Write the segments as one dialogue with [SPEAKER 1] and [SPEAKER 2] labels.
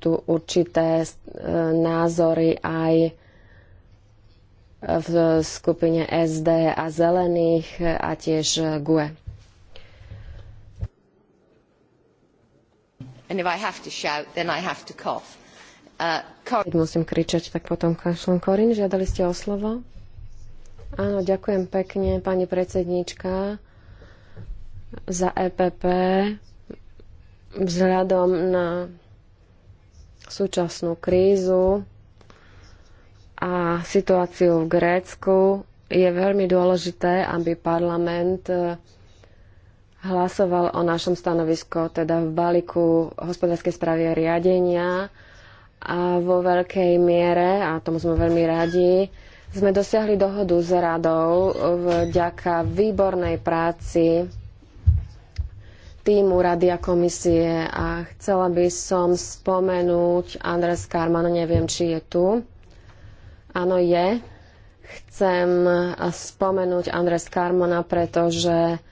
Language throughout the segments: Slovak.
[SPEAKER 1] tu určité e, názory aj v skupine SD a zelených a tiež GUE. Shout, uh, Keď musím kričať, tak potom kašlom. Korin, žiadali ste o slovo? Áno, ďakujem pekne, pani predsedníčka, za EPP. Vzhľadom na súčasnú krízu a situáciu v Grécku, je veľmi dôležité, aby parlament e, hlasoval o našom stanovisku, teda v balíku hospodárskej správy a riadenia a vo veľkej miere, a tomu sme veľmi radi, sme dosiahli dohodu s radou e, vďaka výbornej práci týmu Rady a komisie a chcela by som spomenúť Andres Karman, neviem, či je tu. Áno, je. Chcem spomenúť Andres Karmona, pretože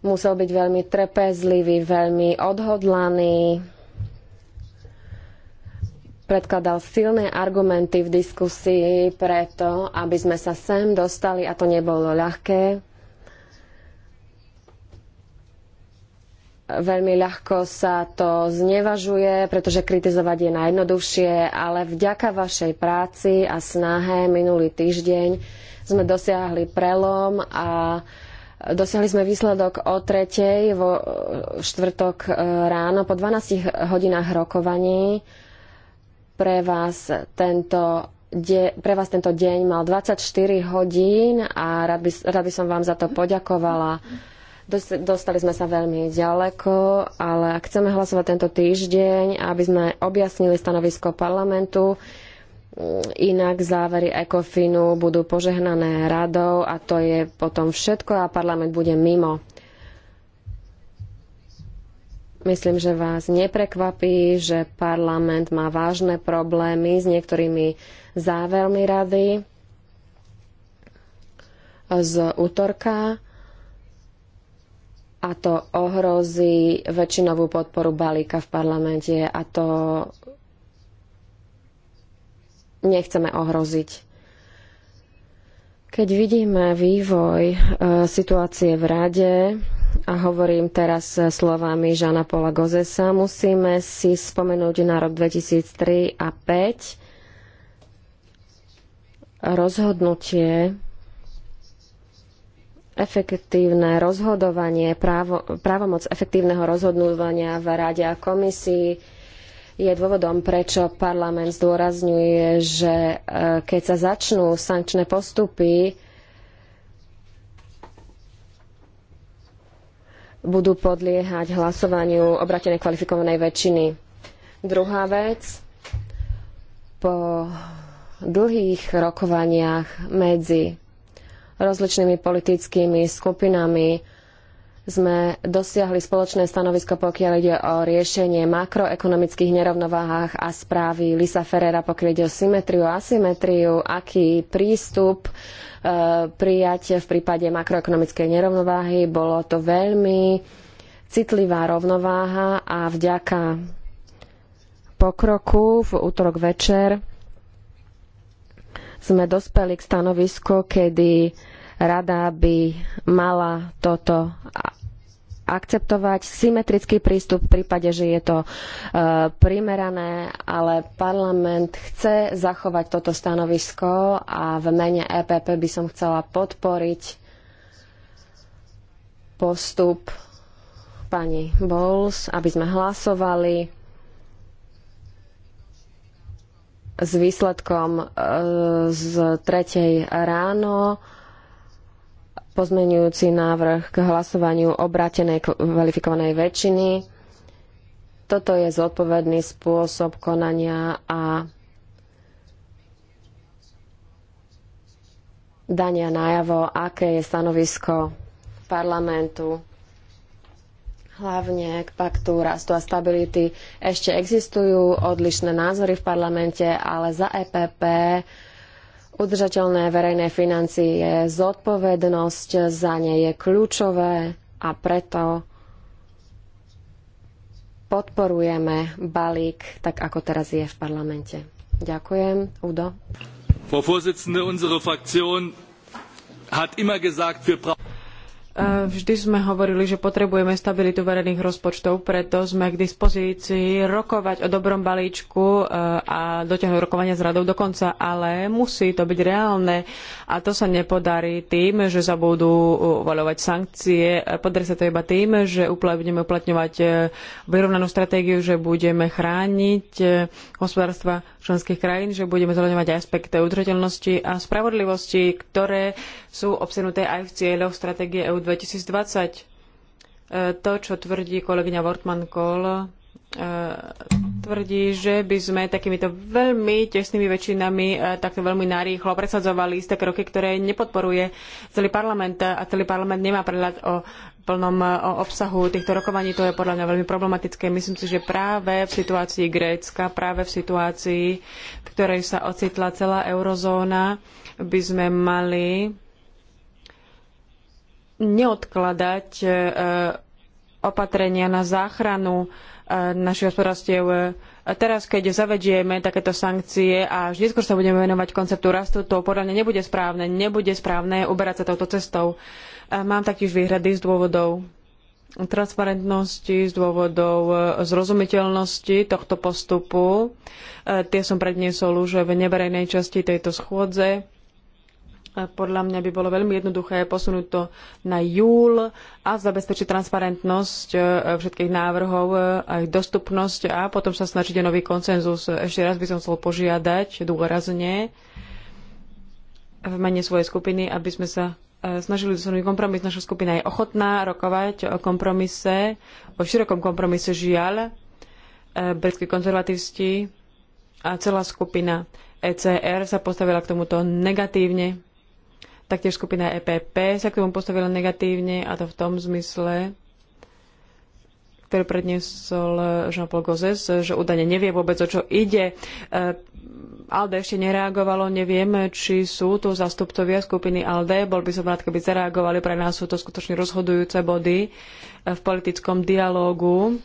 [SPEAKER 1] musel byť veľmi trpezlivý, veľmi odhodlaný, predkladal silné argumenty v diskusii preto, aby sme sa sem dostali a to nebolo ľahké. Veľmi ľahko sa to znevažuje, pretože kritizovať je najjednoduchšie, ale vďaka vašej práci a snahe minulý týždeň sme dosiahli prelom a dosiahli sme výsledok o tretej vo štvrtok e, ráno po 12 hodinách rokovaní. Pre vás tento de, pre vás tento deň mal 24 hodín a rád by, rád by som vám za to poďakovala. Dostali sme sa veľmi ďaleko, ale ak chceme hlasovať tento týždeň, aby sme objasnili stanovisko parlamentu, mm, inak závery ECOFINu budú požehnané radou a to je potom všetko a parlament bude mimo. Myslím, že vás neprekvapí, že parlament má vážne problémy s niektorými závermi rady z útorka a to ohrozí väčšinovú podporu balíka v parlamente a to nechceme ohroziť. Keď vidíme vývoj e, situácie v rade, a hovorím teraz slovami Žana Pola Gozesa, musíme si spomenúť na rok 2003 a 2005 rozhodnutie efektívne rozhodovanie, právo, právomoc efektívneho rozhodnúvania v Rade a komisii je dôvodom, prečo parlament zdôrazňuje, že e, keď sa začnú sankčné postupy, budú podliehať hlasovaniu obratenej kvalifikovanej väčšiny. Druhá vec, po dlhých rokovaniach medzi rozličnými politickými skupinami sme dosiahli spoločné stanovisko, pokiaľ ide o riešenie makroekonomických nerovnováhách a správy Lisa Ferrera, pokiaľ ide o symetriu a asymetriu, aký prístup e, prijať v prípade makroekonomickej nerovnováhy. Bolo to veľmi citlivá rovnováha a vďaka pokroku v útorok večer sme dospeli k stanovisku, kedy Rada by mala toto akceptovať symetrický prístup v prípade, že je to e, primerané, ale parlament chce zachovať toto stanovisko a v mene EPP by som chcela podporiť postup pani Bowles, aby sme hlasovali s výsledkom e, z tretej ráno. E, pozmenujúci návrh k hlasovaniu obratenej kvalifikovanej väčšiny. Toto je zodpovedný spôsob konania a dania najavo, aké je stanovisko parlamentu hlavne k paktu rastu a stability. Ešte existujú odlišné názory v parlamente, ale za EPP Udržateľné verejné financie, zodpovednosť za ne je kľúčové a preto podporujeme balík, tak ako teraz je v parlamente. Ďakujem. Udo.
[SPEAKER 2] Frau Vorsitzende, unsere Fraktion hat immer gesagt, wir brauchen
[SPEAKER 3] E, vždy sme hovorili, že potrebujeme stabilitu verejných rozpočtov, preto sme k dispozícii rokovať o dobrom balíčku e, a dotiahnuť rokovania s radou do konca, ale musí to byť reálne a to sa nepodarí tým, že sa budú uvaľovať sankcie. E, podarí sa to iba tým, že budeme uplatňovať vyrovnanú stratégiu, že budeme chrániť hospodárstva členských krajín, že budeme zohľadňovať aspekty udržateľnosti a spravodlivosti, ktoré sú obsenuté aj v cieľoch stratégie EU 2020. E, to, čo tvrdí kolegyňa Wortmann Kohl, e, tvrdí, že by sme takýmito veľmi tesnými väčšinami e, takto veľmi narýchlo presadzovali isté kroky, ktoré nepodporuje celý parlament a celý parlament nemá prehľad o plnom o obsahu týchto rokovaní. To je podľa mňa veľmi problematické. Myslím si, že práve v situácii Grécka, práve v situácii, v ktorej sa ocitla celá eurozóna, by sme mali neodkladať e, e, opatrenia na záchranu e, našich hospodárstiev. Teraz, keď zavedieme takéto sankcie a až neskôr sa budeme venovať konceptu rastu, to podľa mňa nebude správne. Nebude správne uberať sa touto cestou. Mám taktiež výhrady z dôvodov transparentnosti, z dôvodov zrozumiteľnosti tohto postupu. Tie som predniesol už v neverejnej časti tejto schôdze. Podľa mňa by bolo veľmi jednoduché posunúť to na júl a zabezpečiť transparentnosť e, všetkých návrhov e, a ich dostupnosť a potom sa snažiť o nový konsenzus. Ešte raz by som chcel požiadať dôrazne v mene svojej skupiny, aby sme sa e, snažili dosunúť kompromis. Naša skupina je ochotná rokovať o kompromise, o širokom kompromise žiaľ. Britskí konzervatisti a celá skupina ECR sa postavila k tomuto negatívne. Taktiež skupina EPP sa k tomu postavila negatívne a to v tom zmysle, ktorý predniesol Jean-Paul Gozes, že údajne nevie vôbec, o čo ide. E, ALDE ešte nereagovalo, neviem, či sú tu zastupcovia skupiny ALDE. Bol by som rád, keby zareagovali. Pre nás sú to skutočne rozhodujúce body e, v politickom dialógu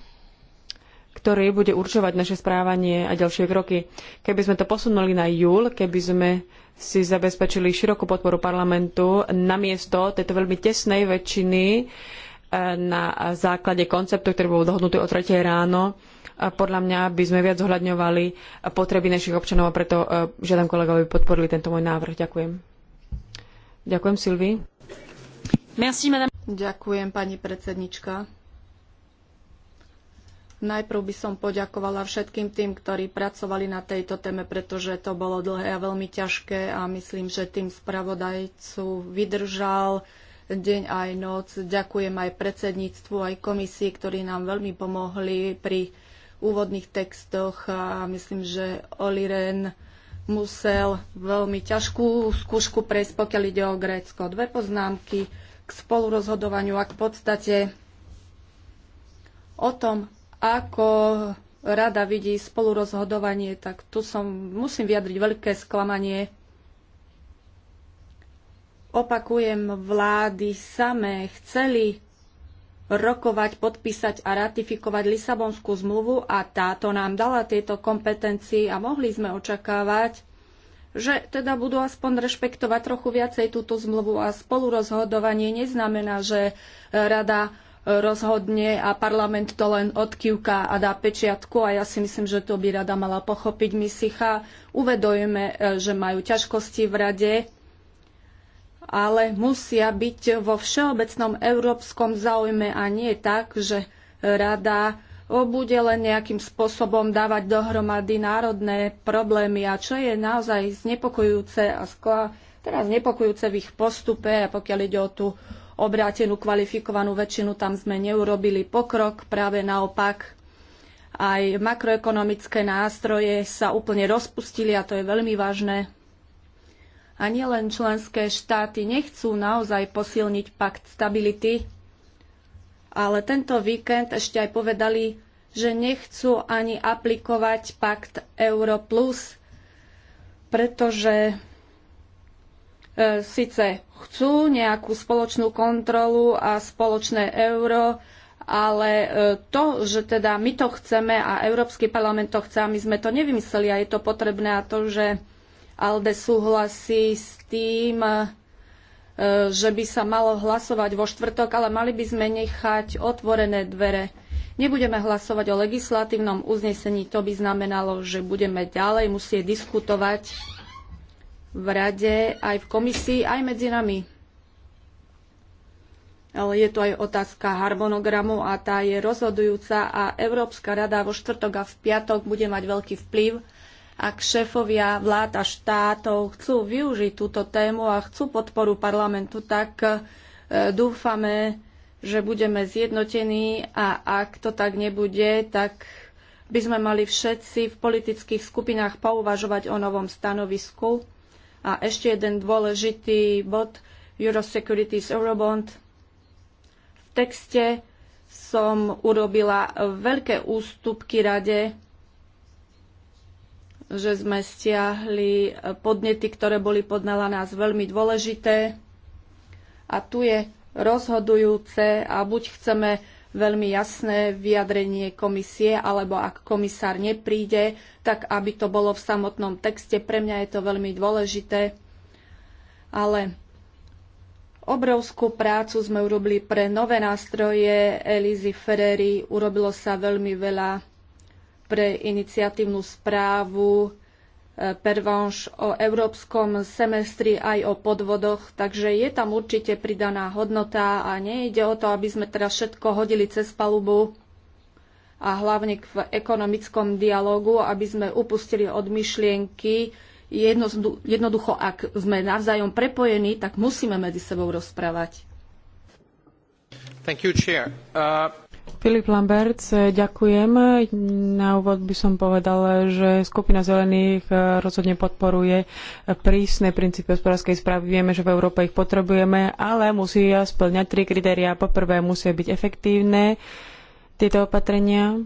[SPEAKER 3] ktorý bude určovať naše správanie a ďalšie kroky. Keby sme to posunuli na júl, keby sme si zabezpečili širokú podporu parlamentu namiesto tejto veľmi tesnej väčšiny eh, na základe konceptu, ktorý bol dohodnutý o tretej ráno. Podľa mňa by sme viac zohľadňovali potreby našich občanov a preto eh, žiadam kolegov, aby podporili tento môj návrh. Ďakujem. Ďakujem, Silvi.
[SPEAKER 4] Ďakujem, pani predsednička. Najprv by som poďakovala všetkým tým, ktorí pracovali na tejto téme, pretože to bolo dlhé a veľmi ťažké a myslím, že tým spravodajcu vydržal deň aj noc. Ďakujem aj predsedníctvu, aj komisii, ktorí nám veľmi pomohli pri úvodných textoch a myslím, že Oli Ren musel veľmi ťažkú skúšku prejsť, pokiaľ ide o Grécko. Dve poznámky k spolurozhodovaniu a k podstate o tom, ako rada vidí spolurozhodovanie, tak tu som, musím vyjadriť veľké sklamanie. Opakujem, vlády samé chceli rokovať, podpísať a ratifikovať Lisabonskú zmluvu a táto nám dala tieto kompetencie a mohli sme očakávať, že teda budú aspoň rešpektovať trochu viacej túto zmluvu a spolurozhodovanie neznamená, že rada rozhodne a parlament to len odkývka a dá pečiatku a ja si myslím, že to by rada mala pochopiť misicha. Uvedojme, e, že majú ťažkosti v rade, ale musia byť vo všeobecnom európskom záujme a nie tak, že rada bude len nejakým spôsobom dávať dohromady národné problémy a čo je naozaj znepokojúce a skla, teraz znepokojúce v ich postupe, a pokiaľ ide o tú obrátenú kvalifikovanú väčšinu, tam sme neurobili pokrok, práve naopak aj makroekonomické nástroje sa úplne rozpustili a to je veľmi vážne. A nielen členské štáty nechcú naozaj posilniť pakt stability, ale tento víkend ešte aj povedali, že nechcú ani aplikovať pakt Euro plus, pretože e, síce Chcú nejakú spoločnú kontrolu a spoločné euro, ale e, to, že teda my to chceme a Európsky parlament to chce a my sme to nevymysleli a je to potrebné a to, že ALDE súhlasí s tým, e, že by sa malo hlasovať vo štvrtok, ale mali by sme nechať otvorené dvere. Nebudeme hlasovať o legislatívnom uznesení, to by znamenalo, že budeme ďalej musieť diskutovať v rade, aj v komisii, aj medzi nami. Ale je to aj otázka harmonogramu a tá je rozhodujúca a Európska rada vo štvrtok a v piatok bude mať veľký vplyv, ak šéfovia vlád a štátov chcú využiť túto tému a chcú podporu parlamentu, tak e, dúfame, že budeme zjednotení a ak to tak nebude, tak by sme mali všetci v politických skupinách pouvažovať o novom stanovisku a ešte jeden dôležitý bod, Eurosecurities Eurobond. V texte som urobila veľké ústupky rade, že sme stiahli podnety, ktoré boli podľa nás veľmi dôležité. A tu je rozhodujúce a buď chceme veľmi jasné vyjadrenie komisie, alebo ak komisár nepríde, tak aby to bolo v samotnom texte. Pre mňa je to veľmi dôležité. Ale obrovskú prácu sme urobili pre nové nástroje Elizy Ferreri. Urobilo sa veľmi veľa pre iniciatívnu správu pervanš o európskom semestri aj o podvodoch, takže je tam určite pridaná hodnota a nejde o to, aby sme teraz všetko hodili cez palubu a hlavne v ekonomickom dialogu, aby sme upustili od myšlienky. Jednoducho, ak sme navzájom prepojení, tak musíme medzi sebou rozprávať.
[SPEAKER 3] Thank you, chair. Uh... Filip Lambert, ďakujem. Na úvod by som povedal, že skupina zelených eh, rozhodne podporuje prísne princípy hospodárskej správy. Vieme, že v Európe ich potrebujeme, ale musia splňať tri kritériá. Po prvé, musia byť efektívne tieto opatrenia.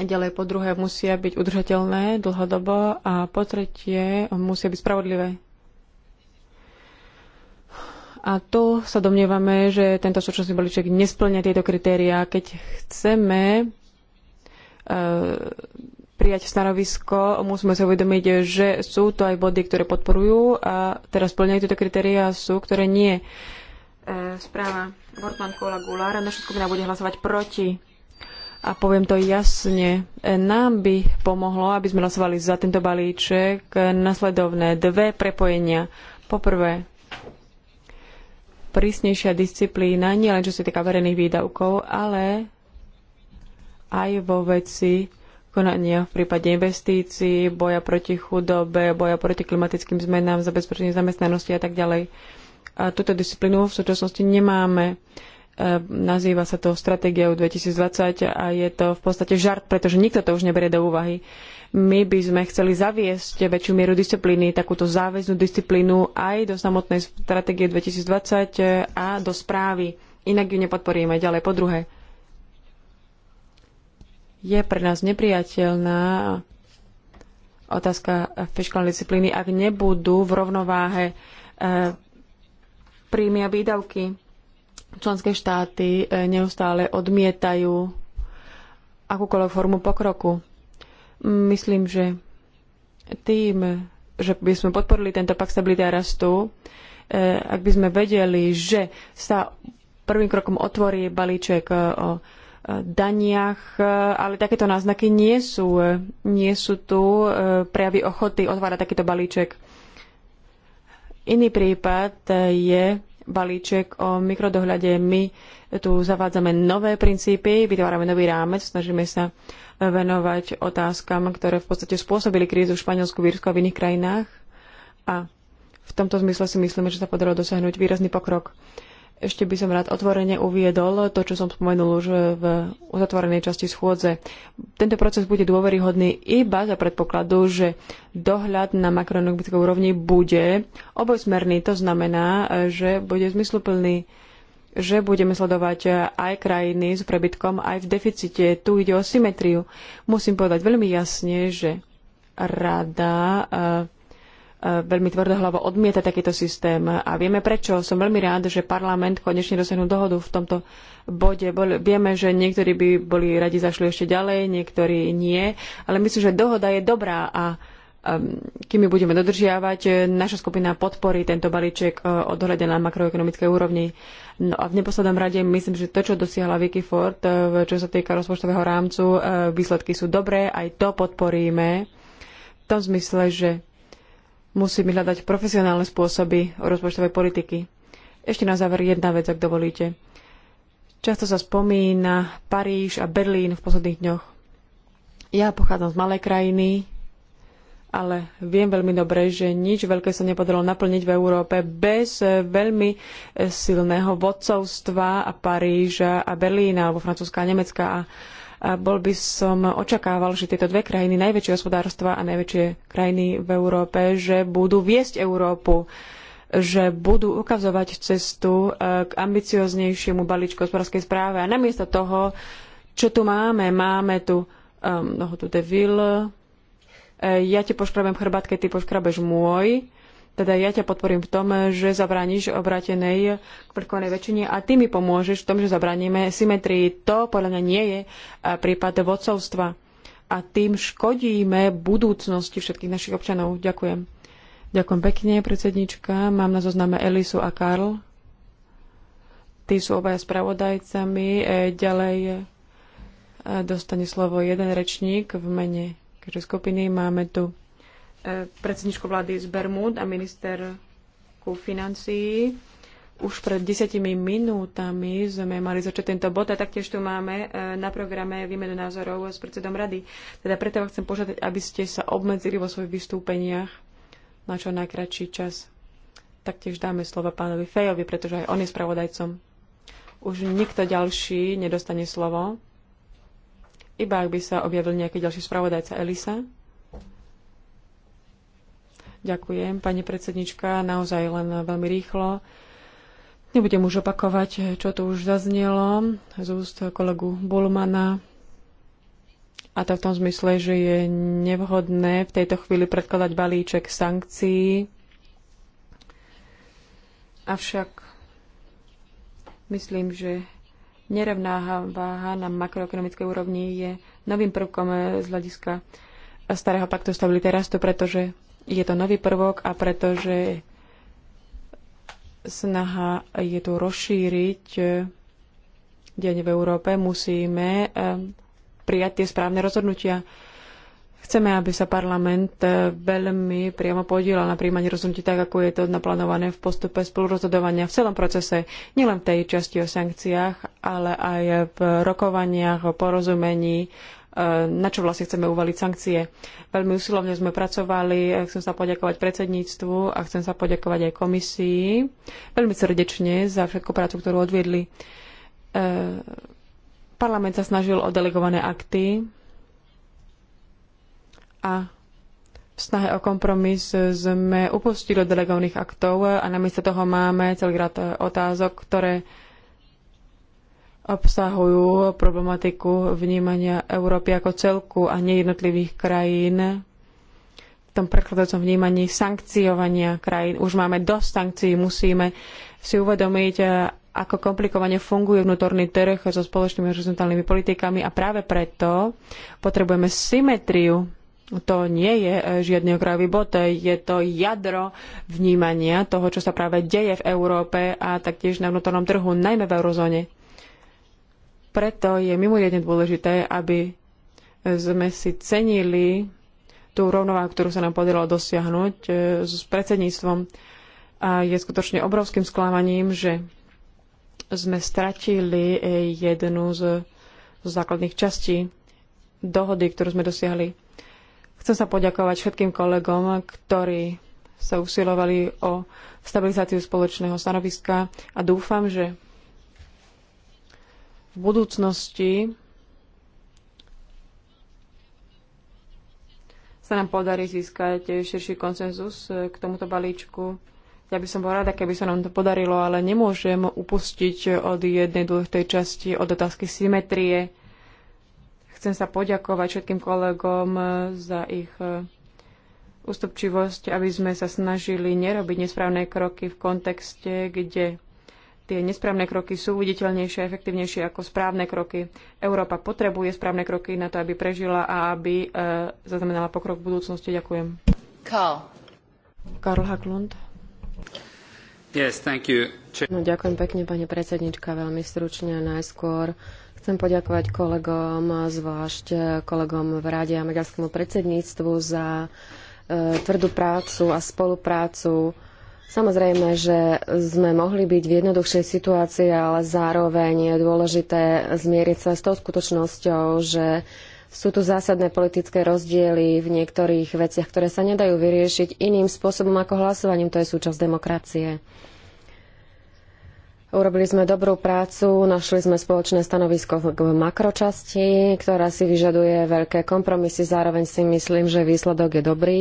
[SPEAKER 3] Ďalej po druhé, musia byť udržateľné dlhodobo a po tretie, musia byť spravodlivé a tu sa domnievame, že tento súčasný balíček nesplňa tieto kritériá. Keď chceme e, prijať stanovisko, musíme sa uvedomiť, že sú to aj body, ktoré podporujú a teraz splňajú tieto kritéria a sú, ktoré nie. E, správa Bortman Kola Gulára, naša skupina bude hlasovať proti. A poviem to jasne, nám by pomohlo, aby sme hlasovali za tento balíček, e, nasledovné dve prepojenia. Poprvé, prísnejšia disciplína, nielen čo sa týka verejných výdavkov, ale aj vo veci konania v prípade investícií, boja proti chudobe, boja proti klimatickým zmenám, zabezpečenie zamestnanosti a tak ďalej. A túto disciplínu v súčasnosti nemáme. E, nazýva sa to stratégiou 2020 a je to v podstate žart, pretože nikto to už neberie do úvahy. My by sme chceli zaviesť väčšiu mieru disciplíny, takúto záväznú disciplínu aj do samotnej stratégie 2020 a do správy. Inak ju nepodporíme ďalej. Po druhé, je pre nás neprijateľná otázka fiskálnej disciplíny, ak nebudú v rovnováhe e, príjmy a výdavky Členské štáty e, neustále odmietajú akúkoľvek formu pokroku. Myslím, že tým, že by sme podporili tento pak stability a rastu, e, ak by sme vedeli, že sa prvým krokom otvorí balíček e, o daniach, ale takéto náznaky nie sú, nie sú tu prejavy ochoty otvárať takýto balíček. Iný prípad je balíček o mikrodohľade. My tu zavádzame nové princípy, vytvárame nový rámec, snažíme sa venovať otázkam, ktoré v podstate spôsobili krízu v Španielsku, v Írsku a v iných krajinách. A v tomto zmysle si myslíme, že sa podarilo dosiahnuť výrazný pokrok. Ešte by som rád otvorene uviedol to, čo som spomenul už v uzatvorenej časti schôdze. Tento proces bude dôveryhodný iba za predpokladu, že dohľad na makroekonomickej úrovni bude obojsmerný. To znamená, že bude zmysluplný že budeme sledovať aj krajiny s prebytkom, aj v deficite. Tu ide o symetriu. Musím povedať veľmi jasne, že rada eh, veľmi tvrdohlavo odmieta takýto systém a vieme prečo. Som veľmi rád, že parlament konečne dosiahnu dohodu v tomto bode. vieme, že niektorí by boli radi zašli ešte ďalej, niektorí nie, ale myslím, že dohoda je dobrá a um, kým ju budeme dodržiavať, naša skupina podporí tento balíček uh, od na makroekonomickej úrovni. No a v neposlednom rade myslím, že to, čo dosiahla Vicky Ford, uh, čo sa týka rozpočtového rámcu, uh, výsledky sú dobré, aj to podporíme v tom zmysle, že musíme hľadať profesionálne spôsoby rozpočtovej politiky. Ešte na záver jedna vec, ak dovolíte. Často sa spomína Paríž a Berlín v posledných dňoch. Ja pochádzam z malej krajiny, ale viem veľmi dobre, že nič veľké sa nepodarilo naplniť v Európe bez veľmi silného vodcovstva a Paríža a Berlína alebo Francúzska a Nemecka a a bol by som očakával, že tieto dve krajiny, najväčšie hospodárstva a najväčšie krajiny v Európe, že budú viesť Európu že budú ukazovať cestu e, k ambicioznejšiemu balíčku hospodárskej správe. A namiesto toho, čo tu máme, máme tu um, ehm, nohotu de Ville, e, ja ti poškrabem chrbát, keď ty poškrabeš môj. Teda ja ťa podporím v tom, že zabrániš k prvkovnej väčšine a ty mi pomôžeš v tom, že zabránime symetrii. To podľa mňa nie je e, prípad vodcovstva a tým škodíme budúcnosti všetkých našich občanov. Ďakujem. Ďakujem pekne, predsednička. Mám na zozname Elisu a Karl. Tí sú obaja spravodajcami. E, ďalej e, dostane slovo jeden rečník v mene skupiny. Máme tu predsedničku vlády z Bermúd a ministerku financií. Už pred desiatimi minútami sme mali začať tento bod a taktiež tu máme e, na programe výmenu názorov s predsedom rady. Teda preto vás chcem požiadať, aby ste sa obmedzili vo svojich vystúpeniach na čo najkračší čas. Taktiež dáme slovo pánovi Fejovi, pretože aj on je spravodajcom. Už nikto ďalší nedostane slovo, iba ak by sa objavil nejaký ďalší spravodajca Elisa. Ďakujem, pani predsednička, naozaj len veľmi rýchlo. Nebudem už opakovať, čo tu už zaznelo z úst kolegu Bulmana. A to v tom zmysle, že je nevhodné v tejto chvíli predkladať balíček sankcií. Avšak myslím, že nerovná váha na makroekonomickej úrovni je novým prvkom z hľadiska starého paktu stability rastu, pretože je to nový prvok a pretože snaha je tu rozšíriť eh, deň v Európe, musíme eh, prijať tie správne rozhodnutia. Chceme, aby sa parlament eh, veľmi priamo podielal na príjmaní rozhodnutí tak, ako je to naplánované v postupe spolurozhodovania v celom procese, nielen v tej časti o sankciách, ale aj v rokovaniach, o porozumení E, na čo vlastne chceme uvaliť sankcie. Veľmi usilovne sme pracovali, e, chcem sa poďakovať predsedníctvu a chcem sa poďakovať aj komisii veľmi srdečne za všetku prácu, ktorú odviedli. E, parlament sa snažil o delegované akty a v snahe o kompromis sme upustili od delegovaných aktov a namiesto toho máme celý rad otázok, ktoré obsahujú problematiku vnímania Európy ako celku a nejednotlivých krajín. V tom prekladajúcom vnímaní sankciovania krajín už máme dosť sankcií, musíme si uvedomiť, eh, ako komplikovane funguje vnútorný trh so spoločnými horizontálnymi politikami a práve preto potrebujeme symetriu. To nie je eh, žiadny okrajový bod, eh, je to jadro vnímania toho, čo sa práve deje v Európe a taktiež na vnútornom trhu, najmä v eurozóne preto je mimoriadne dôležité, aby sme si cenili tú rovnováhu, ktorú sa nám podarilo dosiahnuť e, s predsedníctvom. A je skutočne obrovským sklamaním, že sme stratili e, jednu z, z základných častí dohody, ktorú sme dosiahli. Chcem sa poďakovať všetkým kolegom, ktorí sa usilovali o stabilizáciu spoločného stanoviska a dúfam, že v budúcnosti sa nám podarí získať širší konsenzus eh, k tomuto balíčku. Ja by som bola rada, keby sa nám to podarilo, ale nemôžem upustiť od jednej dôležitej časti, od otázky symetrie. Chcem sa poďakovať všetkým kolegom eh, za ich eh, ústupčivosť, aby sme sa snažili nerobiť nesprávne kroky v kontexte, kde tie nesprávne kroky sú viditeľnejšie a efektívnejšie ako správne kroky. Európa potrebuje správne kroky na to, aby prežila a aby e, zaznamenala pokrok v budúcnosti. Ďakujem.
[SPEAKER 2] Karl.
[SPEAKER 1] Karl Haglund.
[SPEAKER 2] Yes, thank you.
[SPEAKER 1] No, ďakujem pekne, pani predsednička, veľmi stručne najskôr. Chcem poďakovať kolegom, zvlášť kolegom v Rade a maďarskému predsedníctvu za e, tvrdú prácu a spoluprácu Samozrejme, že sme mohli byť v jednoduchšej situácii, ale zároveň je dôležité zmieriť sa s tou skutočnosťou, že sú tu zásadné politické rozdiely v niektorých veciach, ktoré sa nedajú vyriešiť iným spôsobom ako hlasovaním. To je súčasť demokracie. Urobili sme dobrú prácu, našli sme spoločné stanovisko k makročasti, ktorá si vyžaduje veľké kompromisy. Zároveň si myslím, že výsledok je dobrý.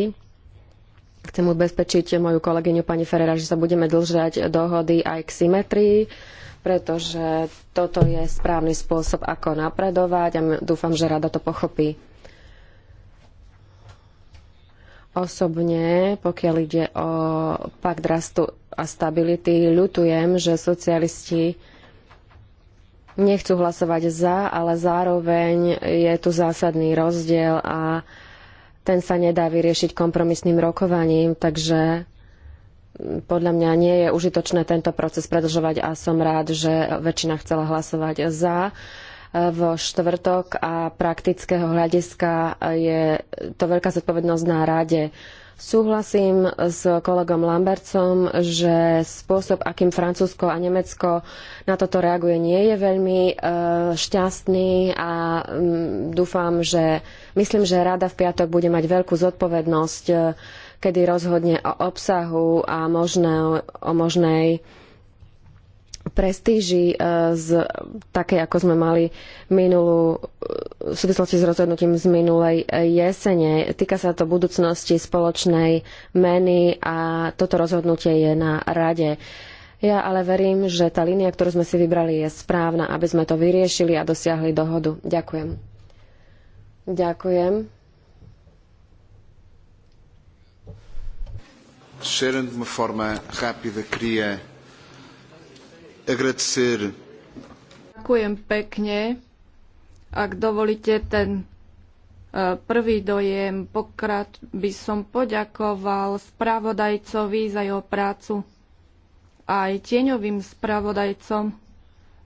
[SPEAKER 1] Chcem ubezpečiť moju kolegyňu pani Ferrera, že sa budeme dlžať dohody aj k symetrii, pretože toto je správny spôsob, ako napredovať a dúfam, že rada to pochopí. Osobne, pokiaľ ide o pakt rastu a stability, ľutujem, že socialisti nechcú hlasovať za, ale zároveň je tu zásadný rozdiel a ten sa nedá vyriešiť kompromisným rokovaním, takže podľa mňa nie je užitočné tento proces predlžovať a som rád, že väčšina chcela hlasovať za vo štvrtok a praktického hľadiska je to veľká zodpovednosť na rade. Súhlasím s kolegom Lambertsom, že spôsob, akým Francúzsko a Nemecko na toto reaguje, nie je veľmi e, šťastný a dúfam, že myslím, že rada v piatok bude mať veľkú zodpovednosť, e, kedy rozhodne o obsahu a možné, o možnej prestíži e, z také, ako sme mali minulú, e, v súvislosti s rozhodnutím z minulej e, jesene. Týka sa to budúcnosti spoločnej meny a toto rozhodnutie je na rade. Ja ale verím, že tá línia, ktorú sme si vybrali, je správna, aby sme to vyriešili a dosiahli dohodu. Ďakujem. Ďakujem.
[SPEAKER 2] Ser agradecer.
[SPEAKER 4] Ďakujem pekne. Ak dovolíte ten e, prvý dojem, pokrát by som poďakoval spravodajcovi za jeho prácu aj tieňovým spravodajcom,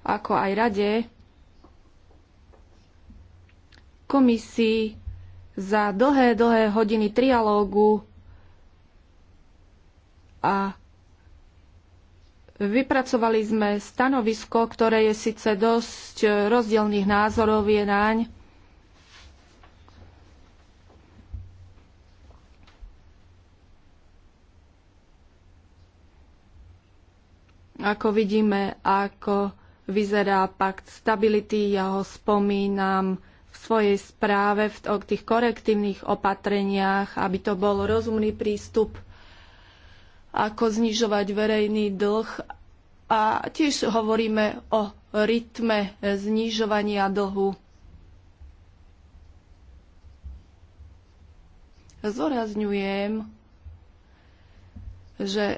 [SPEAKER 4] ako aj rade, komisii za dlhé, dlhé hodiny trialógu a Vypracovali sme stanovisko, ktoré je síce dosť rozdielných názorov je naň. Ako vidíme, ako vyzerá pakt stability, ja ho spomínam v svojej správe o tých korektívnych opatreniach, aby to bol rozumný prístup ako znižovať verejný dlh a tiež hovoríme o rytme znižovania dlhu. Zorazňujem, že e,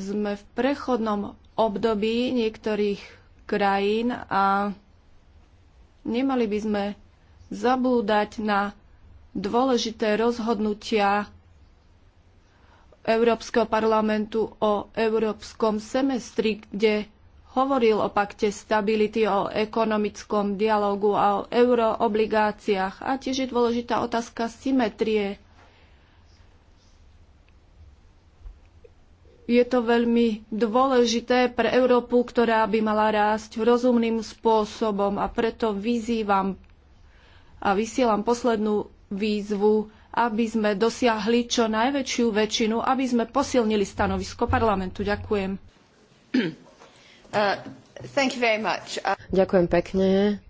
[SPEAKER 4] sme v prechodnom období niektorých krajín a nemali by sme zabúdať na dôležité rozhodnutia Európskeho parlamentu o európskom semestri, kde hovoril o pakte stability, o ekonomickom dialogu a o euroobligáciách. A tiež je dôležitá otázka symetrie. Je to veľmi dôležité pre Európu, ktorá by mala rásť rozumným spôsobom a preto vyzývam a vysielam poslednú výzvu aby sme dosiahli čo najväčšiu väčšinu, aby sme posilnili stanovisko parlamentu. Ďakujem. Uh, uh,
[SPEAKER 1] Ďakujem pekne.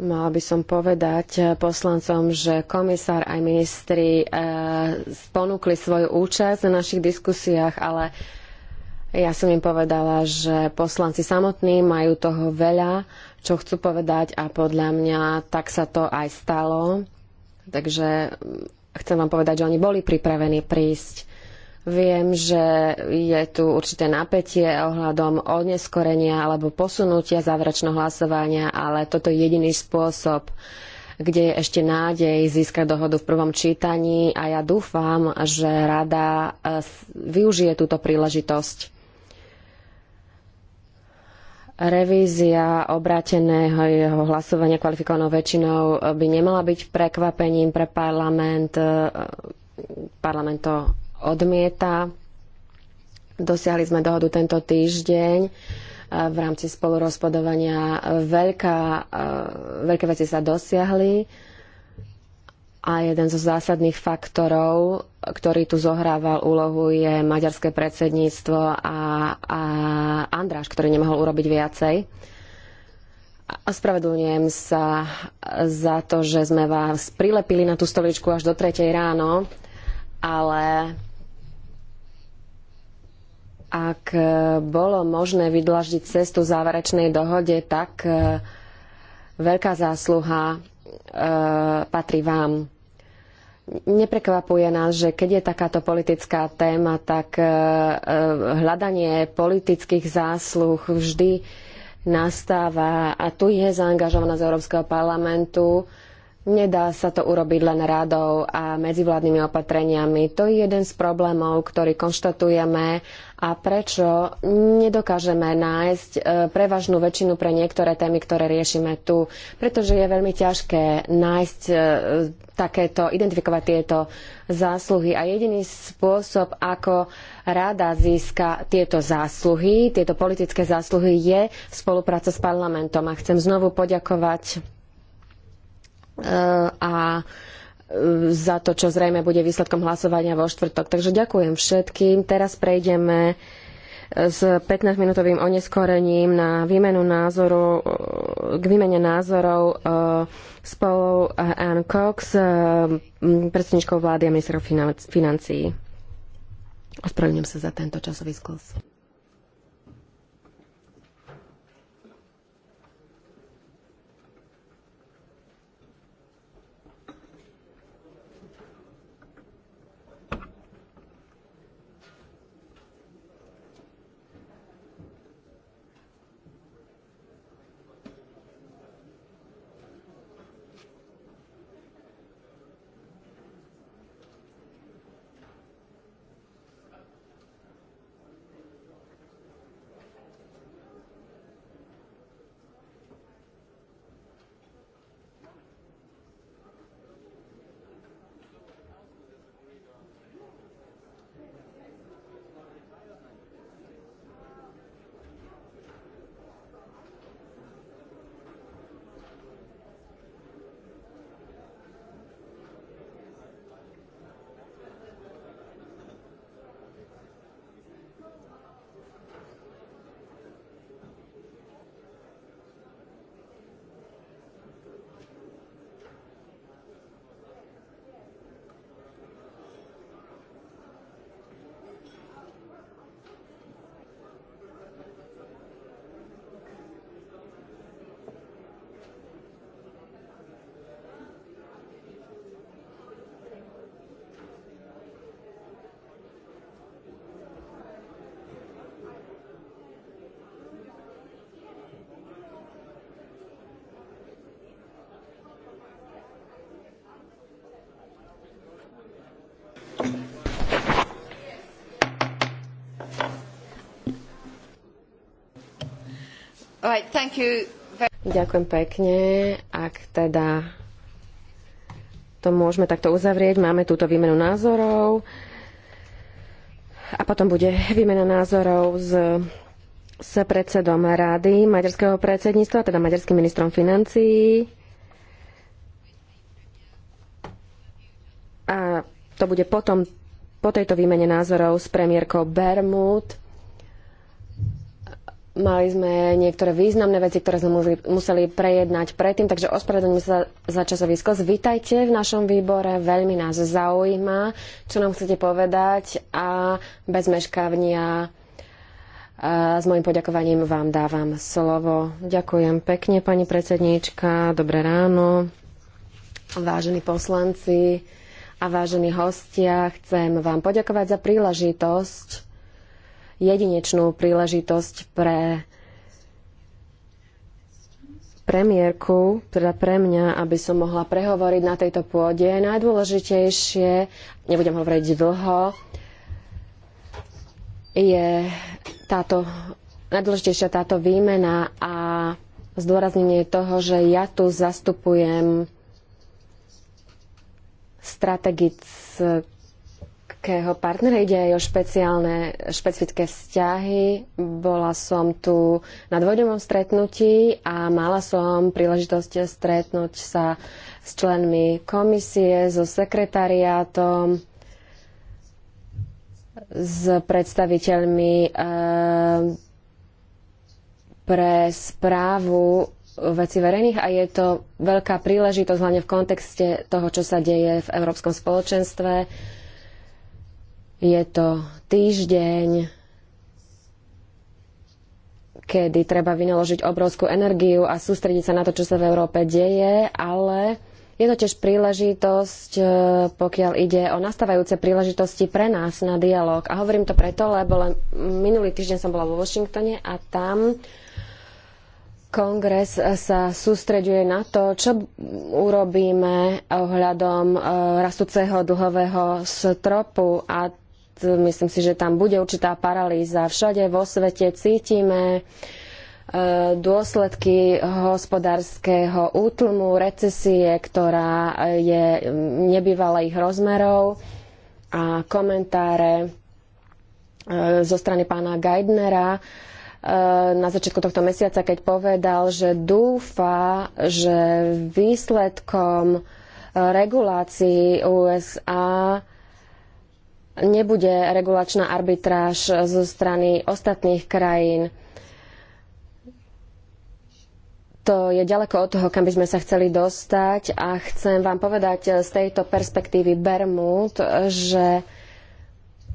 [SPEAKER 1] Mala by som povedať poslancom, že komisár aj ministri uh, ponúkli svoju účasť na našich diskusiách, ale ja som im povedala, že poslanci samotní majú toho veľa, čo chcú povedať a podľa mňa tak sa to aj stalo. Takže mm, chcem vám povedať, že oni boli pripravení prísť. Viem, že je tu určité napätie ohľadom odneskorenia alebo posunutia záverečného hlasovania, ale toto je jediný spôsob, kde je ešte nádej získať dohodu v prvom čítaní a ja dúfam, že rada e, využije túto príležitosť Revízia obráteného jeho hlasovania kvalifikovanou väčšinou by nemala byť prekvapením pre parlament. Parlament to odmieta. Dosiahli sme dohodu tento týždeň v rámci spolurozpodovania. Veľká, e, veľké veci sa dosiahli a jeden zo zásadných faktorov, ktorý tu zohrával úlohu, je maďarské predsedníctvo a, a Andráš, ktorý nemohol urobiť viacej. Ospravedlňujem sa za to, že sme vás prilepili na tú stoličku až do tretej ráno, ale ak bolo možné vydlaždiť cestu záverečnej dohode, tak Veľká zásluha e, patrí vám. Neprekvapuje nás, že keď je takáto politická téma, tak e, e hľadanie politických zásluh vždy nastáva a tu je zaangažovanosť Európskeho parlamentu. Nedá sa to urobiť len radou a medzivládnymi opatreniami. To je jeden z problémov, ktorý konštatujeme a prečo nedokážeme nájsť e, prevažnú väčšinu pre niektoré témy, ktoré riešime tu. Pretože je veľmi ťažké nájsť e, takéto, identifikovať tieto zásluhy. A jediný spôsob, ako rada získa tieto zásluhy, tieto politické zásluhy, je spolupráca s parlamentom. A chcem znovu poďakovať e, a za to, čo zrejme bude výsledkom hlasovania vo štvrtok. Takže ďakujem všetkým. Teraz prejdeme e, s 15-minútovým oneskorením na výmenu názoru, e, k výmene názorov e, s Paulou Ann Cox, predsedničkou vlády a ministrov financií. Ospravedlňujem sa za tento časový sklos. Right, Ďakujem pekne. Ak teda to môžeme takto uzavrieť, máme túto výmenu názorov a potom bude výmena názorov s, s predsedom rády maďarského predsedníctva, teda maďarským ministrom financií. A to bude potom po tejto výmene názorov s premiérkou Bermud Mali sme niektoré významné veci, ktoré sme museli, museli prejednať predtým, takže ospravedlňujem sa za časový skos. Vítajte v našom výbore, veľmi nás zaujíma, čo nám chcete povedať a bez meškávnia e, s mojim poďakovaním vám dávam slovo. Ďakujem pekne, pani predsedníčka. Dobré ráno, vážení poslanci a vážení hostia. Chcem vám poďakovať za príležitosť jedinečnú príležitosť pre premiérku, teda pre mňa, aby som mohla prehovoriť na tejto pôde. Najdôležitejšie, nebudem hovoriť dlho, je táto, najdôležitejšia táto výmena a zdôraznenie toho, že ja tu zastupujem strategické akého partnera ide aj o špeciálne, špecifické vzťahy. Bola som tu na dvojdomom stretnutí a mala som príležitosť stretnúť sa s členmi komisie, so sekretariátom, s predstaviteľmi e, pre správu veci verejných a je to veľká príležitosť, hlavne v kontexte toho, čo sa deje v Európskom spoločenstve je to týždeň, kedy treba vynaložiť obrovskú energiu a sústrediť sa na to, čo sa v Európe deje, ale je to tiež príležitosť, e, pokiaľ ide o nastávajúce príležitosti pre nás na dialog. A hovorím to preto, lebo len minulý týždeň som bola vo Washingtone a tam kongres sa sústreďuje na to, čo urobíme ohľadom e, rastúceho dlhového stropu a myslím si, že tam bude určitá paralýza. Všade vo svete cítime e, dôsledky hospodárskeho útlmu, recesie, ktorá je nebývalých rozmerov a komentáre e, zo strany pána Geidnera e, na začiatku tohto mesiaca, keď povedal, že dúfa, že výsledkom regulácií USA nebude regulačná arbitráž zo strany ostatných krajín. To je ďaleko od toho, kam by sme sa chceli dostať a chcem vám povedať z tejto perspektívy Bermud, že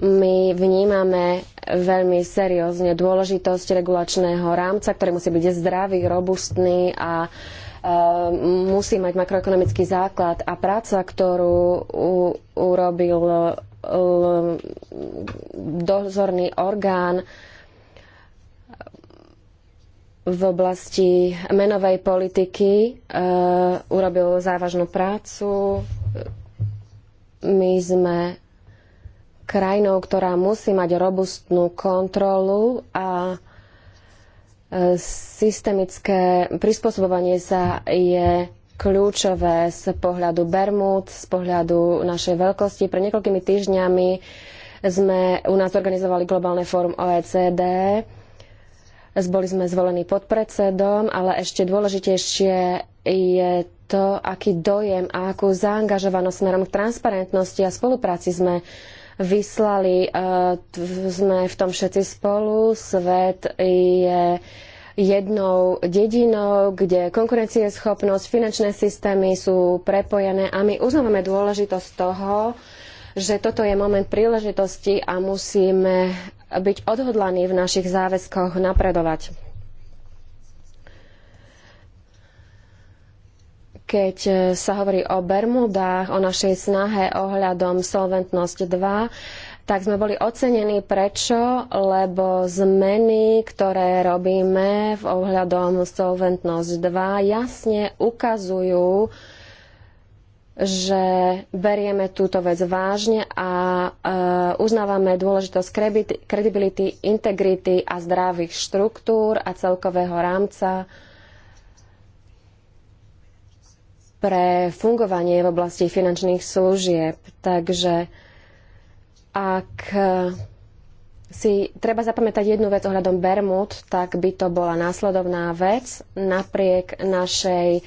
[SPEAKER 1] my vnímame veľmi seriózne dôležitosť regulačného rámca, ktorý musí byť zdravý, robustný a e, musí mať makroekonomický základ a práca, ktorú urobil dozorný orgán v oblasti menovej politiky e, urobil závažnú prácu. My sme krajinou, ktorá musí mať robustnú kontrolu a e, systemické prispôsobovanie sa je kľúčové z pohľadu Bermud, z pohľadu našej veľkosti. Pre niekoľkými týždňami sme u nás organizovali globálne fórum OECD. Boli sme zvolení podpredsedom, ale ešte dôležitejšie je to, aký dojem a akú zaangažovanosť smerom k transparentnosti a spolupráci sme vyslali. E, sme v tom všetci spolu. Svet je jednou dedinou, kde konkurencieschopnosť, finančné systémy sú prepojené a my uznávame dôležitosť toho, že toto je moment príležitosti a musíme byť odhodlaní v našich záväzkoch napredovať. keď sa hovorí o Bermudách, o našej snahe ohľadom Solventnosť 2, tak sme boli ocenení. Prečo? Lebo zmeny, ktoré robíme v ohľadom Solventnosť 2 jasne ukazujú, že berieme túto vec vážne a e, uznávame dôležitosť kredibility, integrity a zdravých štruktúr a celkového rámca pre fungovanie v oblasti finančných služieb. Takže ak e, si treba zapamätať jednu vec ohľadom Bermud, tak by to bola následovná vec. Napriek našej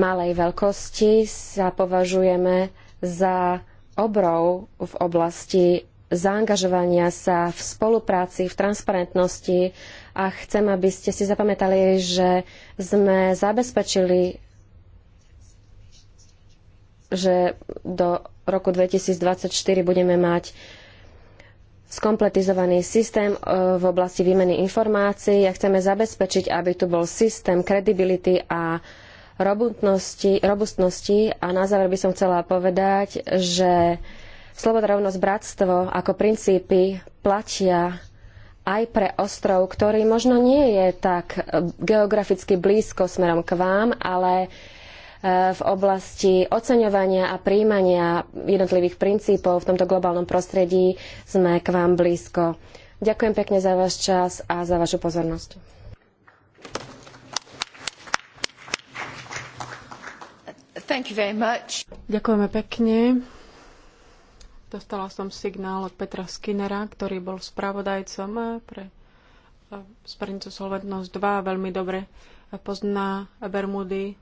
[SPEAKER 1] malej veľkosti sa považujeme za obrov v oblasti zaangažovania sa v spolupráci, v transparentnosti a chcem, aby ste si zapamätali, že sme zabezpečili, že do roku 2024 budeme mať skompletizovaný systém e, v oblasti výmeny informácií a chceme zabezpečiť, aby tu bol systém kredibility a robustnosti. A na záver by som chcela povedať, že sloboda, rovnosť, bratstvo ako princípy platia aj pre ostrov, ktorý možno nie je tak geograficky blízko smerom k vám, ale Eh, v oblasti oceňovania a príjmania jednotlivých princípov v tomto globálnom prostredí sme k vám blízko. Ďakujem pekne za váš čas a za vašu pozornosť.
[SPEAKER 3] Ďakujeme pekne. Dostala som signál od Petra Skinnera, ktorý bol spravodajcom pre eh, smernicu Solventnosť 2 veľmi dobre pozná Bermudy,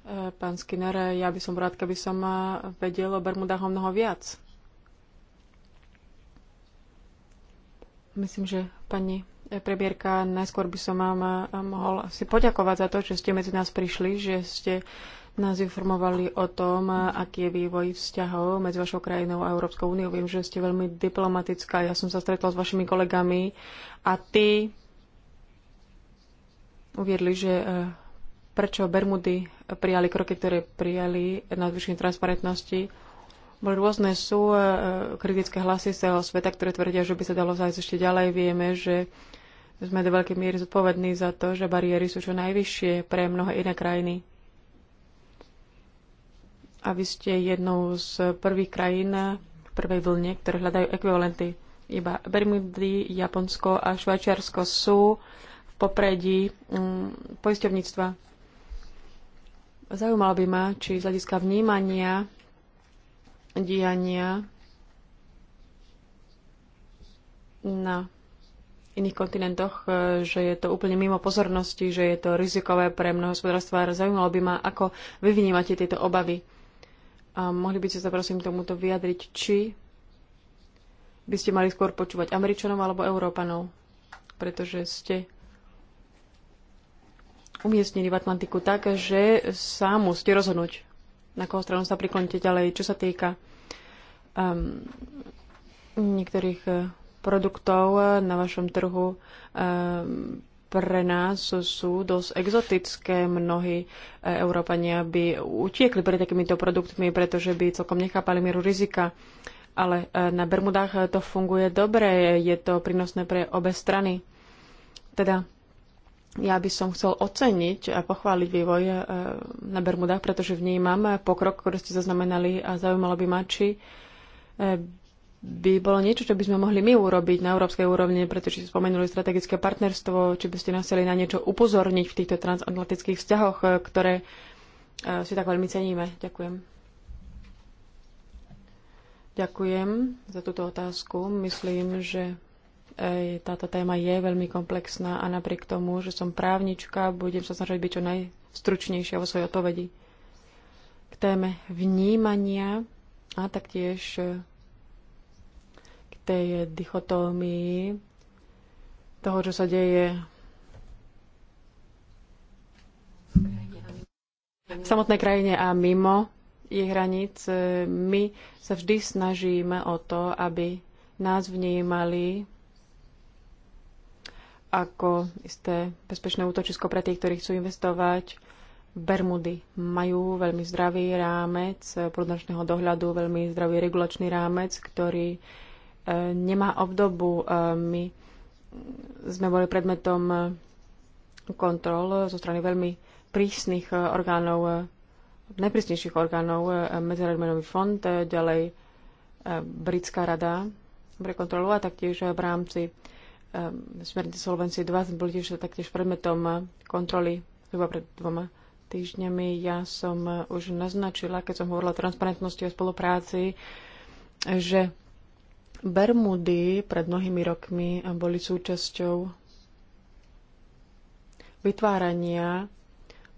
[SPEAKER 3] Eh, pán Skinner, ja by som rád, keby som eh, vedel o Bermudách o mnoho viac. Myslím, že pani eh, premiérka, najskôr by som vám mohol si poďakovať za to, že ste medzi nás prišli, že ste nás informovali o tom, aký je vývoj vzťahov medzi vašou krajinou a Európskou úniou. Viem, že ste veľmi diplomatická. Ja som sa stretla s vašimi kolegami a ty uviedli, že prečo Bermudy prijali kroky, ktoré prijali na zvyšení transparentnosti. Boli rôzne sú e, kritické hlasy z celého sveta, ktoré tvrdia, že by sa dalo zájsť ešte ďalej. Vieme, že sme do veľkej miery zodpovední za to, že bariéry sú čo najvyššie pre mnohé iné krajiny. A vy ste jednou z prvých krajín v prvej vlne, ktoré hľadajú ekvivalenty. Iba Bermudy, Japonsko a Švajčiarsko sú v popredí um, poisťovníctva Zaujímalo by ma, či z hľadiska vnímania diania na iných kontinentoch, e, že je to úplne mimo pozornosti, že je to rizikové pre mnoho hospodárstva. Zaujímalo by ma, ako vy vnímate tieto obavy. A mohli by ste sa prosím tomuto vyjadriť, či by ste mali skôr počúvať Američanov alebo Európanov, pretože ste umiestnili v Atlantiku tak, že sa musíte rozhodnúť, na koho stranu sa prikloníte ďalej, čo sa týka um, niektorých eh, produktov eh, na vašom trhu. Um, pre nás sú dosť exotické. Mnohí Európania by utiekli pred takýmito produktmi, pretože by celkom nechápali mieru rizika. Ale na Bermudách to funguje dobre, je to prínosné pre obe strany. Teda ja by som chcel oceniť a pochváliť vývoj e, na Bermudách, pretože vnímam pokrok, ktorý ste zaznamenali a zaujímalo by ma, či e, by bolo niečo, čo by sme mohli my urobiť na európskej úrovni, pretože ste spomenuli strategické partnerstvo, či by ste nás chceli na niečo upozorniť v týchto transatlantických vzťahoch, e, ktoré si tak veľmi ceníme. Ďakujem. Ďakujem za túto otázku. Myslím, že táto téma je veľmi komplexná a napriek tomu, že som právnička, budem sa snažiť byť čo najstručnejšia vo svojej odpovedi. K téme vnímania a taktiež e, k tej dichotómii toho, čo sa deje v samotnej krajine a mimo jej hranic e, My sa vždy snažíme o to, aby nás vnímali ako isté bezpečné útočisko pre tých, ktorí chcú investovať. Bermudy majú veľmi zdravý rámec prudnočného dohľadu, veľmi zdravý regulačný rámec, ktorý e, nemá obdobu. E, my sme boli predmetom e, kontrol zo strany veľmi prísnych orgánov, najprísnejších orgánov, Medzinárodný fond, ďalej Britská rada pre kontrolu a taktiež v rámci Ehm, smernice Solvency 2 boli tiež taktiež predmetom eh, kontroly zhruba pred dvoma týždňami. Ja som eh, už naznačila, keď som hovorila o transparentnosti a spolupráci, že Bermudy pred mnohými rokmi eh, boli súčasťou vytvárania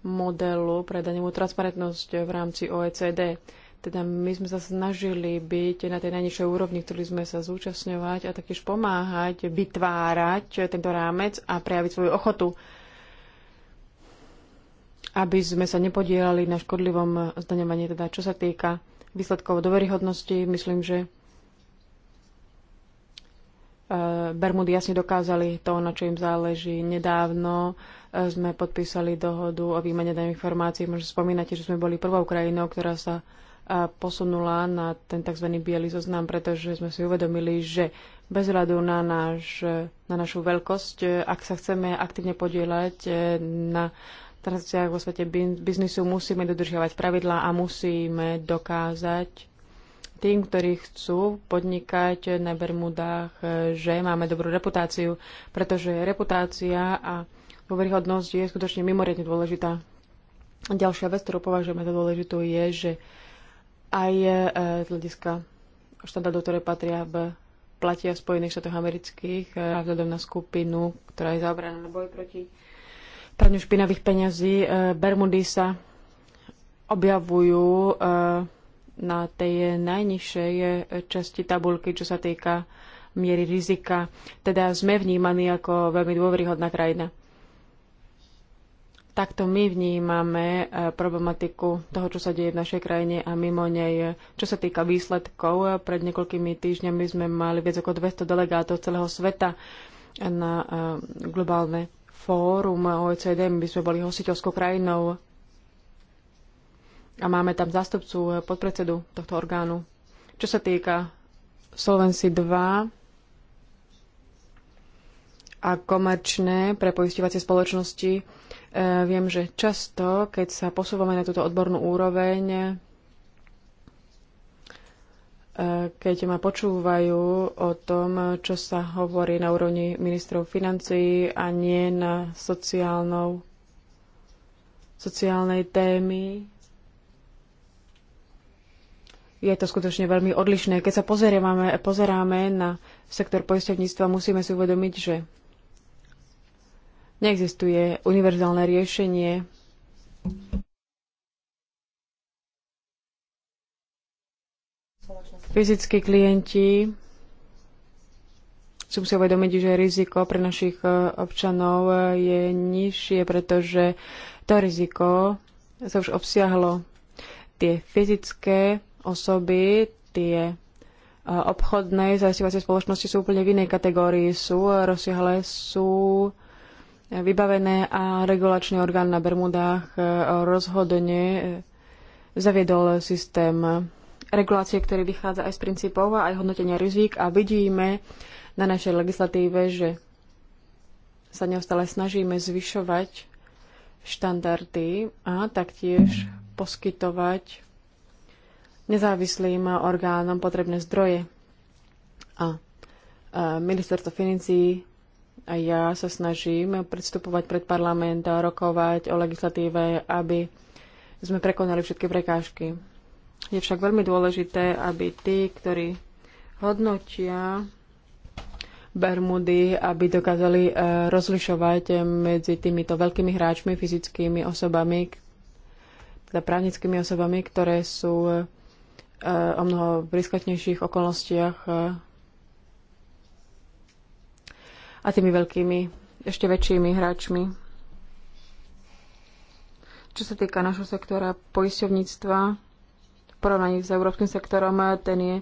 [SPEAKER 3] modelu pre daňovú transparentnosť v rámci OECD. Teda my sme sa snažili byť na tej najnižšej úrovni, ktorý sme sa zúčastňovať a taktiež pomáhať vytvárať tento rámec a prejaviť svoju ochotu, aby sme sa nepodielali na škodlivom zdaňovaní. Teda čo sa týka výsledkov doveryhodnosti, myslím, že e, Bermudy jasne dokázali to, na čo im záleží. Nedávno e, sme podpísali dohodu o výmene daných informácií. Možno spomínate, že sme boli prvou krajinou, ktorá sa posunula na ten tzv. biely zoznam, pretože sme si uvedomili, že bez hľadu na, náš, na našu veľkosť, ak sa chceme aktívne podielať e, na transakciách vo svete biznisu, musíme dodržiavať pravidlá a musíme dokázať tým, ktorí chcú podnikať na Bermudách, e, že máme dobrú reputáciu, pretože reputácia a dôveryhodnosť je skutočne mimoriadne dôležitá. Ďalšia vec, ktorú považujeme za dôležitú, je, že aj e, z hľadiska štandardov, ktoré patria v platia v Spojených štátoch amerických e, vzhľadom na skupinu, ktorá je zaobraná na boj proti praniu špinavých peňazí. E, Bermudy sa objavujú na tej najnižšej časti tabulky, čo sa týka miery rizika. Teda sme vnímaní ako veľmi dôveryhodná krajina takto my vnímame e, problematiku toho, čo sa deje v našej krajine a mimo nej. Čo sa týka výsledkov, e, pred niekoľkými týždňami sme mali viac ako 200 delegátov celého sveta na e, globálne fórum OECD. My sme boli hostiteľskou krajinou a máme tam zástupcu podpredsedu tohto orgánu. Čo sa týka Solvency 2, a komerčné poisťovacie spoločnosti Eh, viem, že často, keď sa posúvame na túto odbornú úroveň, eh, keď ma počúvajú o tom, čo sa hovorí na úrovni ministrov financií a nie na sociálnou, sociálnej témy, je to skutočne veľmi odlišné. Keď sa pozeráme, pozeráme na sektor poisťovníctva, musíme si uvedomiť, že Neexistuje univerzálne riešenie. Fyzickí klienti chcú si uvedomiť, že riziko pre našich e, občanov e, je nižšie, pretože to riziko sa už obsiahlo. Tie fyzické osoby, tie e, obchodné zaisťovacie spoločnosti sú úplne v inej kategórii. Sú rozsiahle, sú vybavené a regulačný orgán na Bermudách e, rozhodne e, zaviedol systém regulácie, ktorý vychádza aj z princípov a aj hodnotenia rizík a vidíme na našej legislatíve, že sa neustále snažíme zvyšovať štandardy a taktiež poskytovať nezávislým orgánom potrebné zdroje. A e, ministerstvo financií a ja sa snažím predstupovať pred parlament a rokovať o legislatíve, aby sme prekonali všetky prekážky. Je však veľmi dôležité, aby tí, ktorí hodnotia Bermudy, aby dokázali eh, rozlišovať medzi týmito veľkými hráčmi, fyzickými osobami, teda právnickými osobami, ktoré sú eh, o mnoho v riskantnejších okolnostiach eh, a tými veľkými, ešte väčšími hráčmi. Čo sa týka našho sektora poisťovníctva, v porovnaní s európskym sektorom, ten je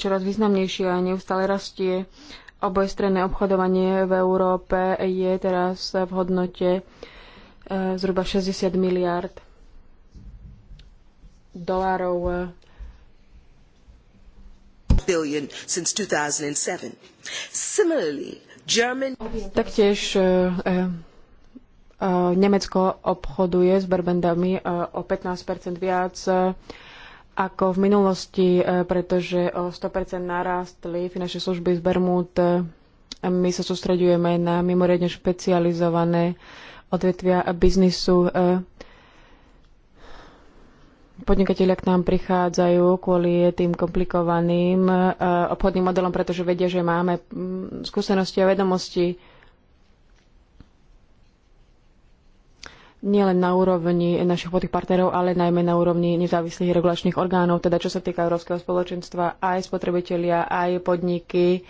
[SPEAKER 3] čoraz významnejší a neustále rastie. Obojstranné obchodovanie v Európe je teraz v hodnote e, zhruba 60 miliard dolárov
[SPEAKER 2] billion since 2007.
[SPEAKER 3] Similarly, Taktiež e, e, e, Nemecko obchoduje s berbendami o 15 viac ako v minulosti, pretože o 100 narástli finančné služby z Bermúd. My sa sústreďujeme na mimoriadne špecializované odvetvia biznisu podnikatelia k nám prichádzajú kvôli tým komplikovaným e, obchodným modelom, pretože vedia, že máme mm, skúsenosti a vedomosti nielen na úrovni našich podých partnerov, ale najmä na úrovni nezávislých regulačných orgánov, teda čo sa týka Európskeho spoločenstva, aj spotrebitelia, aj podniky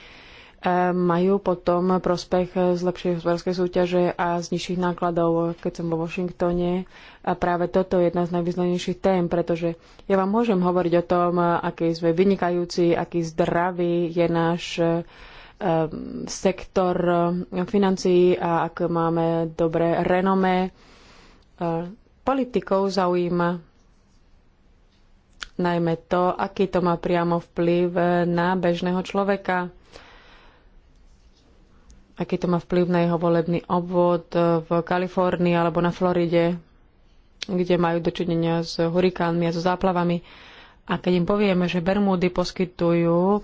[SPEAKER 3] majú potom prospech z lepšej hospodárskej súťaže a z nižších nákladov. Keď som vo Washingtone, a práve toto je jedna z najvýznamnejších tém, pretože ja vám môžem hovoriť o tom, aký sme vynikajúci, aký zdravý je náš ehm, sektor ehm, financií a ak máme dobré renomé. Ehm, politikov zaujíma najmä to, aký to má priamo vplyv na bežného človeka aký to má vplyv na jeho volebný obvod v Kalifornii alebo na Floride, kde majú dočinenia s hurikánmi a so záplavami. A keď im povieme, že Bermúdy poskytujú eh,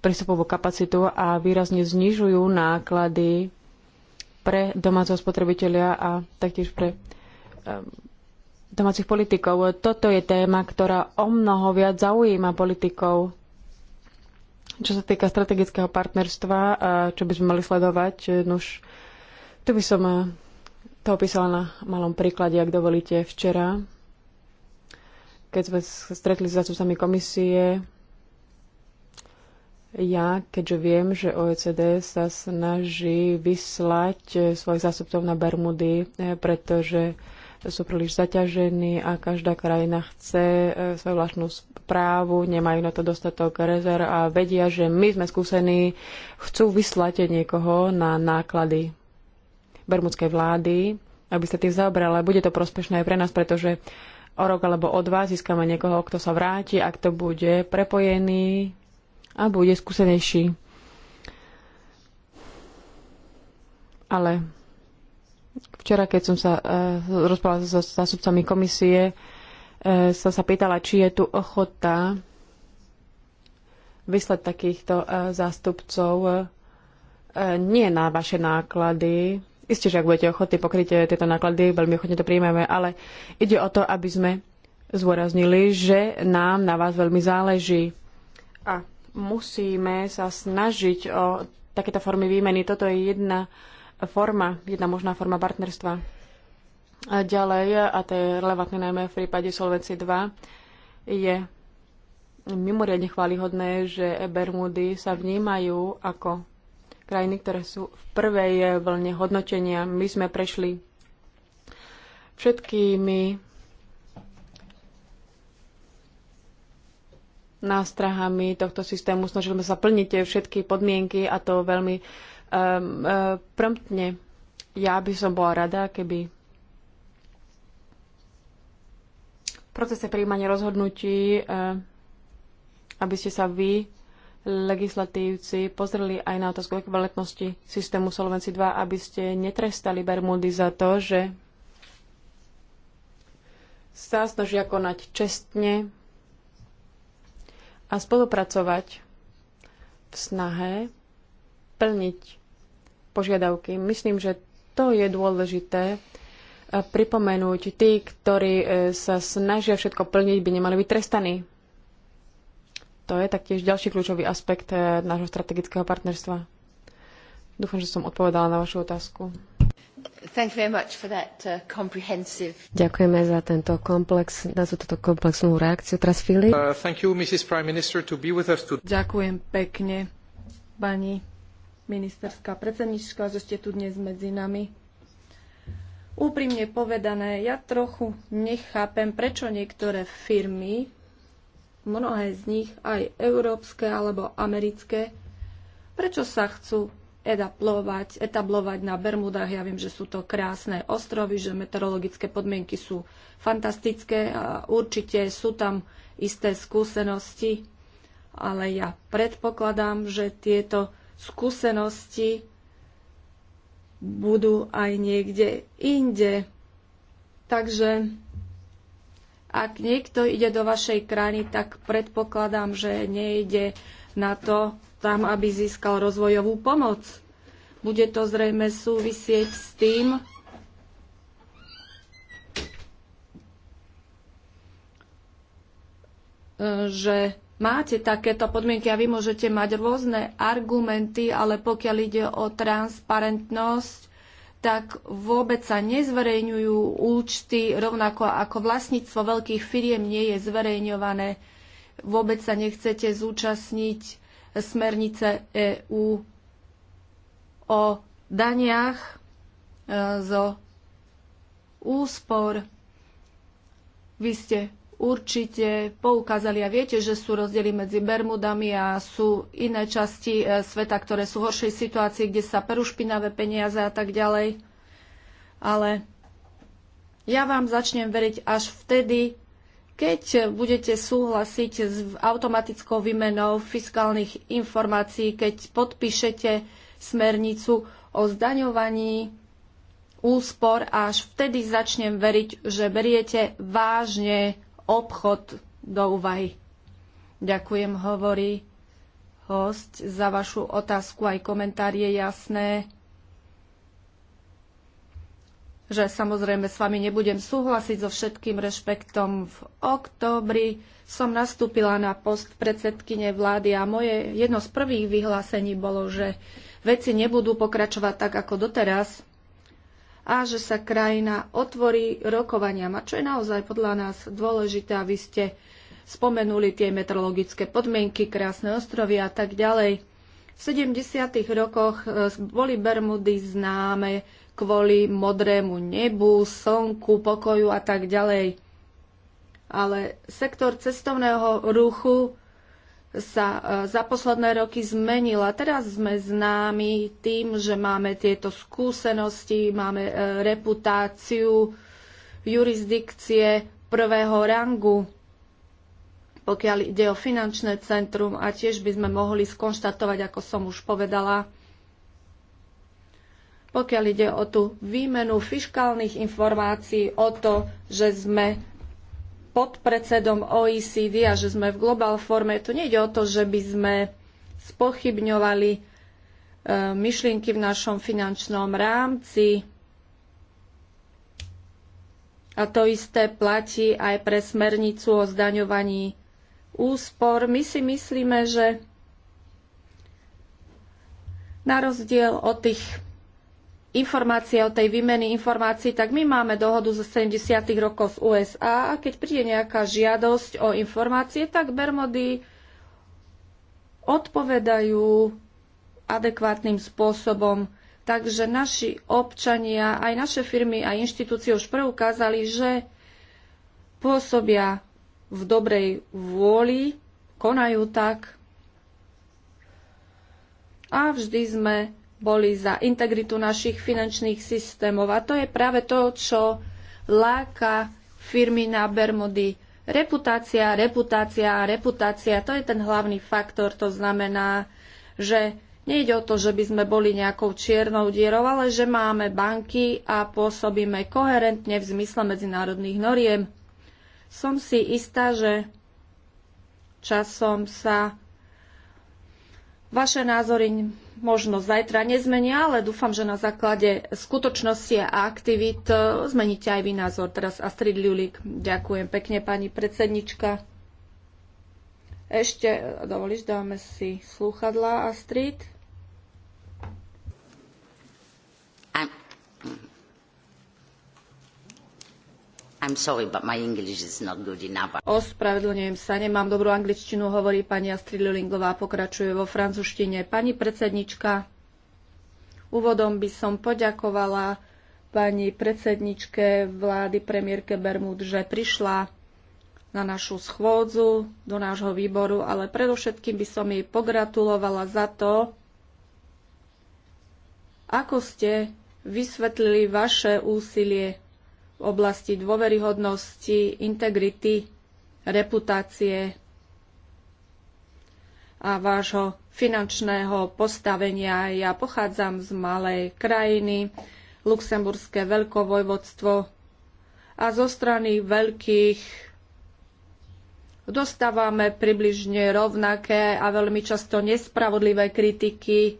[SPEAKER 3] prístupovú kapacitu a výrazne znižujú náklady pre domáceho spotrebitelia a taktiež pre eh, domácich politikov. Toto je téma, ktorá o mnoho viac zaujíma politikov čo sa týka strategického partnerstva a čo by sme mali sledovať, e, už tu by som e, to opísala na malom príklade, ak dovolíte, včera, keď sme sa stretli s zástupcami komisie. Ja, keďže viem, že OECD sa snaží vyslať e, svojich zástupcov na Bermudy, pretože sú príliš zaťažení a každá krajina chce e, svoju vlastnú správu, nemajú na to dostatok rezerv a vedia, že my sme skúsení, chcú vyslať niekoho na náklady bermudskej vlády, aby sa tým zaobrala. Bude to prospešné aj pre nás, pretože o rok alebo o dva získame niekoho, kto sa vráti Ak to bude prepojený a bude skúsenejší. Ale Včera, keď som sa e, rozprávala so zástupcami komisie, e, som sa pýtala, či je tu ochota vyslať takýchto e, zástupcov nie na vaše náklady. Isté, že ak budete ochotní pokryť tieto náklady, veľmi ochotne to príjmeme, ale ide o to, aby sme zdôraznili, že nám na vás veľmi záleží a musíme sa snažiť o takéto formy výmeny. Toto je jedna forma, jedna možná forma partnerstva. A ďalej, a to je relevantné najmä v prípade Solvency 2, je mimoriadne chválihodné, že Bermudy sa vnímajú ako krajiny, ktoré sú v prvej vlne hodnotenia. My sme prešli všetkými nástrahami tohto systému. Snažili sme sa plniť všetky podmienky a to veľmi um, uh, promptne. Ja by som bola rada, keby v procese príjmania rozhodnutí, uh, aby ste sa vy, legislatívci, pozreli aj na otázku ekvivalentnosti systému Solvency 2, aby ste netrestali Bermudy za to, že sa snažia konať čestne a spolupracovať v snahe plniť požiadavky. Myslím, že to je dôležité eh, pripomenúť. Tí, ktorí eh, sa snažia všetko plniť, by nemali byť trestaní. To je taktiež ďalší kľúčový aspekt eh, nášho strategického partnerstva. Dúfam, že som odpovedala na vašu otázku.
[SPEAKER 1] That, uh, comprehensive... Ďakujeme za tento komplex, na túto komplexnú reakciu. Teraz Filip.
[SPEAKER 2] Uh, you, Minister,
[SPEAKER 4] Ďakujem pekne, pani ministerská predsednička, že ste tu dnes medzi nami. Úprimne povedané, ja trochu nechápem, prečo niektoré firmy, mnohé z nich aj európske alebo americké, prečo sa chcú edaplovať, etablovať na Bermudách. Ja viem, že sú to krásne ostrovy, že meteorologické podmienky sú fantastické a určite sú tam isté skúsenosti, ale ja predpokladám, že tieto skúsenosti budú aj niekde inde. Takže ak niekto ide do vašej krajiny, tak predpokladám, že nejde na to tam, aby získal rozvojovú pomoc. Bude to zrejme súvisieť s tým, e, že máte takéto podmienky a vy môžete mať rôzne argumenty, ale pokiaľ ide o transparentnosť, tak vôbec sa nezverejňujú účty, rovnako ako vlastníctvo veľkých firiem nie je zverejňované. Vôbec sa nechcete zúčastniť smernice EÚ o daniach e, zo úspor. Vy ste určite poukázali a viete, že sú rozdiely medzi Bermudami a sú iné časti e, sveta, ktoré sú v horšej situácii, kde sa perú špinavé peniaze a tak ďalej. Ale ja vám začnem veriť až vtedy, keď budete súhlasiť s automatickou výmenou fiskálnych informácií, keď podpíšete smernicu o zdaňovaní úspor, až vtedy začnem veriť, že beriete vážne obchod do úvahy. Ďakujem, hovorí host, za vašu otázku aj komentár je jasné, že samozrejme s vami nebudem súhlasiť so všetkým rešpektom. V októbri som nastúpila na post predsedkyne vlády a moje jedno z prvých vyhlásení bolo, že veci nebudú pokračovať tak ako doteraz a že sa krajina otvorí rokovaniam. A čo je naozaj podľa nás dôležité, aby ste spomenuli tie meteorologické podmienky, krásne ostrovy a tak ďalej. V 70. rokoch e, boli Bermudy známe kvôli modrému nebu, slnku, pokoju a tak ďalej. Ale sektor cestovného ruchu sa e, za posledné roky zmenila. Teraz sme známi tým, že máme tieto skúsenosti, máme e, reputáciu jurisdikcie prvého rangu, pokiaľ ide o finančné centrum a tiež by sme mohli skonštatovať, ako som už povedala, pokiaľ ide o tú výmenu fiškálnych informácií, o to, že sme podpredsedom OECD a že sme v global forme. Tu nejde o to, že by sme spochybňovali e, myšlienky v našom finančnom rámci. A to isté platí aj pre smernicu o zdaňovaní úspor. My si myslíme, že na rozdiel od tých informácie o tej výmeny informácií, tak my máme dohodu zo 70. rokov z USA a keď príde nejaká žiadosť o informácie, tak Bermody odpovedajú adekvátnym spôsobom. Takže naši občania, aj naše firmy a inštitúcie už preukázali, že pôsobia v dobrej vôli, konajú tak a vždy sme boli za integritu našich finančných systémov. A to je práve to, čo láka firmy na Bermudy. Reputácia, reputácia, reputácia, to je ten hlavný faktor. To znamená, že nejde o to, že by sme boli nejakou čiernou dierou, ale že máme banky a pôsobíme koherentne v zmysle medzinárodných noriem. Som si istá, že časom sa vaše názory možno zajtra nezmenia, ale dúfam, že na základe skutočnosti a aktivít e, zmeníte aj vy názor. Teraz Astrid Ľulík. Ďakujem pekne, pani predsednička. Ešte, e, dovolíš, dáme si slúchadlá, Astrid.
[SPEAKER 2] I'm sorry, but my English is not good enough.
[SPEAKER 4] Ospravedlňujem sa, nemám dobrú angličtinu, hovorí pani Astrid Lulingová, pokračuje vo francúzštine. Pani predsednička, úvodom by som poďakovala pani predsedničke vlády premiérke Bermud, že prišla na našu schôdzu, do nášho výboru, ale predovšetkým by som jej pogratulovala za to, ako ste vysvetlili vaše úsilie v oblasti dôveryhodnosti, integrity, reputácie a vášho finančného postavenia. Ja pochádzam z malej krajiny, luxemburské veľkovojvodstvo a zo strany veľkých dostávame približne rovnaké a veľmi často nespravodlivé kritiky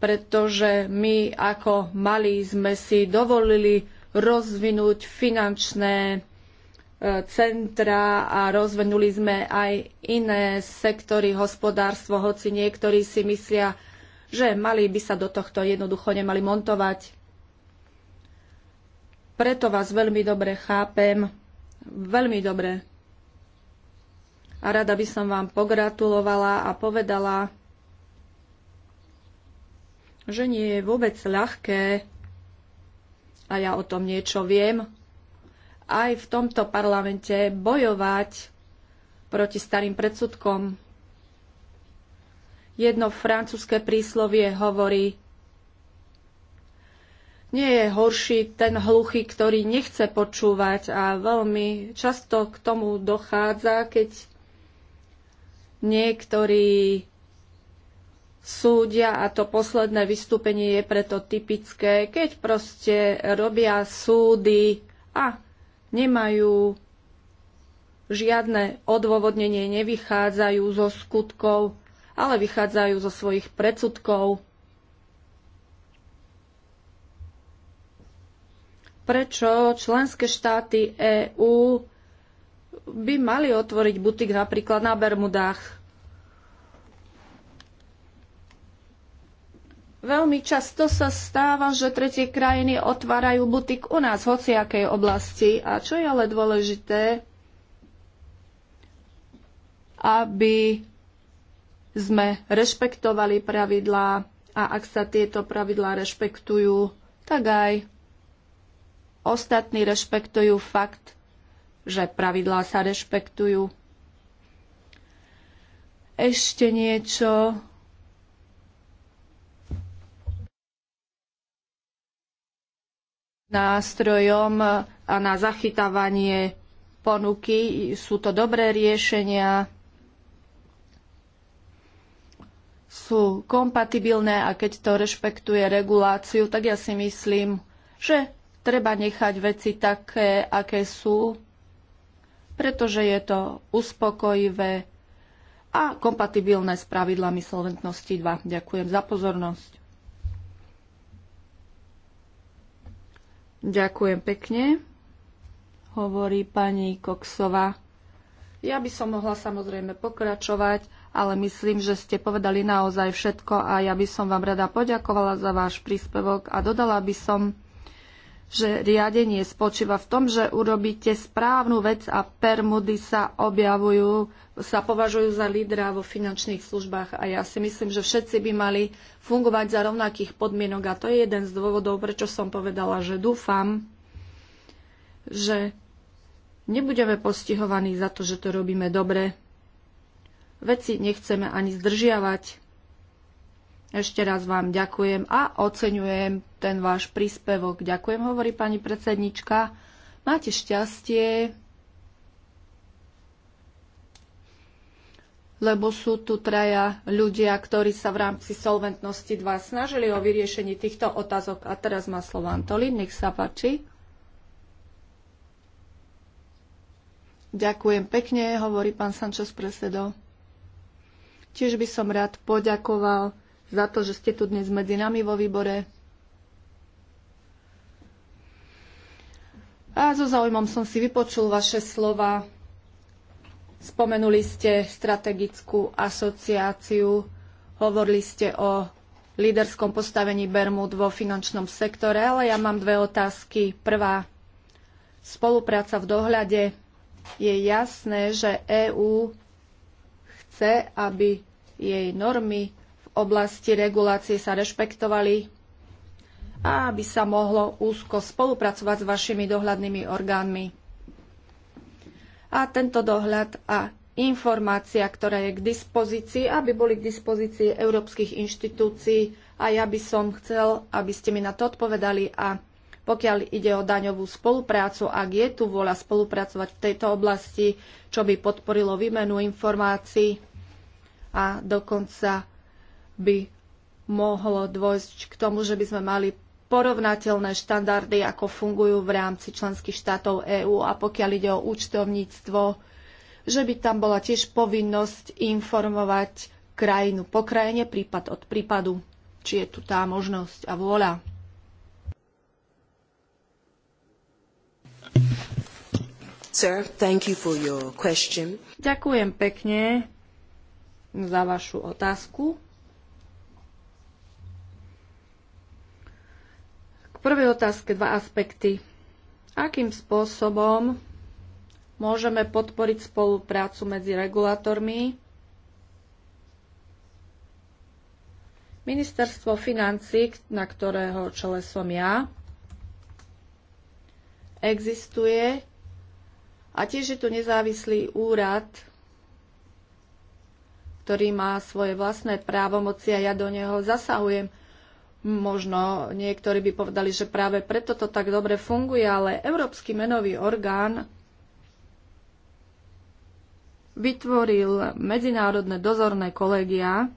[SPEAKER 4] pretože my ako mali sme si dovolili rozvinúť finančné e, centra a rozvinuli sme aj iné sektory hospodárstvo, hoci niektorí si myslia, že mali by sa do tohto jednoducho nemali montovať. Preto vás veľmi dobre chápem, veľmi dobre. A rada by som vám pogratulovala a povedala, že nie je vôbec ľahké, a ja o tom niečo viem, aj v tomto parlamente bojovať proti starým predsudkom. Jedno francúzske príslovie hovorí, nie je horší ten hluchý, ktorý nechce počúvať a veľmi často k tomu dochádza, keď niektorí súdia a to posledné vystúpenie je preto typické, keď proste robia súdy a nemajú žiadne odôvodnenie, nevychádzajú zo skutkov, ale vychádzajú zo svojich predsudkov. Prečo členské štáty EÚ by mali otvoriť butik napríklad na Bermudách? Veľmi často sa stáva, že tretie krajiny otvárajú butik u nás v hociakej oblasti. A čo je ale dôležité, aby sme rešpektovali pravidlá a ak sa tieto pravidlá rešpektujú, tak aj ostatní rešpektujú fakt, že pravidlá sa rešpektujú. Ešte niečo nástrojom a na zachytávanie ponuky. Sú to dobré riešenia, sú kompatibilné a keď to rešpektuje reguláciu, tak ja si myslím, že treba nechať veci také, aké sú, pretože je to uspokojivé a kompatibilné s pravidlami solventnosti 2. Ďakujem za pozornosť. Ďakujem pekne, hovorí pani Koksova. Ja by som mohla samozrejme pokračovať, ale myslím, že ste povedali naozaj všetko a ja by som vám rada poďakovala za váš príspevok a dodala by som, že riadenie spočíva v tom, že urobíte správnu vec a permudy sa objavujú, sa považujú za lídra vo finančných službách a ja si myslím, že všetci by mali fungovať za rovnakých podmienok a to je jeden z dôvodov, prečo som povedala, že dúfam, že nebudeme postihovaní za to, že to robíme dobre. Veci nechceme ani zdržiavať. Ešte raz vám ďakujem a oceňujem ten váš príspevok. Ďakujem, hovorí pani predsednička. Máte šťastie, lebo sú tu traja ľudia, ktorí sa v rámci solventnosti 2 snažili o vyriešenie týchto otázok. A teraz má slovo Antolín, nech sa páči. Ďakujem pekne, hovorí pán Sančos presedo. Tiež by som rád poďakoval za to, že ste tu dnes medzi nami vo výbore. A so zaujímom som si vypočul vaše slova. Spomenuli ste strategickú asociáciu, hovorili ste o líderskom postavení Bermud vo finančnom sektore, ale ja mám dve otázky. Prvá, spolupráca v dohľade. Je jasné, že EÚ chce, aby jej normy v oblasti regulácie sa rešpektovali a aby sa mohlo úzko spolupracovať s vašimi dohľadnými orgánmi. A tento dohľad a informácia, ktorá je k dispozícii, aby boli k dispozícii európskych inštitúcií a ja by som chcel, aby ste mi na to odpovedali a pokiaľ ide o daňovú spoluprácu, ak je tu vôľa spolupracovať v tejto oblasti, čo by podporilo výmenu informácií a dokonca by mohlo dôjsť k tomu, že by sme mali porovnateľné štandardy, ako fungujú v rámci členských štátov EÚ a pokiaľ ide o účtovníctvo, že by tam bola tiež povinnosť informovať krajinu po krajine, prípad od prípadu, či je tu tá možnosť a vôľa.
[SPEAKER 2] Sir, thank you for your question.
[SPEAKER 4] Ďakujem pekne za vašu otázku. prvej otázke dva aspekty. Akým spôsobom môžeme podporiť spoluprácu medzi regulátormi? Ministerstvo financí, na ktorého čele som ja, existuje a tiež je tu nezávislý úrad, ktorý má svoje vlastné právomoci a ja do neho zasahujem. Možno niektorí by povedali, že práve preto to tak dobre funguje, ale Európsky menový orgán vytvoril medzinárodné dozorné kolegia,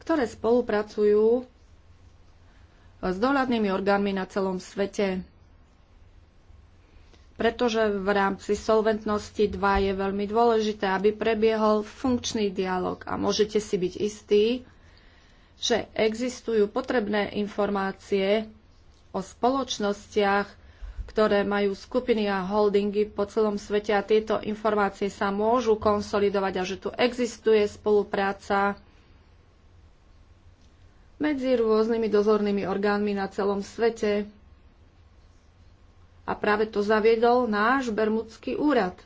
[SPEAKER 4] ktoré spolupracujú s dohľadnými orgánmi na celom svete. Pretože v rámci solventnosti 2 je veľmi dôležité, aby prebiehol funkčný dialog a môžete si byť istí, že existujú potrebné informácie o spoločnostiach, ktoré majú skupiny a holdingy po celom svete a tieto informácie sa môžu konsolidovať a že tu existuje spolupráca medzi rôznymi dozornými orgánmi na celom svete. A práve to zaviedol náš Bermudský úrad.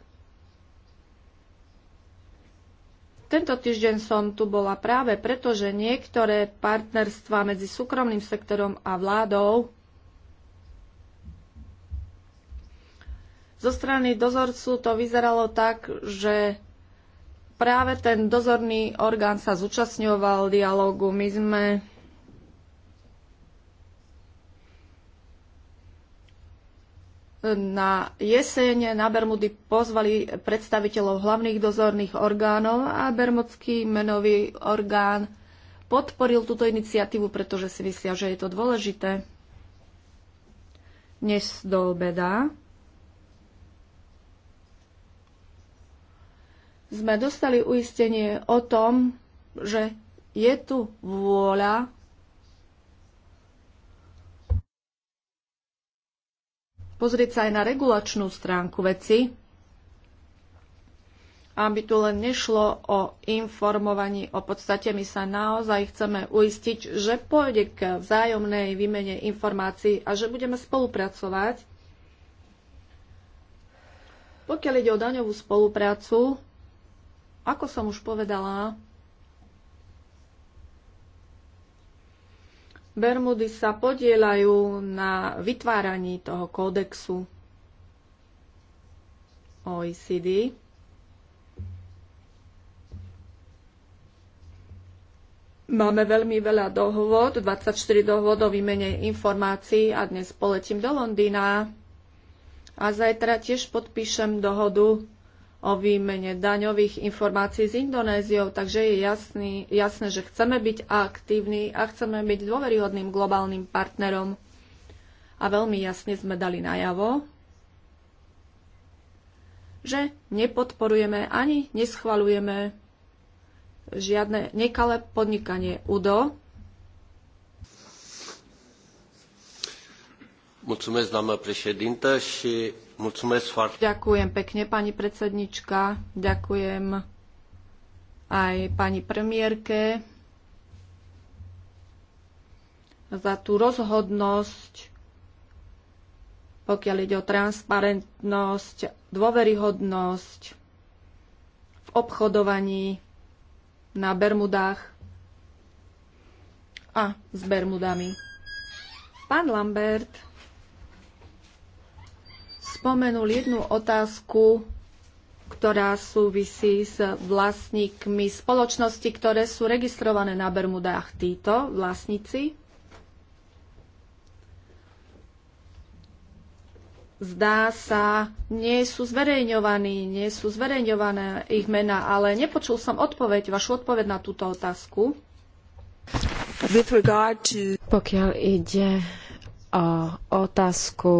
[SPEAKER 4] Tento týždeň som tu bola práve preto, že niektoré partnerstva medzi súkromným sektorom a vládou zo strany dozorcu to vyzeralo tak, že práve ten dozorný orgán sa zúčastňoval dialogu. My sme na jeseň na Bermudy pozvali predstaviteľov hlavných dozorných orgánov a Bermudský menový orgán podporil túto iniciatívu, pretože si myslia, že je to dôležité. Dnes do obeda sme dostali uistenie o tom, že je tu vôľa pozrieť sa aj na regulačnú stránku veci, aby tu len nešlo o informovaní. O podstate my sa naozaj chceme uistiť, že pôjde k vzájomnej výmene informácií a že budeme spolupracovať. Pokiaľ ide o daňovú spoluprácu, ako som už povedala, Bermudy sa podielajú na vytváraní toho kódexu OECD. Máme veľmi veľa dohôd, 24 dohôd o výmene informácií a dnes poletím do Londýna a zajtra tiež podpíšem dohodu o výmene daňových informácií s Indonéziou, takže je jasný, jasné, že chceme byť aktívni a chceme byť dôveryhodným globálnym partnerom. A veľmi jasne sme dali najavo, že nepodporujeme ani neschvalujeme žiadne nekalé podnikanie UDO.
[SPEAKER 1] Mulțumesc, doamnă președintă, și Ďakujem
[SPEAKER 4] pekne, pani predsednička. Ďakujem aj pani premiérke za tú rozhodnosť, pokiaľ ide o transparentnosť, dôveryhodnosť v obchodovaní na Bermudách a s Bermudami. Pán Lambert spomenul jednu otázku, ktorá súvisí s vlastníkmi spoločnosti, ktoré sú registrované na Bermudách. Títo vlastníci zdá sa, nie sú zverejňovaní, nie sú zverejňované ich mená, ale nepočul som odpoveď, vašu odpoveď na túto otázku.
[SPEAKER 1] Pokiaľ ide o otázku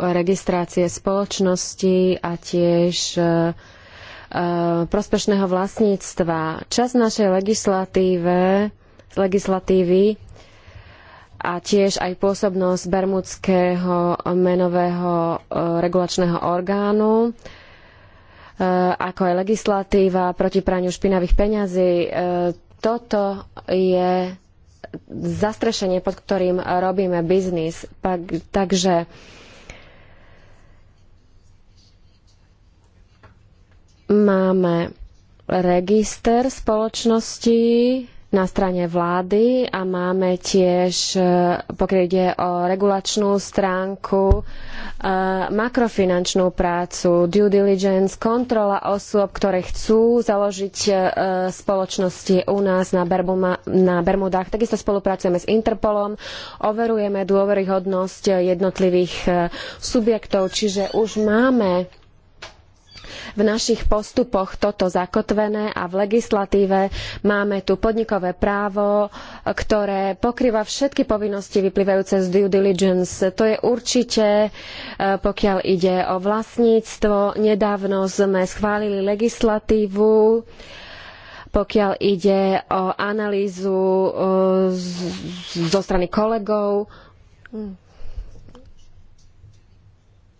[SPEAKER 1] registrácie spoločnosti a tiež e, e, prospešného vlastníctva. Čas našej legislatíve, legislatívy a tiež aj pôsobnosť Bermudského menového e, regulačného orgánu ako aj legislatíva proti praniu špinavých peňazí. Toto je zastrešenie, pod ktorým robíme biznis. Takže máme register spoločnosti na strane vlády a máme tiež, e, pokiaľ ide o regulačnú stránku, e, makrofinančnú prácu, due diligence, kontrola osôb, ktoré chcú založiť e, spoločnosti u nás na, Berbuma, na Bermudách. Takisto spolupracujeme s Interpolom, overujeme dôveryhodnosť jednotlivých subjektov, čiže už máme v našich postupoch toto zakotvené a v legislatíve máme tu podnikové právo, ktoré pokrýva všetky povinnosti vyplývajúce z due diligence. To je určite, e, pokiaľ ide o vlastníctvo. Nedávno sme schválili legislatívu, pokiaľ ide o analýzu e, zo strany kolegov.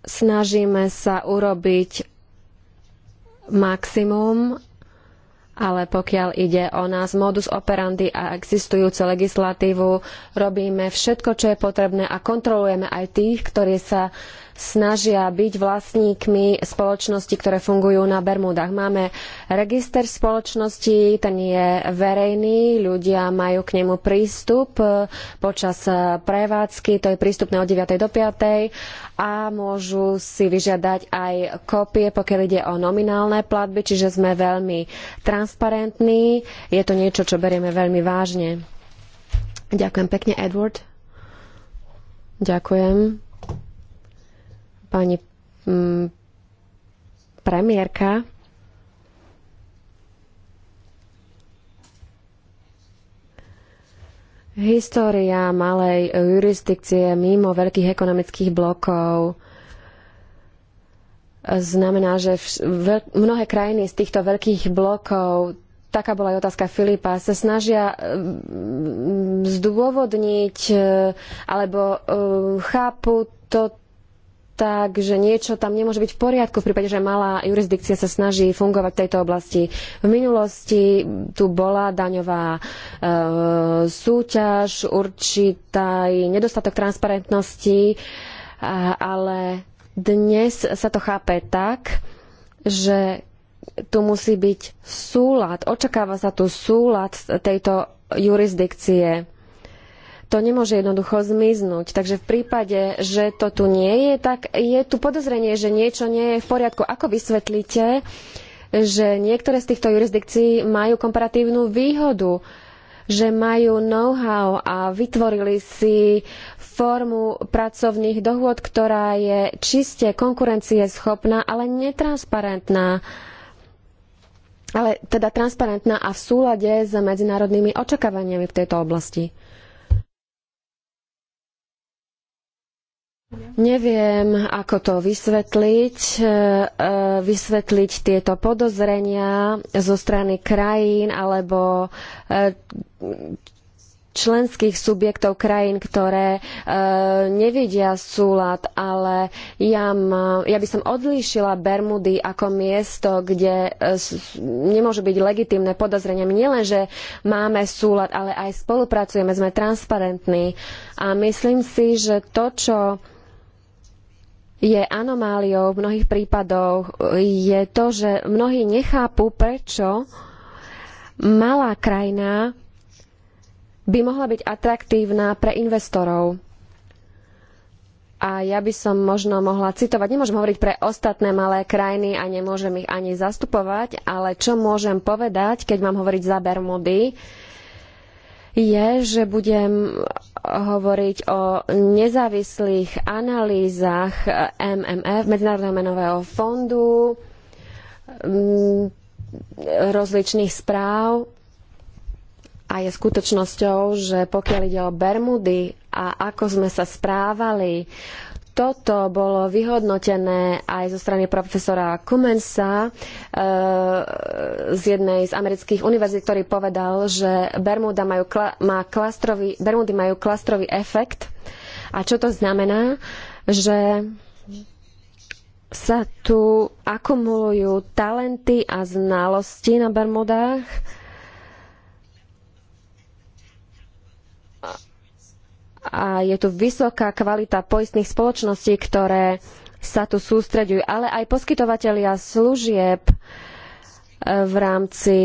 [SPEAKER 1] Snažíme sa urobiť maximum, ale pokiaľ ide o nás modus operandi a existujúcu legislatívu, robíme všetko, čo je potrebné a kontrolujeme aj tých, ktorí sa snažia byť vlastníkmi spoločností, ktoré fungujú na Bermudách. Máme register spoločností, ten je verejný, ľudia majú k nemu prístup e, počas e, prevádzky, to je prístupné od 9. do 5. a môžu si vyžiadať aj kopie, pokiaľ ide o nominálne platby, čiže sme veľmi transparentní. Je to niečo, čo berieme veľmi vážne. Ďakujem pekne, Edward. Ďakujem pani mm, premiérka. História malej jurisdikcie mimo veľkých ekonomických blokov znamená, že mnohé krajiny z týchto veľkých blokov taká bola aj otázka Filipa, sa snažia e, zdôvodniť e, alebo e, chápu to tak, že niečo tam nemôže byť v poriadku v prípade, že malá jurisdikcia sa snaží fungovať v tejto oblasti. V minulosti tu bola daňová e, súťaž, určitá nedostatok transparentnosti, a, e, ale dnes sa to chápe tak, že tu musí byť súlad, očakáva sa tu súlad tejto jurisdikcie to nemôže jednoducho zmiznúť. Takže v prípade, že to tu nie je, tak je tu podozrenie, že niečo nie je v poriadku. Ako vysvetlíte, že niektoré z týchto jurisdikcií majú komparatívnu výhodu, že majú know-how a vytvorili si formu pracovných dohôd, ktorá je čiste konkurencieschopná, ale netransparentná ale teda transparentná a v súlade s medzinárodnými očakávaniami v tejto oblasti. Neviem, ako to vysvetliť. E, e, vysvetliť tieto podozrenia zo strany krajín alebo e, členských subjektov krajín, ktoré nevidia súlad, ale ja, má, ja by som odlíšila Bermudy ako miesto, kde nemôžu byť legitímne podozrenia. My nielenže máme súlad, ale aj spolupracujeme, sme transparentní. A myslím si, že to, čo je anomáliou v mnohých prípadoch, je to, že mnohí nechápu, prečo malá krajina by mohla byť atraktívna pre investorov. A ja by som možno mohla citovať, nemôžem hovoriť pre ostatné malé krajiny a nemôžem ich ani zastupovať, ale čo môžem povedať, keď mám hovoriť za Bermudy, uh, je, že budem hovoriť o nezávislých analýzach MMF, Medzinárodného menového fondu, mm, rozličných správ a je skutočnosťou, že pokiaľ ide o Bermudy a ako sme sa správali toto bolo vyhodnotené aj zo strany profesora Kumensa e, z jednej z amerických univerzít, ktorý povedal, že Bermuda majú, kla, má klastrový, Bermudy majú klastrový efekt. A čo to znamená? Že sa tu akumulujú talenty a znalosti na Bermudách a je tu vysoká kvalita poistných spoločností, ktoré sa tu sústreďujú, ale aj poskytovatelia služieb e, v rámci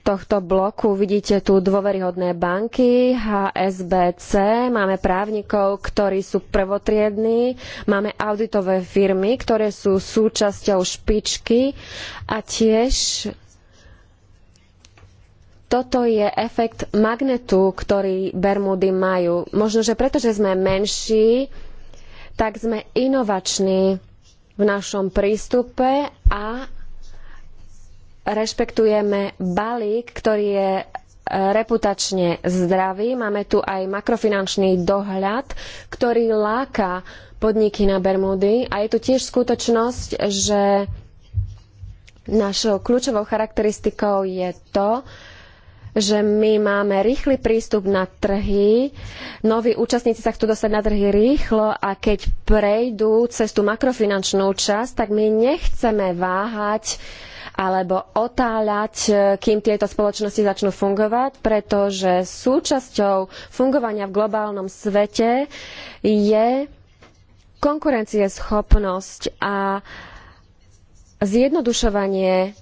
[SPEAKER 1] tohto bloku vidíte tu dôveryhodné banky, HSBC, máme právnikov, ktorí sú prvotriední, máme auditové firmy, ktoré sú súčasťou špičky a tiež toto je efekt magnetu, ktorý Bermudy majú. Možno, že preto, že sme menší, tak sme inovační v našom prístupe a rešpektujeme balík, ktorý je e, reputačne zdravý. Máme tu aj makrofinančný dohľad, ktorý láka podniky na Bermudy a je tu tiež skutočnosť, že našou kľúčovou charakteristikou je to, že my máme rýchly prístup na trhy, noví účastníci sa chcú dostať na trhy rýchlo a keď prejdú cez tú makrofinančnú časť, tak my nechceme váhať alebo otáľať, kým tieto spoločnosti začnú fungovať, pretože súčasťou fungovania v globálnom svete je konkurencieschopnosť a zjednodušovanie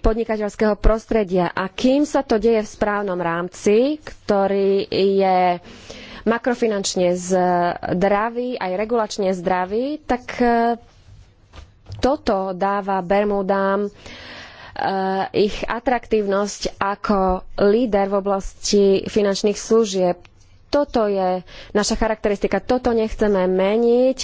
[SPEAKER 1] podnikateľského prostredia. A kým sa to deje v správnom rámci, ktorý je makrofinančne zdravý, aj regulačne zdravý, tak e, toto dáva Bermudám e, ich atraktívnosť ako líder v oblasti finančných služieb. Toto je naša charakteristika, toto nechceme meniť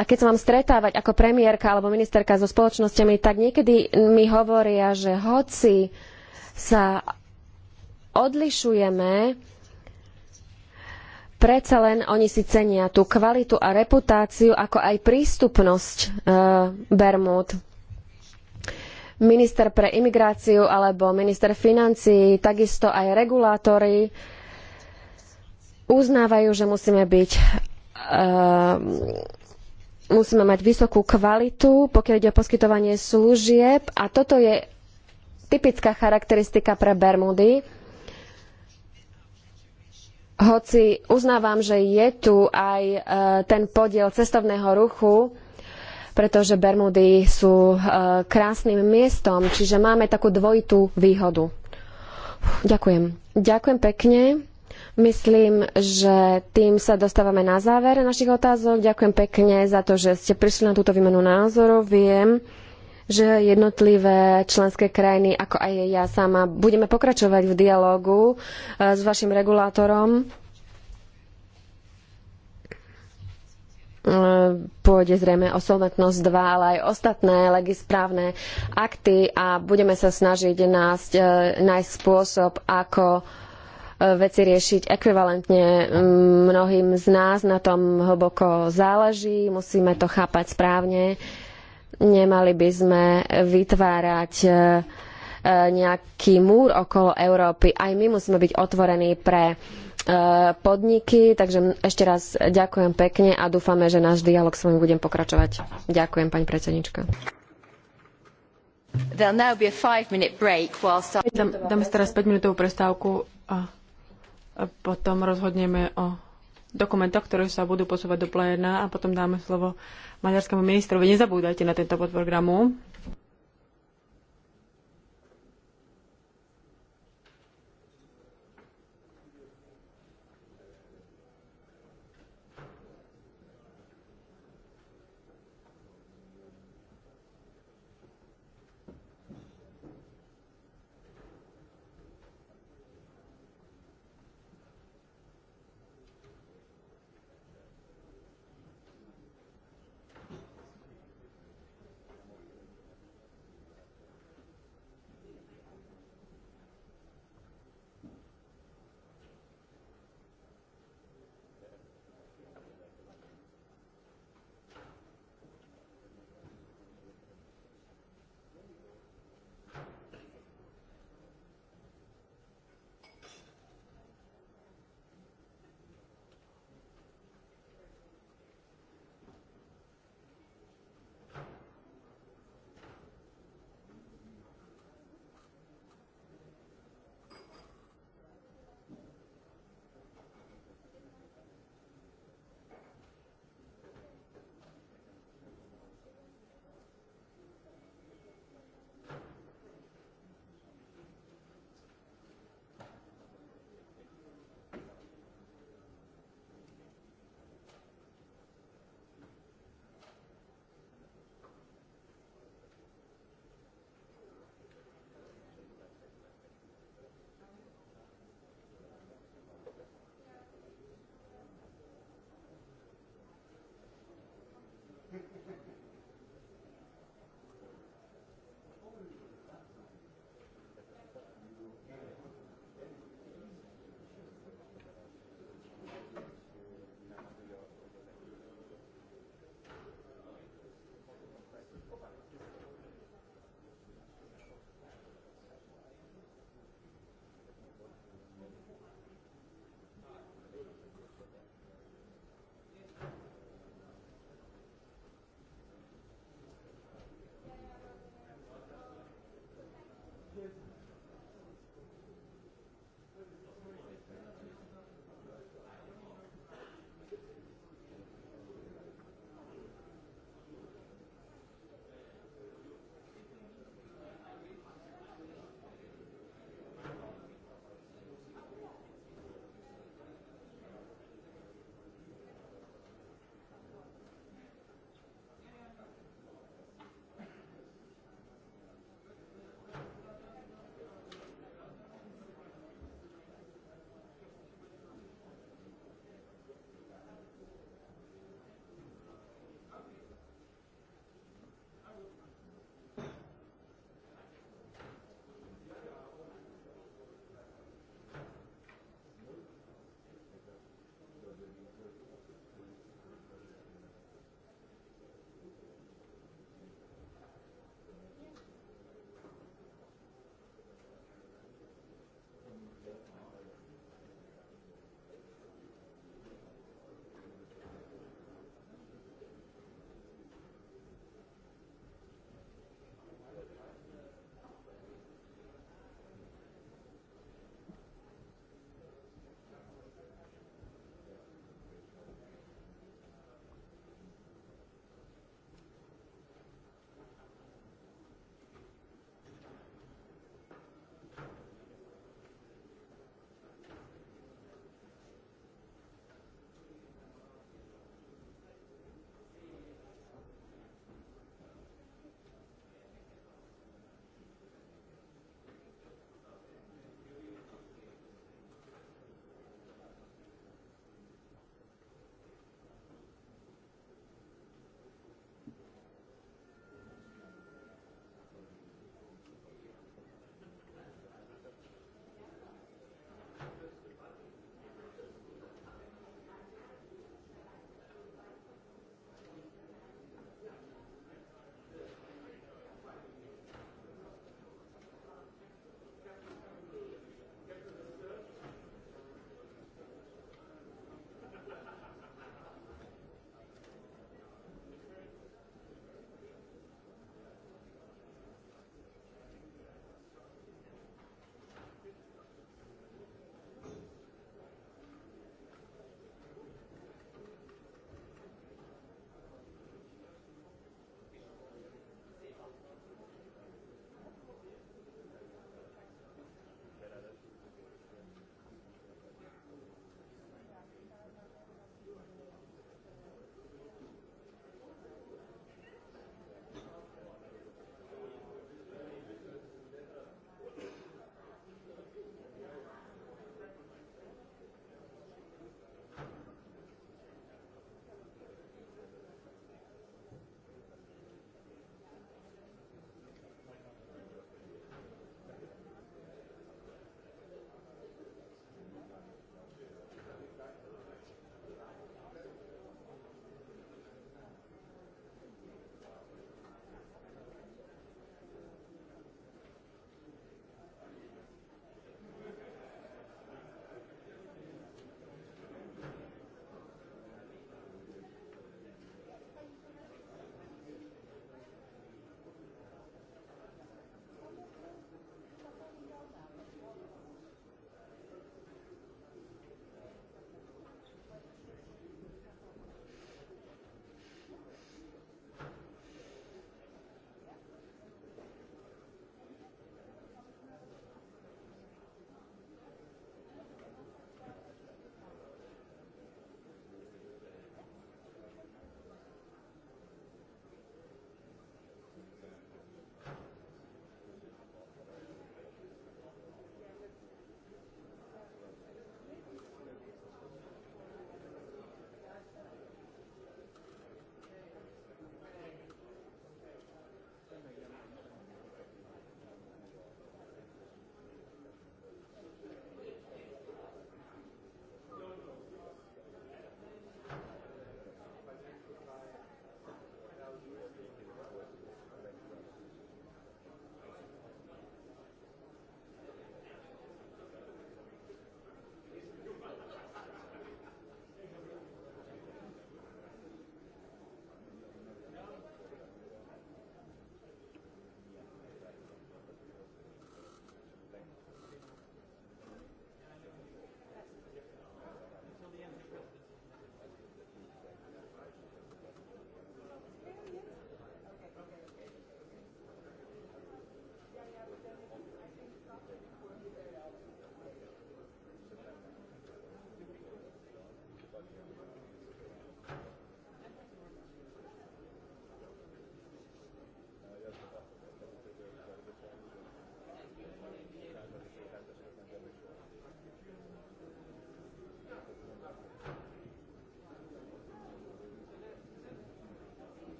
[SPEAKER 1] a keď sa mám stretávať ako premiérka alebo ministerka so spoločnosťami, tak niekedy mi hovoria, že hoci sa odlišujeme, predsa len oni si cenia tú kvalitu a reputáciu, ako aj prístupnosť e, Bermúd. Minister pre imigráciu alebo minister financií, takisto aj regulátori uznávajú, že musíme byť e, musíme mať vysokú kvalitu, pokiaľ ide o poskytovanie služieb a toto je typická charakteristika pre Bermudy. Hoci uznávam, že je tu aj e, ten podiel cestovného ruchu, pretože Bermudy sú e, krásnym miestom, čiže máme takú dvojitú výhodu. Ďakujem. Ďakujem pekne. Myslím, že tým sa dostávame na záver našich otázok. Ďakujem pekne za to, že ste prišli na túto výmenu názorov. Viem, že jednotlivé členské krajiny, ako aj ja sama, budeme pokračovať v dialógu e, s vašim regulátorom. E, pôjde zrejme o solventnosť 2, ale aj ostatné legisprávne akty a budeme sa snažiť nájsť, e, nájsť spôsob, ako veci riešiť ekvivalentne. Mm, mnohým z nás na tom hlboko záleží, musíme to chápať správne. Nemali by sme vytvárať e, e, nejaký múr okolo Európy. Aj my musíme byť otvorení pre e, podniky, takže ešte raz ďakujem pekne a dúfame, že náš dialog s vami budem pokračovať. Ďakujem, pani predsednička. Dáme teraz
[SPEAKER 3] 5-minútovú prestávku. A... Potom rozhodneme o dokumentoch, ktoré sa budú posúvať do pléna a potom dáme slovo maďarskému ministrovi. Nezabúdajte na tento podprogramu.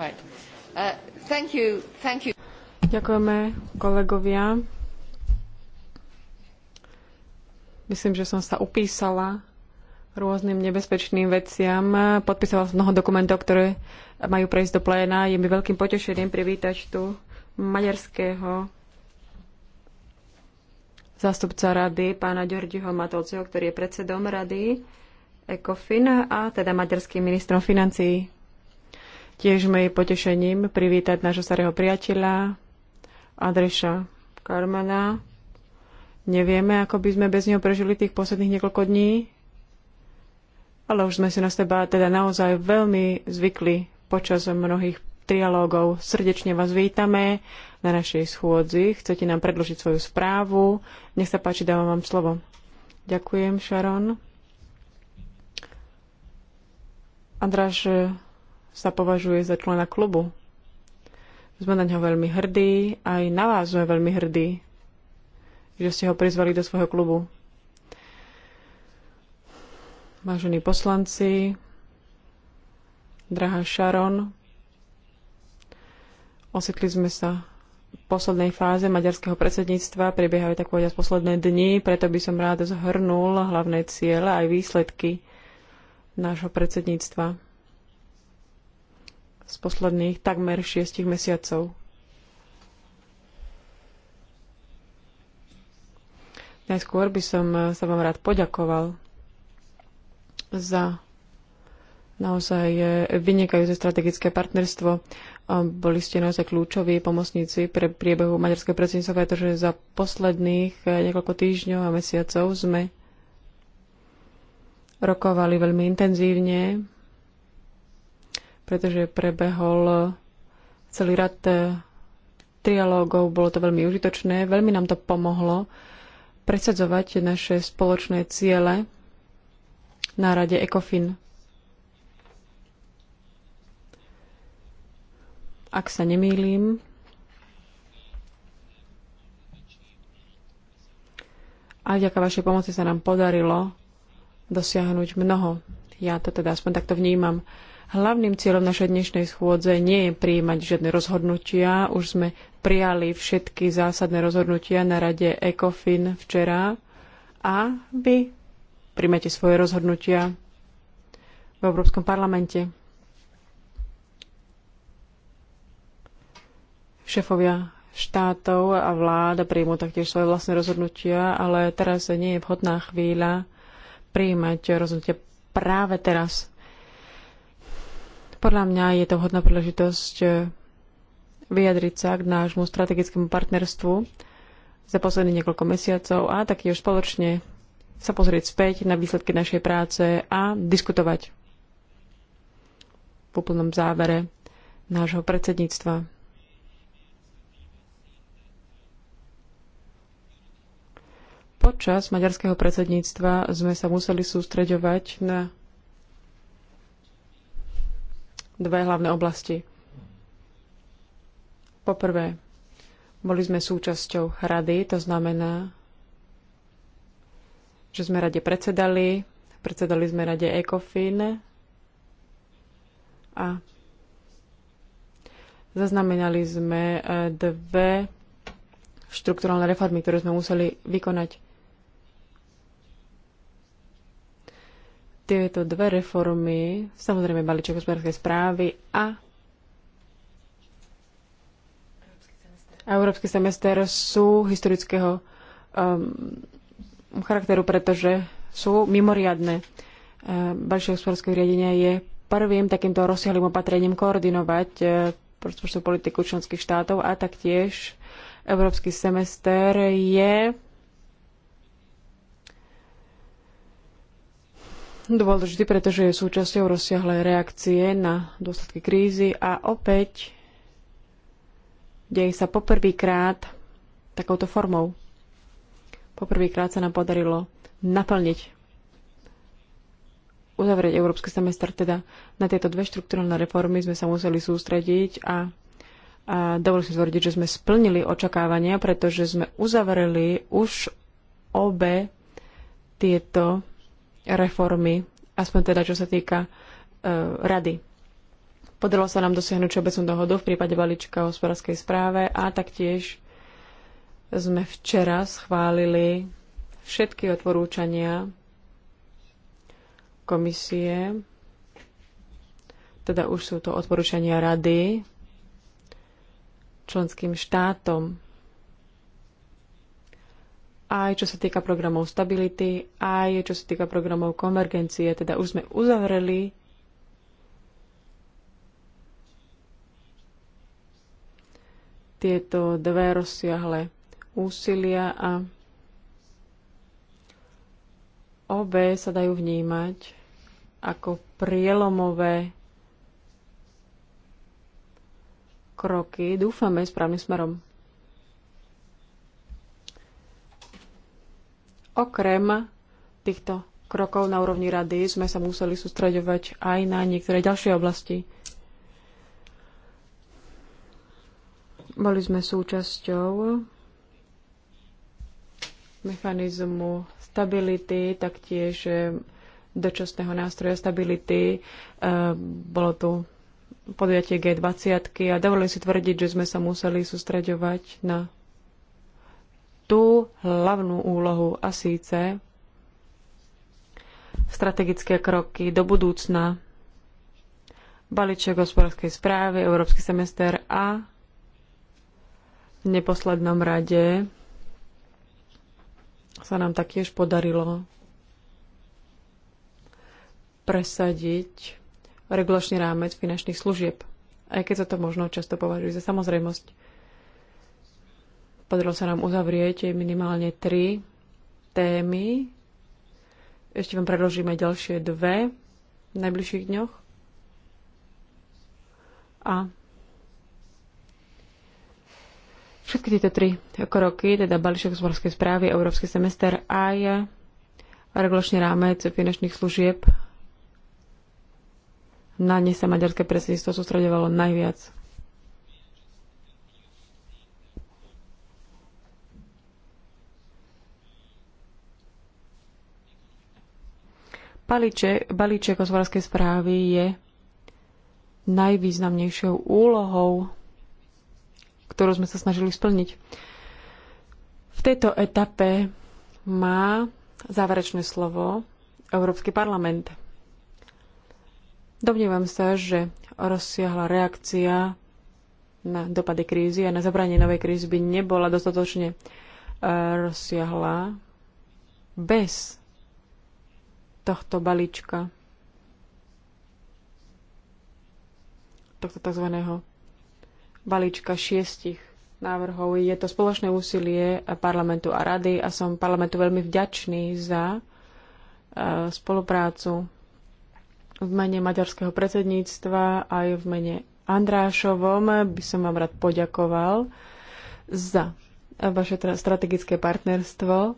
[SPEAKER 3] Uh, Ďakujeme kolegovia. Myslím, že som sa upísala rôznym nebezpečným veciam. Podpísala som mnoho dokumentov, ktoré majú prejsť do pléna. Je mi veľkým potešením privítať tu maďarského zástupca rady, pána Ďordiho Matovceho, ktorý je predsedom rady ECOFIN a teda maďarským ministrom financií. Tiež mi potešením privítať nášho starého priateľa, Adreša Karmana. Nevieme, ako by sme bez neho prežili tých posledných niekoľko dní, ale už sme si na seba teda naozaj veľmi zvykli počas mnohých trialógov. Srdečne vás vítame na našej schôdzi. Chcete nám predložiť svoju správu? Nech sa páči, dávam vám slovo. Ďakujem, Sharon. Andráš sa považuje za člena klubu. Sme na ňo veľmi hrdí, aj na vás sme veľmi hrdí, že ste ho prizvali do svojho klubu. Vážení poslanci, drahá Sharon, osvetli sme sa v poslednej fáze maďarského predsedníctva, prebiehajú tak povedať posledné dni, preto by som rád zhrnul hlavné ciele aj výsledky nášho predsedníctva z posledných takmer šiestich mesiacov. Najskôr by som eh, sa vám rád poďakoval za naozaj eh, vynikajúce strategické partnerstvo. Boli ste naozaj kľúčoví pomocníci pre priebehu maďarského predsedníctva, pretože za posledných eh, niekoľko týždňov a mesiacov sme rokovali veľmi intenzívne pretože prebehol celý rad eh, trialógov, bolo to veľmi užitočné, veľmi nám to pomohlo presadzovať naše spoločné ciele na rade ECOFIN. Ak sa nemýlim, a vďaka vašej pomoci sa nám podarilo dosiahnuť mnoho. Ja to teda aspoň takto vnímam. Hlavným cieľom našej dnešnej schôdze nie je prijímať žiadne rozhodnutia. Už sme prijali všetky zásadné rozhodnutia na rade ECOFIN včera a vy príjmete svoje rozhodnutia v Európskom parlamente. Šefovia štátov a vláda príjmu taktiež svoje vlastné rozhodnutia, ale teraz nie je vhodná chvíľa príjmať rozhodnutia práve teraz. Podľa mňa je to hodná príležitosť e, vyjadriť sa k nášmu strategickému partnerstvu za posledných niekoľko mesiacov a taktiež spoločne sa pozrieť späť na výsledky našej práce a diskutovať v úplnom závere nášho predsedníctva. Počas maďarského predsedníctva sme sa museli sústreďovať na dve hlavné oblasti. Poprvé, boli sme súčasťou rady, to znamená, že sme rade predsedali, predsedali sme rade ECOFIN a zaznamenali sme eh, dve štruktúralne reformy, ktoré sme museli vykonať. tieto dve reformy, samozrejme balíček hospodárskej správy a a Európsky semester sú historického um, charakteru, pretože sú mimoriadne. Um, balíček hospodárskeho riadenia je prvým takýmto rozsiahlým opatrením koordinovať uh, politiku členských štátov a taktiež Európsky semester je dôležitý, pretože je súčasťou rozsiahlej reakcie na dôsledky krízy a opäť deje sa poprvýkrát takouto formou. Poprvýkrát sa nám podarilo naplniť uzavrieť európsky semester. Teda na tieto dve štruktúrne reformy sme sa museli sústrediť a, a dovolím si tvrdiť, že sme splnili očakávania, pretože sme uzavreli už obe tieto reformy, aspoň teda čo sa týka uh, rady. Podarilo sa nám dosiahnuť všeobecnú dohodu v prípade balíčka o hospodárskej správe a taktiež sme včera schválili všetky odporúčania komisie, teda už sú to odporúčania rady členským štátom aj čo sa týka programov stability, aj čo sa týka programov konvergencie. Teda už sme uzavreli tieto dve rozsiahle úsilia a obe sa dajú vnímať ako prielomové kroky, dúfame, správnym smerom. Okrem týchto krokov na úrovni rady sme sa museli sústreďovať aj na niektoré ďalšie oblasti. Boli sme súčasťou mechanizmu stability, taktiež eh, dočasného nástroja stability. Eh, bolo tu podujatie G20 a dovolím si tvrdiť, že sme sa museli sústreďovať na tú hlavnú úlohu a síce strategické kroky do budúcna, balíček hospodárskej správy, európsky semester a v neposlednom rade sa nám taktiež podarilo presadiť regulačný rámec finančných služieb, aj keď sa to možno často považuje za samozrejmosť. Podarilo sa nám uzavrieť minimálne tri témy. Ešte vám predložíme ďalšie dve v najbližších dňoch. A všetky tieto tri kroky, teda balíček hospodárskej správy, európsky semester aj regulačný rámec finančných služieb, na ne sa maďarské predsedníctvo sústredovalo najviac. Balíček, balíček hospodárskej správy je najvýznamnejšou úlohou, ktorú sme sa snažili splniť. V tejto etape má záverečné slovo Európsky parlament. Domnievam sa, že rozsiahla reakcia na dopady krízy a na zabranie novej krízy by nebola dostatočne eh, rozsiahla bez tohto balíčka, tohto tzv. balíčka šiestich návrhov. Je to spoločné úsilie parlamentu a rady a som parlamentu veľmi vďačný za e, spoluprácu v mene maďarského predsedníctva aj v mene Andrášovom by som vám rád poďakoval za vaše strategické partnerstvo,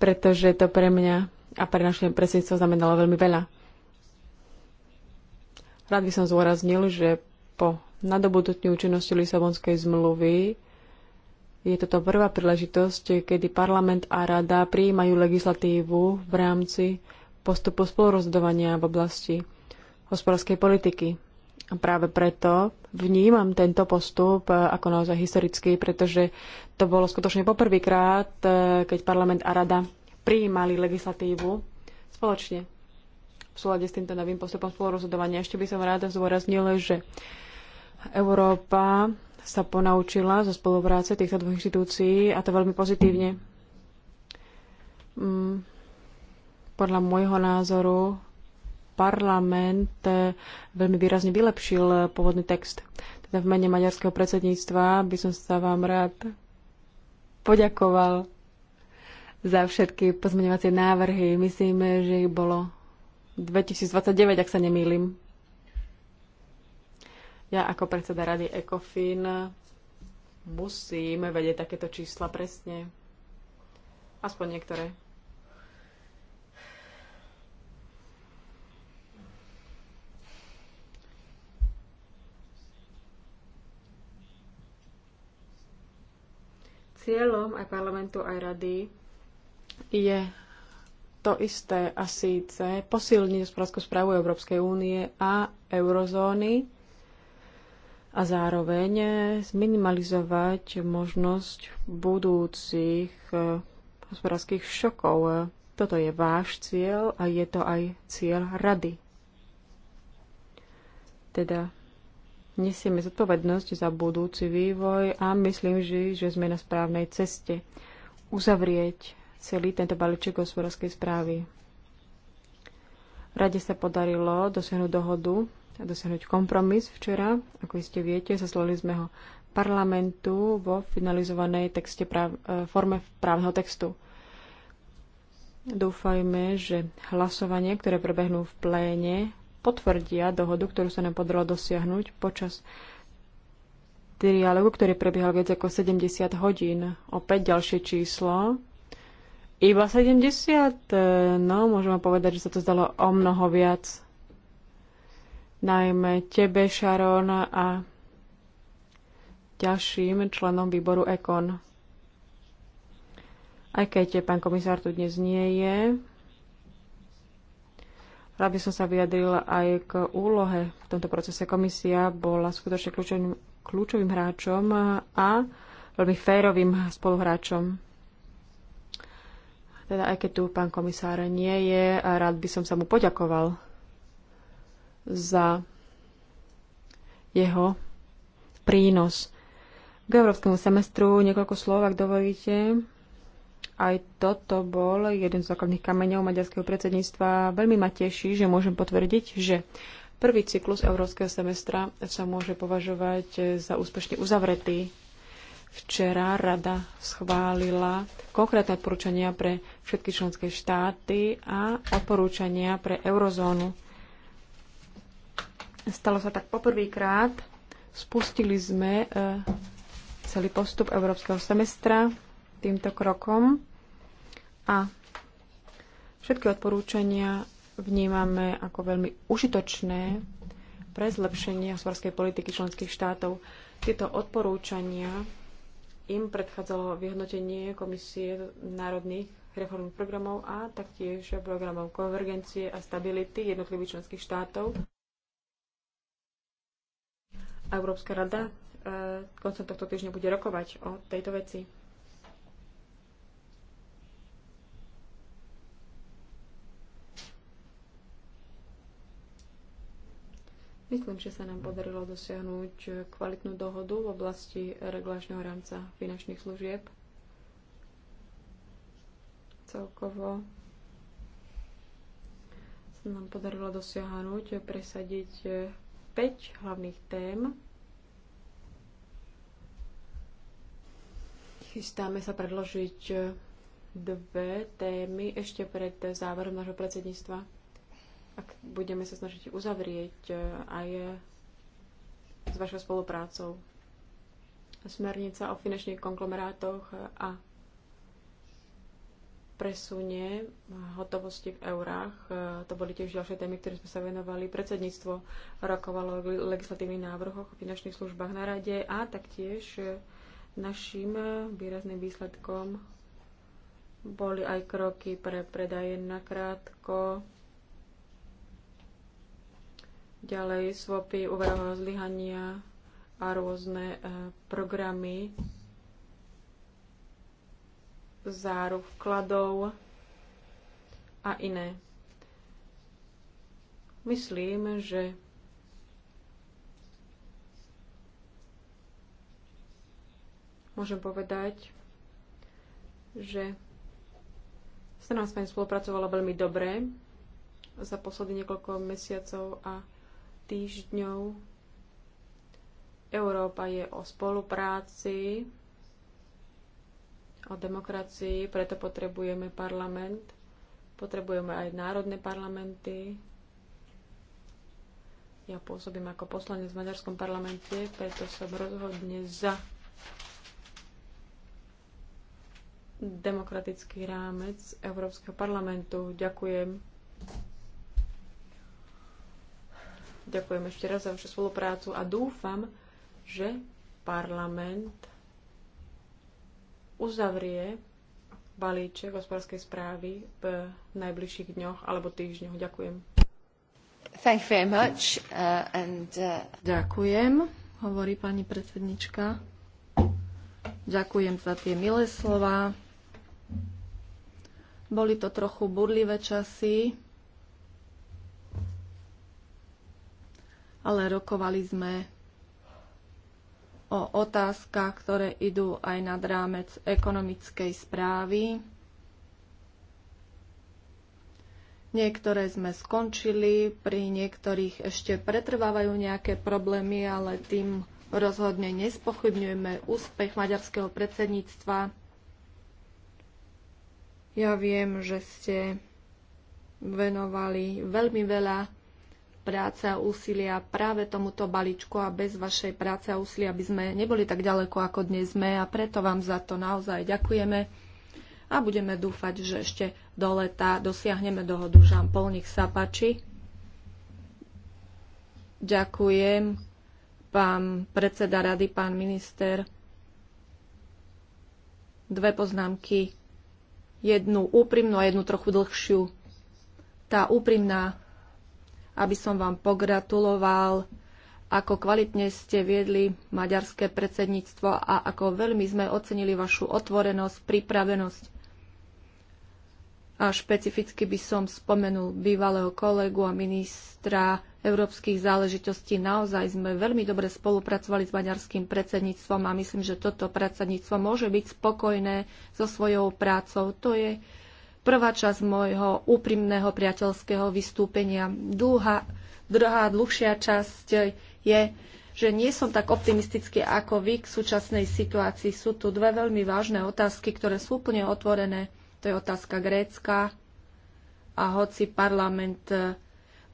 [SPEAKER 3] pretože to pre mňa a pre naše predsedníctvo znamenalo veľmi veľa. Rád by som zôraznil, že po nadobudnutí účinnosti Lisabonskej zmluvy je toto prvá príležitosť, kedy parlament a rada prijímajú legislatívu v rámci postupu spolurozhodovania v oblasti hospodárskej politiky. A práve preto vnímam tento postup eh, ako naozaj historický, pretože to bolo skutočne poprvýkrát, eh, keď parlament a rada prijímali legislatívu spoločne v súlade s týmto novým postupom spolurozhodovania. Ešte by som ráda zdôraznila, že Európa sa ponaučila zo spolupráce týchto dvoch inštitúcií a to veľmi pozitívne. Mm, podľa môjho názoru parlament e, veľmi výrazne vylepšil pôvodný text. Teda v mene maďarského predsedníctva by som sa vám rád poďakoval za všetky pozmeňovacie návrhy. Myslíme, že ich bolo 2029, ak sa nemýlim. Ja ako predseda rady ECOFIN musím vedieť takéto čísla presne. Aspoň niektoré. Cieľom aj parlamentu, aj rady je to isté a síce posilniť hospodárskú správu Európskej únie a eurozóny a zároveň zminimalizovať možnosť budúcich eh, hospodárskych šokov. Toto je váš cieľ a je to aj cieľ rady. Teda nesieme zodpovednosť za budúci vývoj a myslím, že, že sme na správnej ceste uzavrieť celý tento balíček hospodárskej správy. Rade sa podarilo dosiahnuť dohodu a dosiahnuť kompromis včera. Ako iste viete, zaslali sme ho parlamentu vo finalizovanej texte práv- e, forme právneho textu. Dúfajme, že hlasovanie, ktoré prebehnú v pléne, potvrdia dohodu, ktorú sa nám podarilo dosiahnuť počas triálogu, ktorý prebiehal viac ako 70 hodín. Opäť ďalšie číslo, iba 70? Eh, no, môžeme povedať, že sa to zdalo o mnoho viac. Najmä tebe, Sharon, a ďalším členom výboru EKON. Aj keď pán komisár tu dnes nie je, rád by som sa vyjadrila aj k úlohe v tomto procese. Komisia bola skutočne kľúčovým, kľúčovým hráčom a veľmi férovým spoluhráčom teda aj keď tu pán komisár nie je, rád by som sa mu poďakoval za jeho prínos. K európskemu semestru niekoľko slov, ak dovolíte. Aj toto bol jeden z základných kameňov maďarského predsedníctva. Veľmi ma teší, že môžem potvrdiť, že prvý cyklus európskeho semestra sa môže považovať za úspešne uzavretý. Včera rada schválila konkrétne odporúčania pre všetky členské štáty a odporúčania pre eurozónu. Stalo sa tak poprvýkrát. Spustili sme e, celý postup európskeho semestra týmto krokom a všetky odporúčania vnímame ako veľmi užitočné pre zlepšenie hospodárskej politiky členských štátov. Tieto odporúčania im predchádzalo vyhodnotenie komisie národných reformných programov a taktiež programov konvergencie a stability jednotlivých členských štátov. Európska rada eh, koncom tohto týždňa bude rokovať o tejto veci. Myslím, že sa nám podarilo dosiahnuť kvalitnú dohodu v oblasti regulačného rámca finančných služieb. Celkovo sa nám podarilo dosiahnuť, presadiť 5 hlavných tém. Chystáme sa predložiť dve témy ešte pred záverom nášho predsedníctva ak budeme sa snažiť uzavrieť e, aj e, s vašou spoluprácou. Smernica o finančných konglomerátoch a presunie hotovosti v eurách. E, to boli tiež ďalšie témy, ktoré sme sa venovali. Predsedníctvo rokovalo legislatívnych návrhoch o finančných službách na rade a taktiež našim výrazným výsledkom boli aj kroky pre predaje na krátko, ďalej svopy úverového zlyhania a rôzne e, programy záruk vkladov a iné. Myslím, že môžem povedať, že sa nám s vami spolupracovalo veľmi dobre za posledných niekoľko mesiacov a týždňov. Európa je o spolupráci, o demokracii, preto potrebujeme parlament, potrebujeme aj národné parlamenty. Ja pôsobím ako poslanec v Maďarskom parlamente, preto som rozhodne za demokratický rámec Európskeho parlamentu. Ďakujem. Ďakujem ešte raz za vašu spoluprácu a dúfam, že parlament uzavrie balíček hospodárskej správy v najbližších dňoch alebo týždňoch. Ďakujem.
[SPEAKER 2] Thank you
[SPEAKER 4] very much, uh, and, uh... Ďakujem, hovorí pani predsednička. Ďakujem za tie milé slova. Boli to trochu burlivé časy. ale rokovali sme o otázkach, ktoré idú aj nad rámec ekonomickej správy. Niektoré sme skončili, pri niektorých ešte pretrvávajú nejaké problémy, ale tým rozhodne nespochybňujeme úspech maďarského predsedníctva. Ja viem, že ste venovali veľmi veľa práce a úsilia práve tomuto balíčku a bez vašej práce a úsilia by sme neboli tak ďaleko, ako dnes sme a preto vám za to naozaj ďakujeme a budeme dúfať, že ešte do leta dosiahneme dohodu. Žan Pol, nech sa páči. Ďakujem, pán predseda rady, pán minister. Dve poznámky. Jednu úprimnú a jednu trochu dlhšiu. Tá úprimná aby som vám pogratuloval, ako kvalitne ste viedli maďarské predsedníctvo a ako veľmi sme ocenili vašu otvorenosť, pripravenosť. A špecificky by som spomenul bývalého kolegu a ministra európskych záležitostí. Naozaj sme veľmi dobre spolupracovali s maďarským predsedníctvom a myslím, že toto predsedníctvo môže byť spokojné so svojou prácou. To je Prvá časť môjho úprimného priateľského vystúpenia. Dlhá, druhá dlhšia časť je, že nie som tak optimistický ako vy k súčasnej situácii. Sú tu dve veľmi vážne otázky, ktoré sú úplne otvorené. To je otázka grécka. A hoci parlament eh,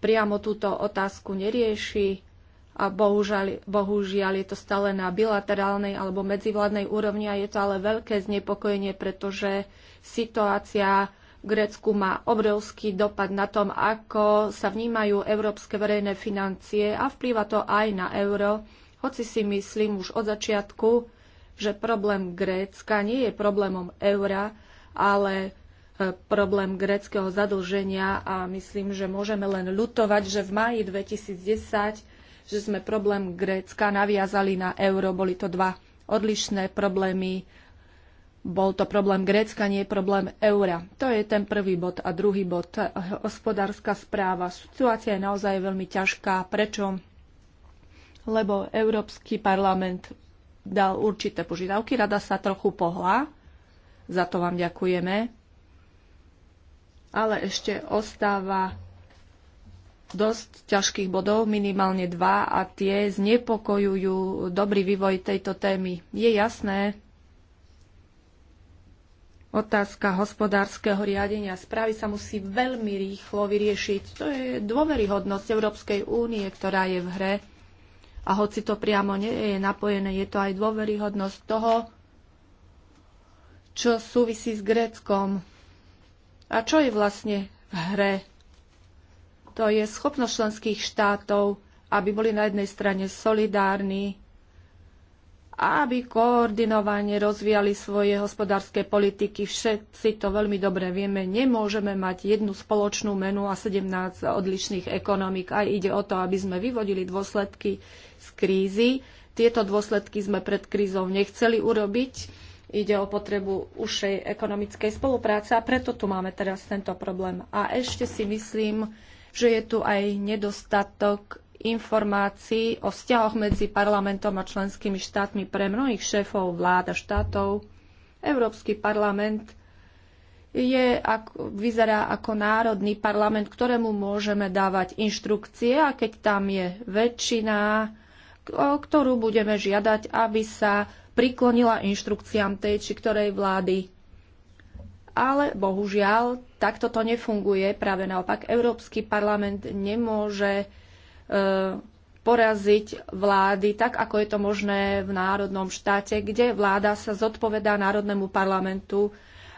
[SPEAKER 4] priamo túto otázku nerieši, a bohužiaľ, bohužiaľ je to stále na bilaterálnej alebo medzivládnej úrovni a je to ale veľké znepokojenie, pretože situácia Grécku má obrovský dopad na tom, ako sa vnímajú európske verejné financie a vplýva to aj na euro, hoci si myslím už od začiatku, že problém Grécka nie je problémom eura, ale e, problém gréckého zadlženia a myslím, že môžeme len lutovať, že v máji 2010 že sme problém Grécka naviazali na euro. Boli to dva odlišné problémy bol to problém Grécka, nie problém eura. To je ten prvý bod. A druhý bod, hospodárska správa. Situácia je naozaj veľmi ťažká. Prečo? Lebo Európsky parlament dal určité požiadavky, rada sa trochu pohla, za to vám ďakujeme, ale ešte ostáva dosť ťažkých bodov, minimálne dva, a tie znepokojujú dobrý vývoj tejto témy. Je jasné, Otázka hospodárskeho riadenia správy sa musí veľmi rýchlo vyriešiť. To je dôveryhodnosť Európskej únie, ktorá je v hre. A hoci to priamo nie je napojené, je to aj dôveryhodnosť toho, čo súvisí s Gréckom. A čo je vlastne v hre? To je schopnosť členských štátov, aby boli na jednej strane solidárni aby koordinovane rozvíjali svoje hospodárske politiky. Všetci to veľmi dobre vieme. Nemôžeme mať jednu spoločnú menu a 17 odlišných ekonomik. A ide o to, aby sme vyvodili dôsledky z krízy. Tieto dôsledky sme pred krízou nechceli urobiť. Ide o potrebu ušej ekonomickej spolupráce a preto tu máme teraz tento problém. A ešte si myslím, že je tu aj nedostatok informácií o vzťahoch medzi parlamentom a členskými štátmi pre mnohých šéfov vlád a štátov. Európsky parlament je, ako, vyzerá ako národný parlament, ktorému môžeme dávať inštrukcie a keď tam je väčšina, ktorú budeme žiadať, aby sa priklonila inštrukciám tej či ktorej vlády. Ale bohužiaľ, takto to nefunguje. Práve naopak, Európsky parlament nemôže E, poraziť vlády tak, ako je to možné v národnom štáte, kde vláda sa zodpovedá národnému parlamentu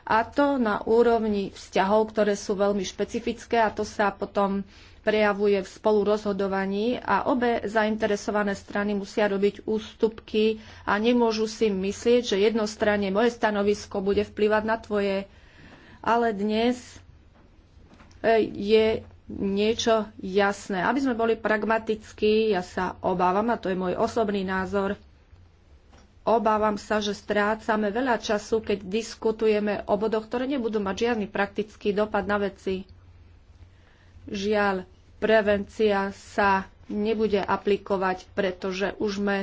[SPEAKER 4] a to na úrovni vzťahov, ktoré sú veľmi špecifické a to sa potom prejavuje v spolurozhodovaní a obe zainteresované strany musia robiť ústupky a nemôžu si myslieť, že jednostranne moje stanovisko bude vplývať na tvoje. Ale dnes e, je niečo jasné. Aby sme boli pragmatickí, ja sa obávam, a to je môj osobný názor, obávam sa, že strácame veľa času, keď diskutujeme o bodoch, ktoré nebudú mať žiadny praktický dopad na veci. Žiaľ, prevencia sa nebude aplikovať, pretože už sme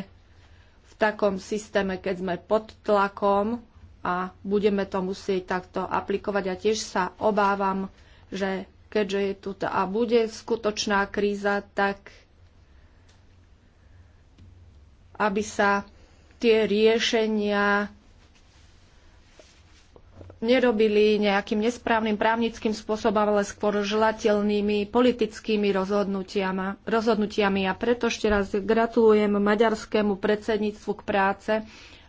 [SPEAKER 4] v takom systéme, keď sme pod tlakom a budeme to musieť takto aplikovať. A tiež sa obávam, že keďže je tu a bude skutočná kríza, tak aby sa tie riešenia nerobili nejakým nesprávnym právnickým spôsobom, ale skôr želateľnými politickými rozhodnutiami, rozhodnutiami. A preto ešte raz gratulujem maďarskému predsedníctvu k práce,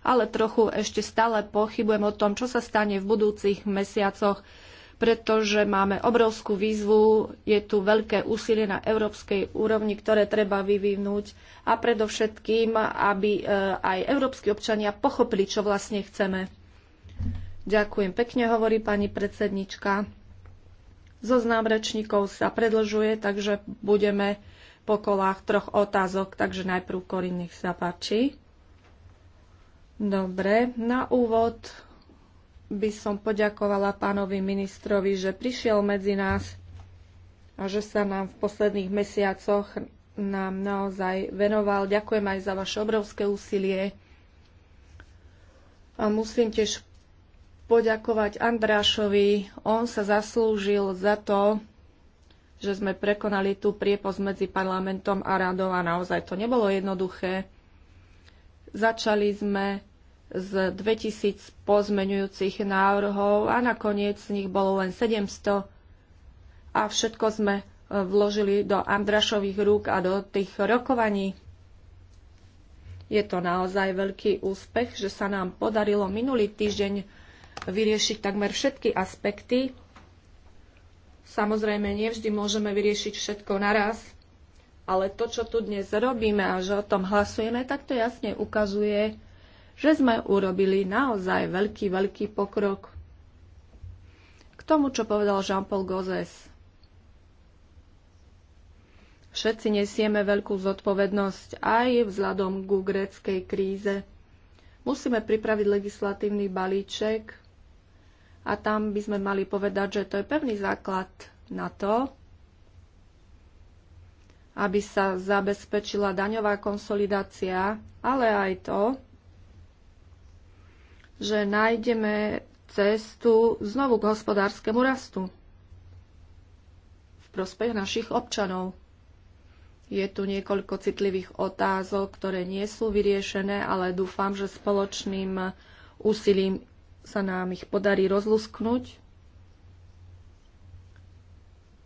[SPEAKER 4] ale trochu ešte stále pochybujem o tom, čo sa stane v budúcich mesiacoch pretože máme obrovskú výzvu, je tu veľké úsilie na európskej úrovni, ktoré treba vyvinúť a predovšetkým, aby e, aj európsky občania pochopili, čo vlastne chceme. Ďakujem pekne, hovorí pani predsednička. Zoznam rečníkov sa predlžuje, takže budeme po kolách troch otázok, takže najprv Korin, nech sa páči. Dobre, na úvod by som poďakovala pánovi ministrovi, že prišiel medzi nás a že sa nám v posledných mesiacoch nám naozaj venoval. Ďakujem aj za vaše obrovské úsilie. A musím tiež poďakovať Andrášovi. On sa zaslúžil za to, že sme prekonali tú priepoz medzi parlamentom a radou a naozaj to nebolo jednoduché. Začali sme z 2000 pozmeňujúcich návrhov a nakoniec z nich bolo len 700 a všetko sme e, vložili do Andrašových rúk a do tých rokovaní. Je to naozaj veľký úspech, že sa nám podarilo minulý týždeň vyriešiť takmer všetky aspekty. Samozrejme, nevždy môžeme vyriešiť všetko naraz, ale to, čo tu dnes robíme a že o tom hlasujeme, tak to jasne ukazuje, že sme urobili naozaj veľký, veľký pokrok k tomu, čo povedal Jean-Paul Gozes. Všetci nesieme veľkú zodpovednosť aj vzhľadom ku gréckej kríze. Musíme pripraviť legislatívny balíček a tam by sme mali povedať, že to je pevný základ na to, aby sa zabezpečila daňová konsolidácia, ale aj to, že nájdeme cestu znovu k hospodárskemu rastu v prospech našich občanov. Je tu niekoľko citlivých otázok, ktoré nie sú vyriešené, ale dúfam, že spoločným úsilím sa nám ich podarí rozlusknúť.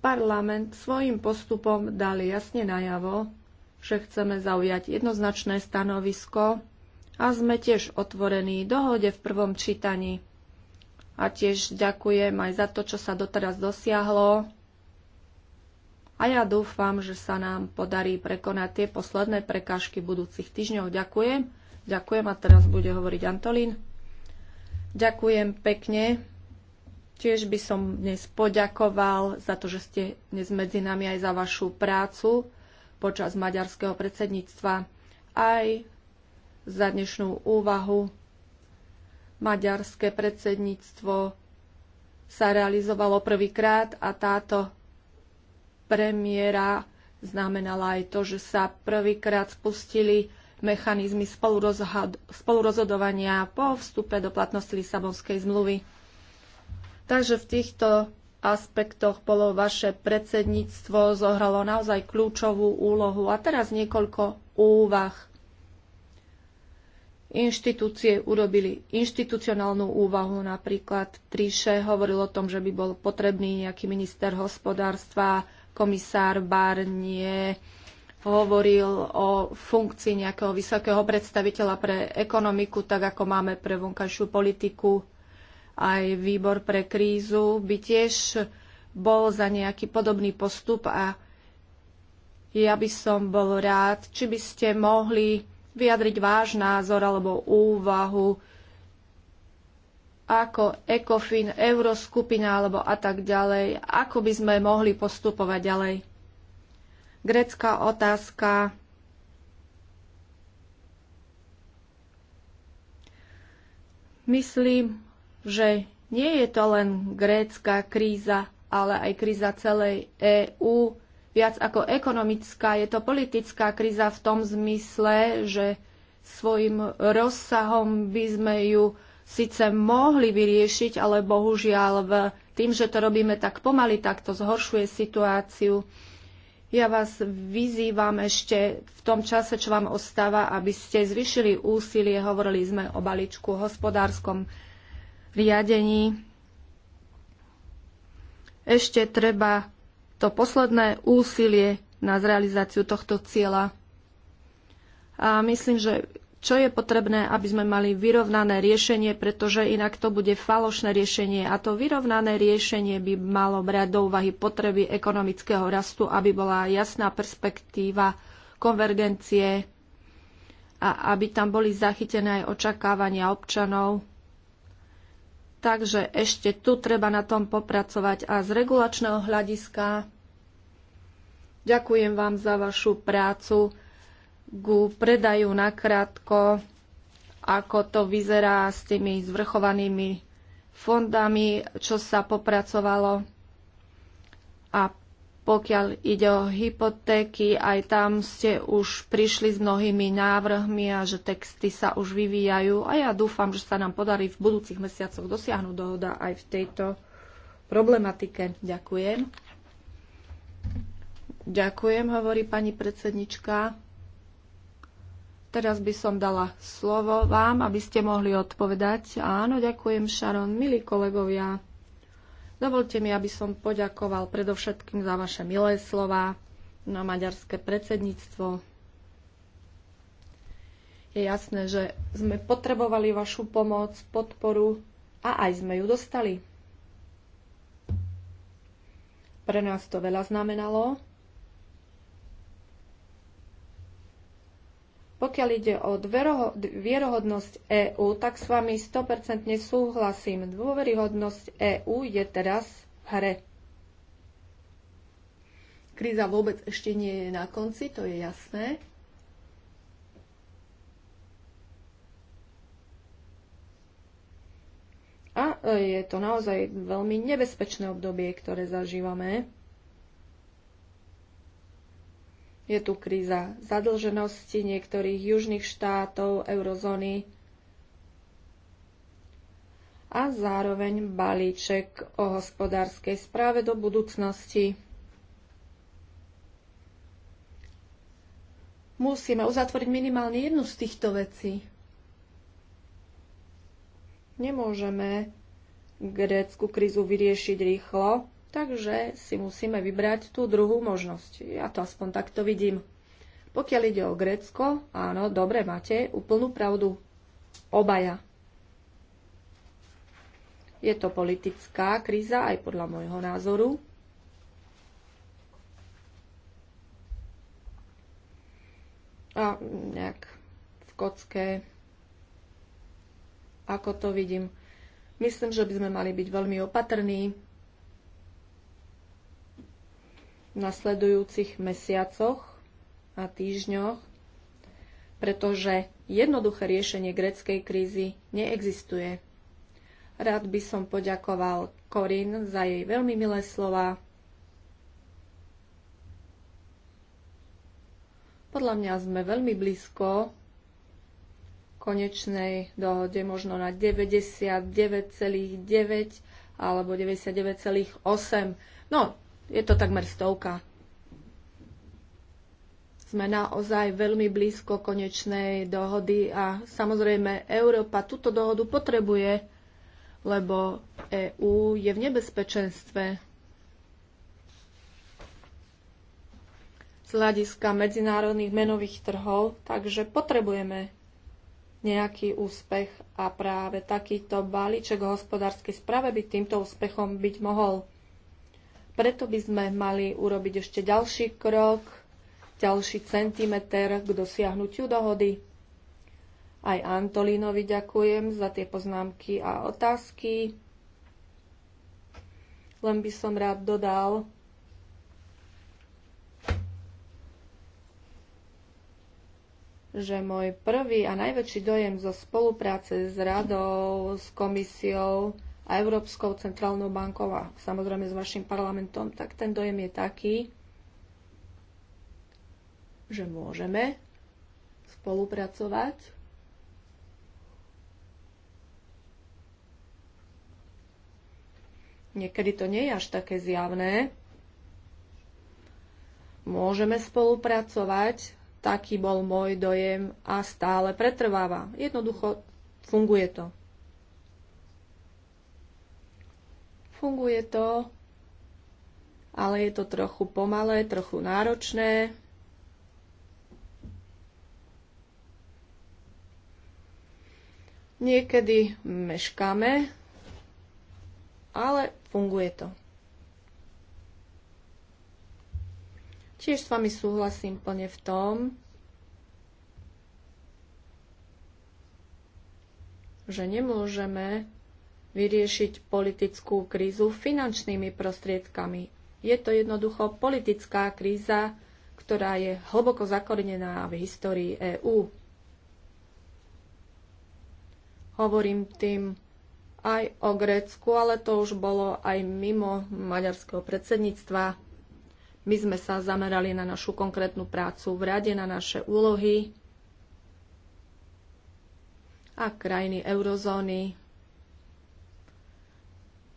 [SPEAKER 4] Parlament svojim postupom dal jasne najavo, že chceme zaujať jednoznačné stanovisko a sme tiež otvorení dohode v prvom čítaní. A tiež ďakujem aj za to, čo sa doteraz dosiahlo. A ja dúfam, že sa nám podarí prekonať tie posledné prekážky budúcich týždňov. Ďakujem. Ďakujem a teraz bude hovoriť Antolín. Ďakujem pekne. Tiež by som dnes poďakoval za to, že ste dnes medzi nami aj za vašu prácu počas maďarského predsedníctva. Aj za dnešnú úvahu. Maďarské predsedníctvo sa realizovalo prvýkrát a táto premiéra znamenala aj to, že sa prvýkrát spustili mechanizmy spolurozhodovania po vstupe do platnosti Lisabonskej zmluvy. Takže v týchto aspektoch bolo vaše predsedníctvo zohralo naozaj kľúčovú úlohu. A teraz niekoľko úvah inštitúcie urobili inštitucionálnu úvahu, napríklad Triše hovoril o tom, že by bol potrebný nejaký minister hospodárstva, komisár Barnie hovoril o funkcii nejakého vysokého predstaviteľa pre ekonomiku, tak ako máme pre vonkajšiu politiku. Aj výbor pre krízu by tiež bol za nejaký podobný postup a ja by som bol rád, či by ste mohli vyjadriť váš názor alebo úvahu ako ECOFIN, Euroskupina alebo a tak ďalej, ako by sme mohli postupovať ďalej. Grécka otázka. Myslím, že nie je to len grécka kríza, ale aj kríza celej EÚ Viac ako ekonomická je to politická kríza v tom zmysle, že svojim rozsahom by sme ju síce mohli vyriešiť, ale bohužiaľ v tým, že to robíme tak pomaly, tak to zhoršuje situáciu. Ja vás vyzývam ešte v tom čase, čo vám ostáva, aby ste zvyšili úsilie. Hovorili sme o balíčku hospodárskom riadení. Ešte treba to posledné úsilie na zrealizáciu tohto cieľa. A myslím, že čo je potrebné, aby sme mali vyrovnané riešenie, pretože inak to bude falošné riešenie a to vyrovnané riešenie by malo brať do úvahy potreby ekonomického rastu, aby bola jasná perspektíva konvergencie a aby tam boli zachytené aj očakávania občanov. Takže ešte tu treba na tom popracovať a z regulačného hľadiska Ďakujem vám za vašu prácu ku predaju nakrátko, ako to vyzerá s tými zvrchovanými fondami, čo sa popracovalo. A pokiaľ ide o hypotéky, aj tam ste už prišli s mnohými návrhmi a že texty sa už vyvíjajú. A ja dúfam, že sa nám podarí v budúcich mesiacoch dosiahnuť dohoda aj v tejto problematike. Ďakujem. Ďakujem, hovorí pani predsednička. Teraz by som dala slovo vám, aby ste mohli odpovedať. Áno, ďakujem, Šaron. Milí kolegovia, dovolte mi, aby som poďakoval predovšetkým za vaše milé slova na maďarské predsedníctvo. Je jasné, že sme potrebovali vašu pomoc, podporu a aj sme ju dostali. Pre nás to veľa znamenalo Pokiaľ ide o vierohodnosť EÚ, tak s vami 100% súhlasím. Dôveryhodnosť EÚ je teraz v hre. Kríza vôbec ešte nie je na konci, to je jasné. A e, je to naozaj veľmi nebezpečné obdobie, ktoré zažívame. Je tu kríza zadlženosti niektorých južných štátov eurozóny a zároveň balíček o hospodárskej správe do budúcnosti. Musíme uzatvoriť minimálne jednu z týchto vecí. Nemôžeme grécku krízu vyriešiť rýchlo, Takže si musíme vybrať tú druhú možnosť. Ja to aspoň takto vidím. Pokiaľ ide o Grécko, áno, dobre, máte úplnú pravdu. Obaja. Je to politická kríza, aj podľa môjho názoru. A nejak v kocke, ako to vidím. Myslím, že by sme mali byť veľmi opatrní, v nasledujúcich mesiacoch a týždňoch, pretože jednoduché riešenie gréckej krízy neexistuje. Rád by som poďakoval Korin za jej veľmi milé slova. Podľa mňa sme veľmi blízko konečnej dohode možno na 99,9 alebo 99,8. No, je to takmer stovka. Sme naozaj veľmi blízko konečnej dohody a samozrejme Európa túto dohodu potrebuje, lebo EÚ je v nebezpečenstve. z hľadiska medzinárodných menových trhov, takže potrebujeme nejaký úspech a práve takýto balíček hospodárskej sprave by týmto úspechom byť mohol. Preto by sme mali urobiť ešte ďalší krok, ďalší centimeter k dosiahnutiu dohody. Aj Antolínovi ďakujem za tie poznámky a otázky. Len by som rád dodal, že môj prvý a najväčší dojem zo spolupráce s radou, s komisiou a Európskou centrálnou bankou a samozrejme s vašim parlamentom, tak ten dojem je taký, že môžeme spolupracovať Niekedy to nie je až také zjavné. Môžeme spolupracovať, taký bol môj dojem a stále pretrváva. Jednoducho funguje to. Funguje to, ale je to trochu pomalé, trochu náročné. Niekedy meškáme, ale funguje to. Tiež s vami súhlasím plne v tom, že nemôžeme vyriešiť politickú krízu finančnými prostriedkami. Je to jednoducho politická kríza, ktorá je hlboko zakorenená v histórii EÚ. Hovorím tým aj o Grécku, ale to už bolo aj mimo maďarského predsedníctva. My sme sa zamerali na našu konkrétnu prácu v rade, na naše úlohy a krajiny eurozóny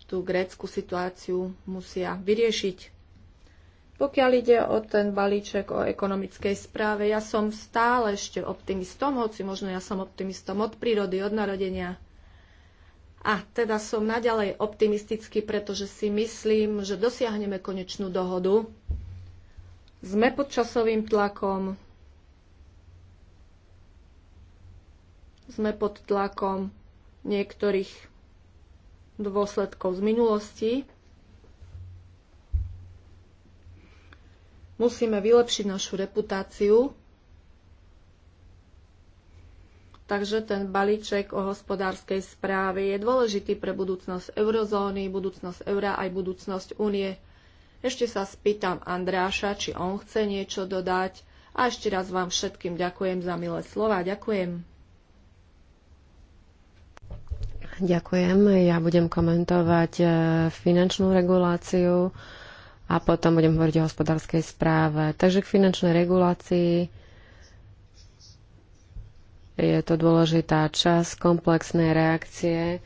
[SPEAKER 4] tú grécku situáciu musia vyriešiť. Pokiaľ ide o ten balíček o ekonomickej správe, ja som stále ešte optimistom, hoci možno ja som optimistom od prírody, od narodenia. A teda som naďalej optimistický, pretože si myslím, že dosiahneme konečnú dohodu. Sme pod časovým tlakom. Sme pod tlakom niektorých dôsledkov z minulosti. Musíme vylepšiť našu reputáciu. Takže ten balíček o hospodárskej správe je dôležitý pre budúcnosť eurozóny, budúcnosť eura aj budúcnosť únie. Ešte sa spýtam Andráša, či on chce niečo dodať. A ešte raz vám všetkým ďakujem za milé slova. Ďakujem.
[SPEAKER 1] Ďakujem. Ja budem komentovať e, finančnú reguláciu a potom budem hovoriť o hospodárskej správe. Takže k finančnej regulácii je to dôležitá časť komplexnej reakcie.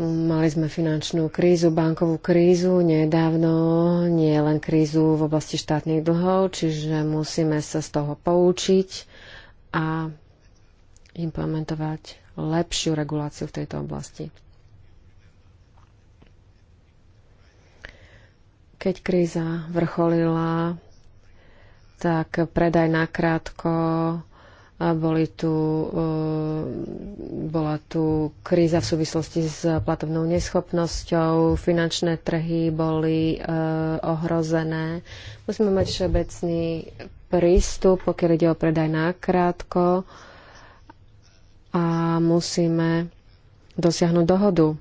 [SPEAKER 1] Mali sme finančnú krízu, bankovú krízu nedávno, nie len krízu v oblasti štátnych dlhov, čiže musíme sa z toho poučiť a implementovať lepšiu reguláciu v tejto oblasti. Keď kríza vrcholila, tak predaj nakrátko boli tu, e, bola tu kríza v súvislosti s platovnou neschopnosťou, finančné trhy boli e, ohrozené. Musíme mať všeobecný prístup, pokiaľ ide o predaj nakrátko. krátko a musíme dosiahnuť dohodu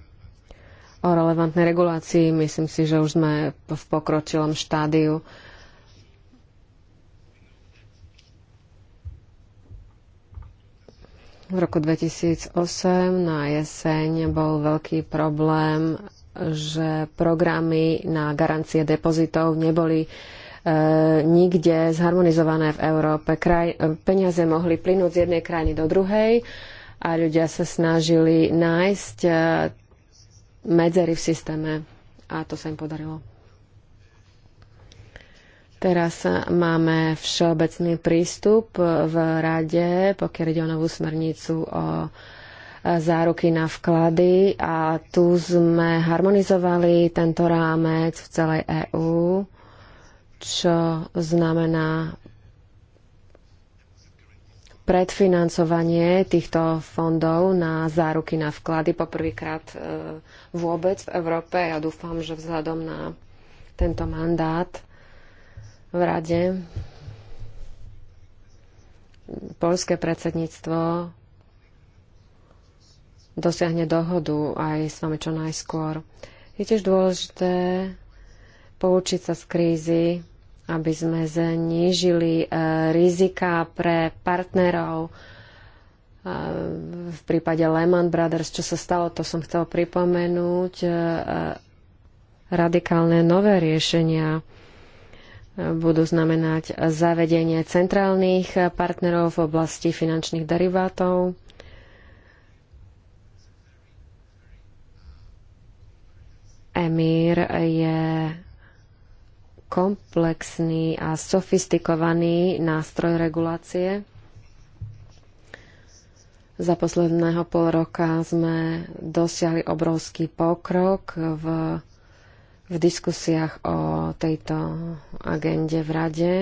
[SPEAKER 1] o relevantnej regulácii. Myslím si, že už sme v pokročilom štádiu. V roku 2008 na jeseň bol veľký problém, že programy na garancie depozitov neboli e, nikde zharmonizované v Európe. Kraj, e, peniaze mohli plynúť z jednej krajiny do druhej a ľudia sa snažili nájsť e, medzery v systéme a to sa im podarilo. Teraz máme všeobecný prístup v rade, pokiaľ ide o novú smernicu o e, záruky na vklady a tu sme harmonizovali tento rámec v celej EÚ, čo znamená predfinancovanie týchto fondov na záruky na vklady poprvýkrát e, vôbec v Európe. Ja dúfam, že vzhľadom na tento mandát v Rade polské predsedníctvo dosiahne dohodu aj s vami čo najskôr. Je tiež dôležité poučiť sa z krízy aby sme znížili e, rizika pre partnerov e, v prípade Lehman Brothers, čo sa stalo, to som chcel pripomenúť, e, radikálne nové riešenia budú znamenať zavedenie centrálnych partnerov v oblasti finančných derivátov. Emir je komplexný a sofistikovaný nástroj regulácie. Za posledného pol roka sme dosiahli obrovský pokrok v, v diskusiách o tejto agende v Rade.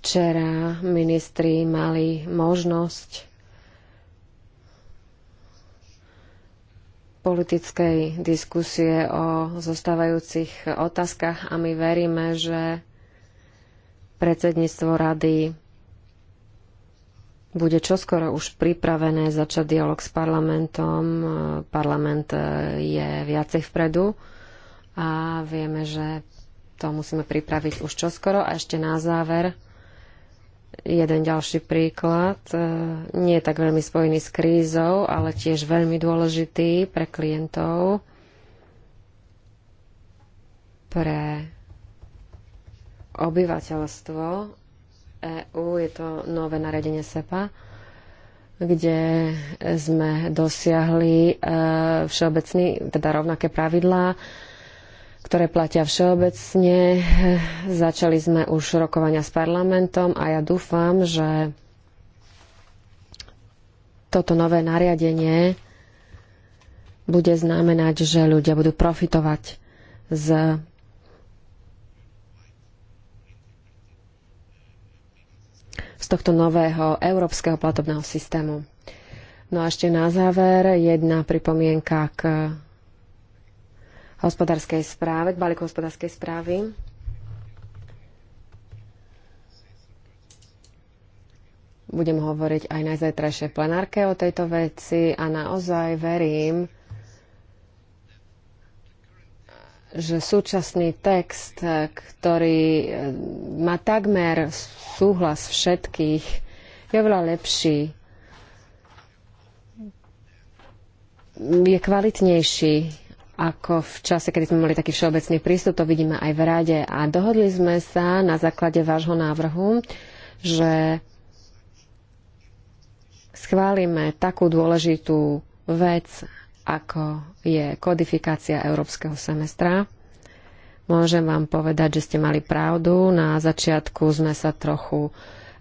[SPEAKER 1] Včera ministri mali možnosť politickej diskusie o zostávajúcich otázkach a my veríme, že predsedníctvo rady bude čoskoro už pripravené začať dialog s parlamentom. Parlament je viacej vpredu a vieme, že to musíme pripraviť už čoskoro. A ešte na záver Jeden ďalší príklad, e, nie je tak veľmi spojený s krízou, ale tiež veľmi dôležitý pre klientov, pre obyvateľstvo EÚ, je to nové naredenie SEPA, kde sme dosiahli e, všeobecný, teda rovnaké pravidlá, ktoré platia všeobecne. Začali sme už rokovania s parlamentom a ja dúfam, že toto nové nariadenie bude znamenať, že ľudia budú profitovať z z tohto nového európskeho platobného systému. No a ešte na záver jedna pripomienka k hospodárskej správe, k balíku hospodárskej správy. Budem hovoriť aj na zajtrajšej plenárke o tejto veci a naozaj verím, že súčasný text, ktorý eh, má takmer súhlas všetkých, je oveľa lepší, je kvalitnejší ako v čase, kedy sme mali taký všeobecný prístup, to vidíme aj v rade. A dohodli sme sa na základe vášho návrhu, že schválime takú dôležitú vec, ako je kodifikácia európskeho semestra. Môžem vám povedať, že ste mali pravdu. Na začiatku sme sa trochu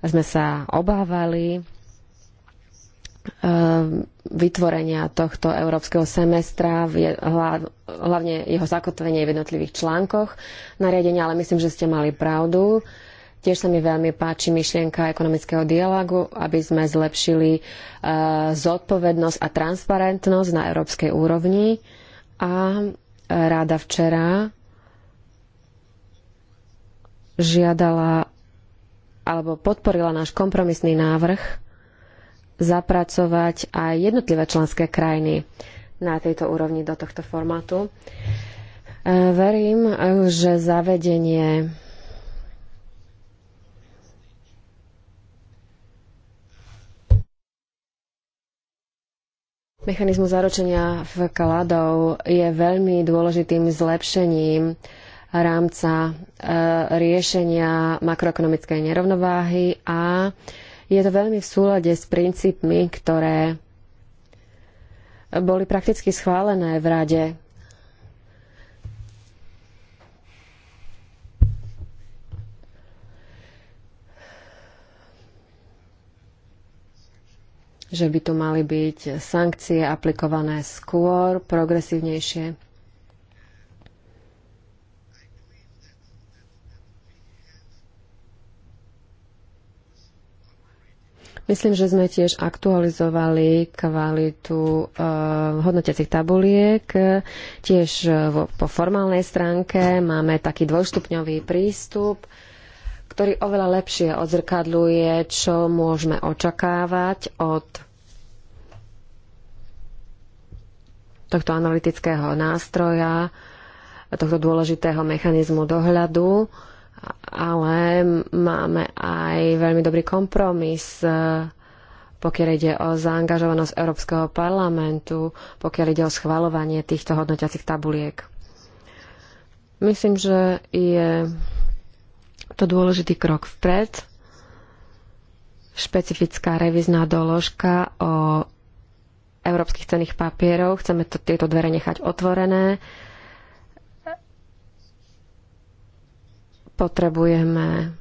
[SPEAKER 1] sme sa obávali, Ehm, vytvorenia tohto európskeho semestra, hlavne jeho zakotvenie v jednotlivých článkoch nariadenia, ale myslím, že ste mali pravdu. Tiež sa mi veľmi páči myšlienka ekonomického dialogu, aby sme zlepšili e, zodpovednosť a transparentnosť na európskej úrovni. A e, ráda včera žiadala alebo podporila náš kompromisný návrh zapracovať aj jednotlivé členské krajiny na tejto úrovni do tohto formátu. E, verím, že zavedenie Mechanizmu zaručenia vkladov je veľmi dôležitým zlepšením rámca e, riešenia makroekonomickej nerovnováhy a je to veľmi v súlade s princípmi, ktoré boli prakticky schválené v rade. že by tu mali byť sankcie aplikované skôr, progresívnejšie. Myslím, že sme tiež aktualizovali kvalitu eh, hodnotiacich tabuliek. Tiež eh, po formálnej stránke máme taký dvojstupňový prístup ktorý oveľa lepšie odzrkadľuje, čo môžeme očakávať od tohto analytického nástroja, tohto dôležitého mechanizmu dohľadu ale máme aj veľmi dobrý kompromis, eh, pokiaľ ide o zaangažovanosť Európskeho parlamentu, pokiaľ ide o schvalovanie týchto hodnotiacich tabuliek. Myslím, že je to dôležitý krok vpred. Špecifická revizná doložka o európskych cených papierov. Chceme to, tieto dvere nechať otvorené. Uh, Potrebujeme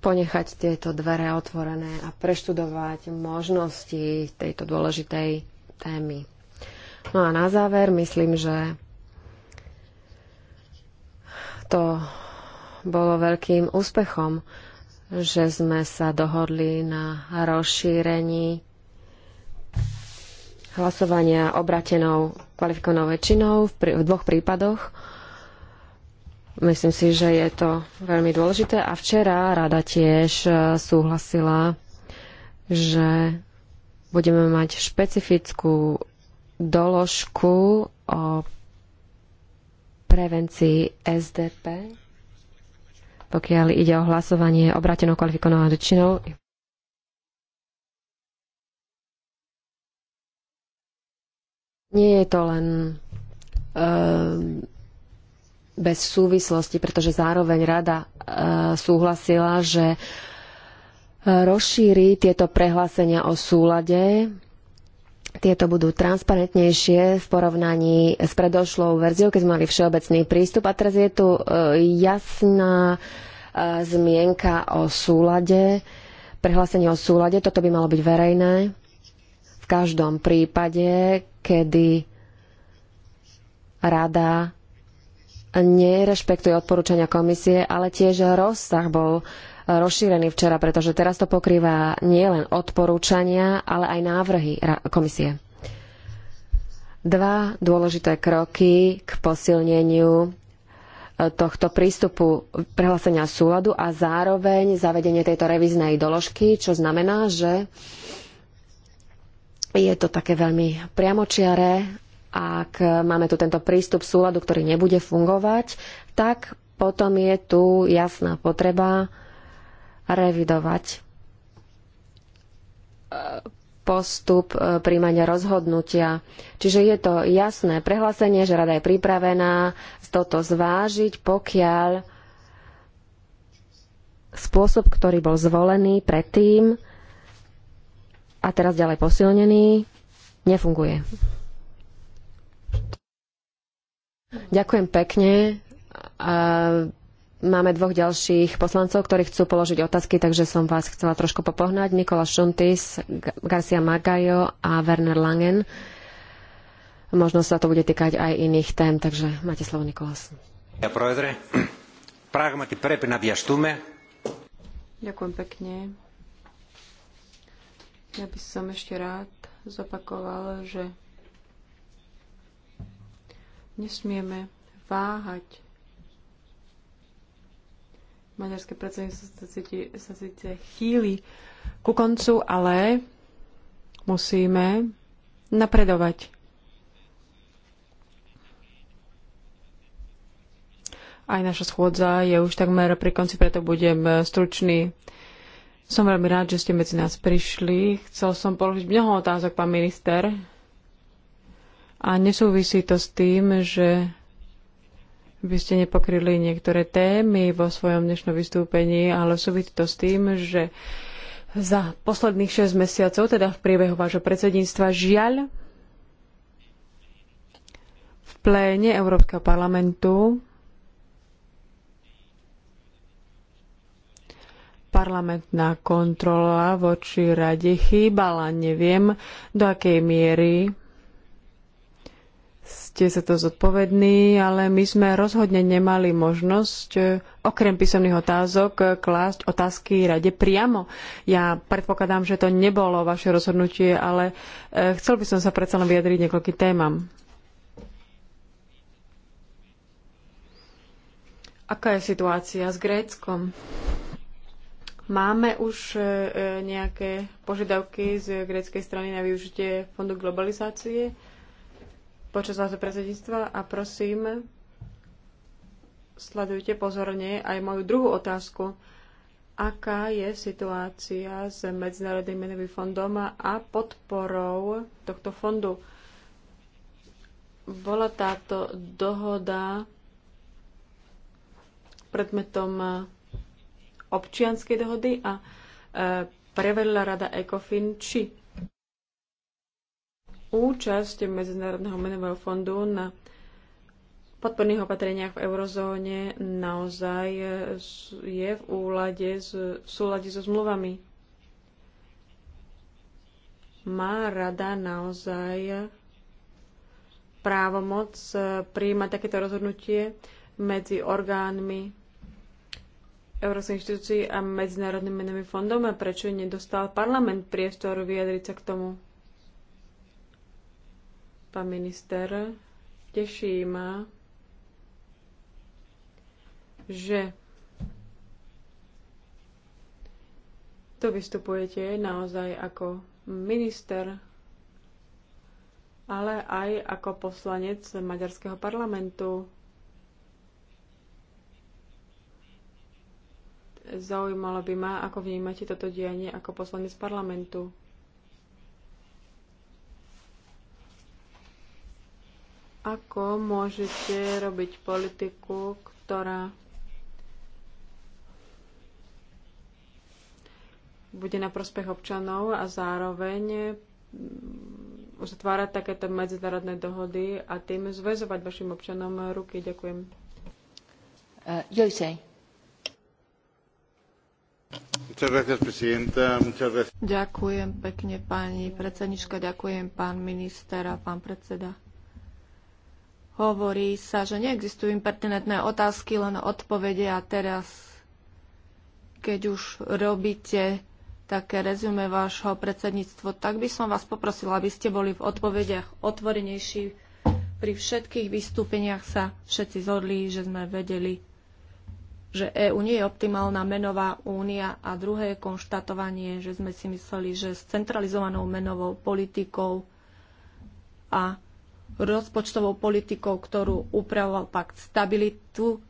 [SPEAKER 1] ponechať tieto dvere otvorené a preštudovať možnosti tejto dôležitej témy. No a na záver myslím, že to bolo veľkým úspechom, že sme sa dohodli na rozšírení hlasovania obratenou kvalifikovanou väčšinou v, v dvoch prípadoch Myslím si, že je to veľmi dôležité. A včera rada tiež e, súhlasila, že budeme mať špecifickú doložku o prevencii SDP, pokiaľ ide o hlasovanie obratenou kvalifikovanou väčšinou. Nie je to len um, bez súvislosti, pretože zároveň rada e, súhlasila, že e, rozšíri tieto prehlásenia o súlade. Tieto budú transparentnejšie v porovnaní s predošlou verziou, keď sme mali všeobecný prístup. A teraz je tu e, jasná e, zmienka o súlade, prehlásenie o súlade. Toto by malo byť verejné v každom prípade, kedy rada nerešpektuje odporúčania komisie, ale tiež rozsah bol e, rozšírený včera, pretože teraz to pokrýva nielen odporúčania, ale aj návrhy komisie. Dva dôležité kroky k posilneniu e, tohto prístupu prehlásenia súladu a zároveň zavedenie tejto revíznej doložky, čo znamená, že je to také veľmi priamočiare ak máme tu tento prístup súladu, ktorý nebude fungovať, tak potom je tu jasná potreba revidovať e, postup e, príjmania rozhodnutia. Čiže je to jasné prehlásenie, že rada je pripravená toto zvážiť, pokiaľ spôsob, ktorý bol zvolený predtým a teraz ďalej posilnený, nefunguje. Ďakujem pekne. A máme dvoch ďalších poslancov, ktorí chcú položiť otázky, takže som vás chcela trošku popohnať. Nikola Šuntis, Garcia Magajo a Werner Langen. Možno sa to bude týkať aj iných tém, takže máte slovo, Nikolás. Ďakujem
[SPEAKER 3] pekne. Ja by som ešte rád zopakoval, že Nesmieme váhať. Maďarské predsedníctvo sa, cíti, sa síce chýli ku koncu, ale musíme napredovať. Aj naša schôdza je už takmer pri konci, preto budem stručný. Som veľmi rád, že ste medzi nás prišli. Chcel som položiť mnoho otázok, pán minister. A nesúvisí to s tým, že by ste nepokryli niektoré témy vo svojom dnešnom vystúpení, ale súvisí to s tým, že za posledných 6 mesiacov, teda v priebehu vášho predsedníctva, žiaľ, v pléne Európskeho parlamentu parlamentná kontrola voči rade chýbala. Neviem, do akej miery ste sa to zodpovední, ale my sme rozhodne nemali možnosť e, okrem písomných otázok e, klásť otázky rade priamo. Ja predpokladám, že to nebolo vaše rozhodnutie, ale e, chcel by som sa predsa len vyjadriť niekoľkým témam. Aká je situácia s Gréckom? Máme už nejaké požiadavky z gréckej strany na využitie fondu globalizácie? počas vášho predsedníctva a prosím, sledujte pozorne aj moju druhú otázku. Aká je situácia s Medzinárodným menovým fondom a podporou tohto fondu? Bola táto dohoda predmetom e, občianskej dohody a e, preverila rada ECOFIN, či účasť Medzinárodného menového fondu na podporných opatreniach v eurozóne naozaj je v, úlade s, v súlade so zmluvami. Má rada naozaj právomoc príjmať takéto rozhodnutie medzi orgánmi Európskej inštitúcii a Medzinárodným menovým fondom a prečo nedostal parlament priestor vyjadriť sa k tomu? Pán minister, teší ma, že to vystupujete naozaj ako minister, ale aj ako poslanec Maďarského parlamentu. Zaujímalo by ma, ako vnímate toto dianie ako poslanec parlamentu. Ako môžete robiť politiku, ktorá bude na prospech občanov a zároveň mm, uzatvárať takéto medzinárodné dohody a tým zväzovať vašim občanom ruky. Ďakujem.
[SPEAKER 2] Uh,
[SPEAKER 4] Ďakujem pekne, pani predsednička, ďakujem, pán minister a pán predseda. Hovorí sa, že neexistujú impertinentné otázky, len odpovede a teraz, keď už robíte také rezume vášho predsedníctvo, tak by som vás poprosila, aby ste boli v odpovediach otvorenejší. Pri všetkých vystúpeniach sa všetci zhodli, že sme vedeli, že EÚ nie je optimálna menová únia a druhé konštatovanie, že sme si mysleli, že s centralizovanou menovou politikou a rozpočtovou politikou, ktorú upravoval pakt stabilitu,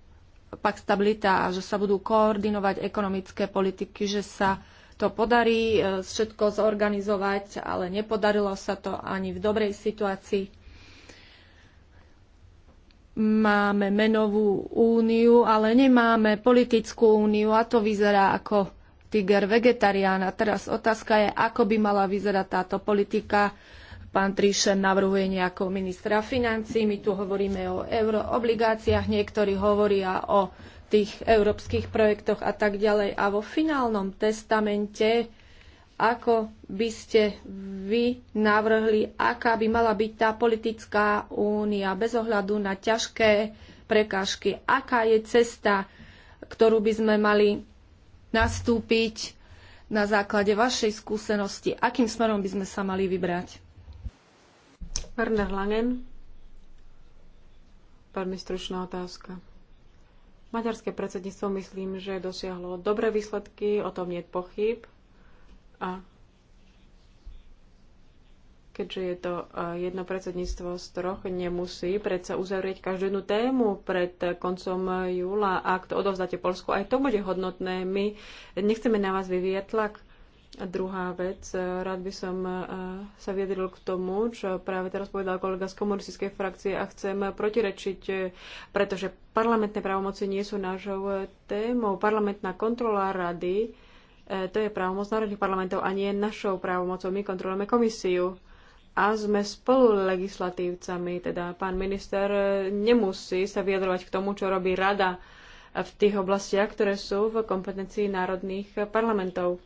[SPEAKER 4] pakt stabilita a že sa budú koordinovať ekonomické politiky, že sa to podarí e, všetko zorganizovať, ale nepodarilo sa to ani v dobrej situácii. Máme menovú úniu, ale nemáme politickú úniu a to vyzerá ako tiger vegetarián. A teraz otázka je, ako by mala vyzerať táto politika Pán Trišen navrhuje nejakého ministra financí, my tu hovoríme o euroobligáciách, niektorí hovoria o tých európskych projektoch a tak ďalej. A vo finálnom testamente, ako by ste vy navrhli, aká by mala byť tá politická únia bez ohľadu na ťažké prekážky, aká je cesta, ktorú by sme mali nastúpiť na základe vašej skúsenosti, akým smerom by sme sa mali vybrať?
[SPEAKER 3] Werner Langen. Veľmi stručná otázka. Maďarské predsedníctvo myslím, že dosiahlo dobré výsledky, o tom nie je pochyb. A keďže je to e, jedno predsedníctvo z troch, nemusí predsa uzavrieť každú jednu tému pred koncom júla. Ak to odovzdáte Polsku, aj to bude hodnotné. My nechceme na vás vyvíjať tlak. A druhá vec, e, rád by som e, sa vyjadril k tomu, čo práve teraz povedal kolega z komunistickej frakcie a chcem protirečiť, e, pretože parlamentné právomoci nie sú nášou témou. Parlamentná kontrola rady, to je právomoc národných parlamentov a nie našou právomocou. My kontrolujeme komisiu a sme spolu legislatívcami, teda pán minister nemusí sa vyjadrovať k tomu, čo robí rada v tých oblastiach, ktoré sú v kompetencii národných parlamentov.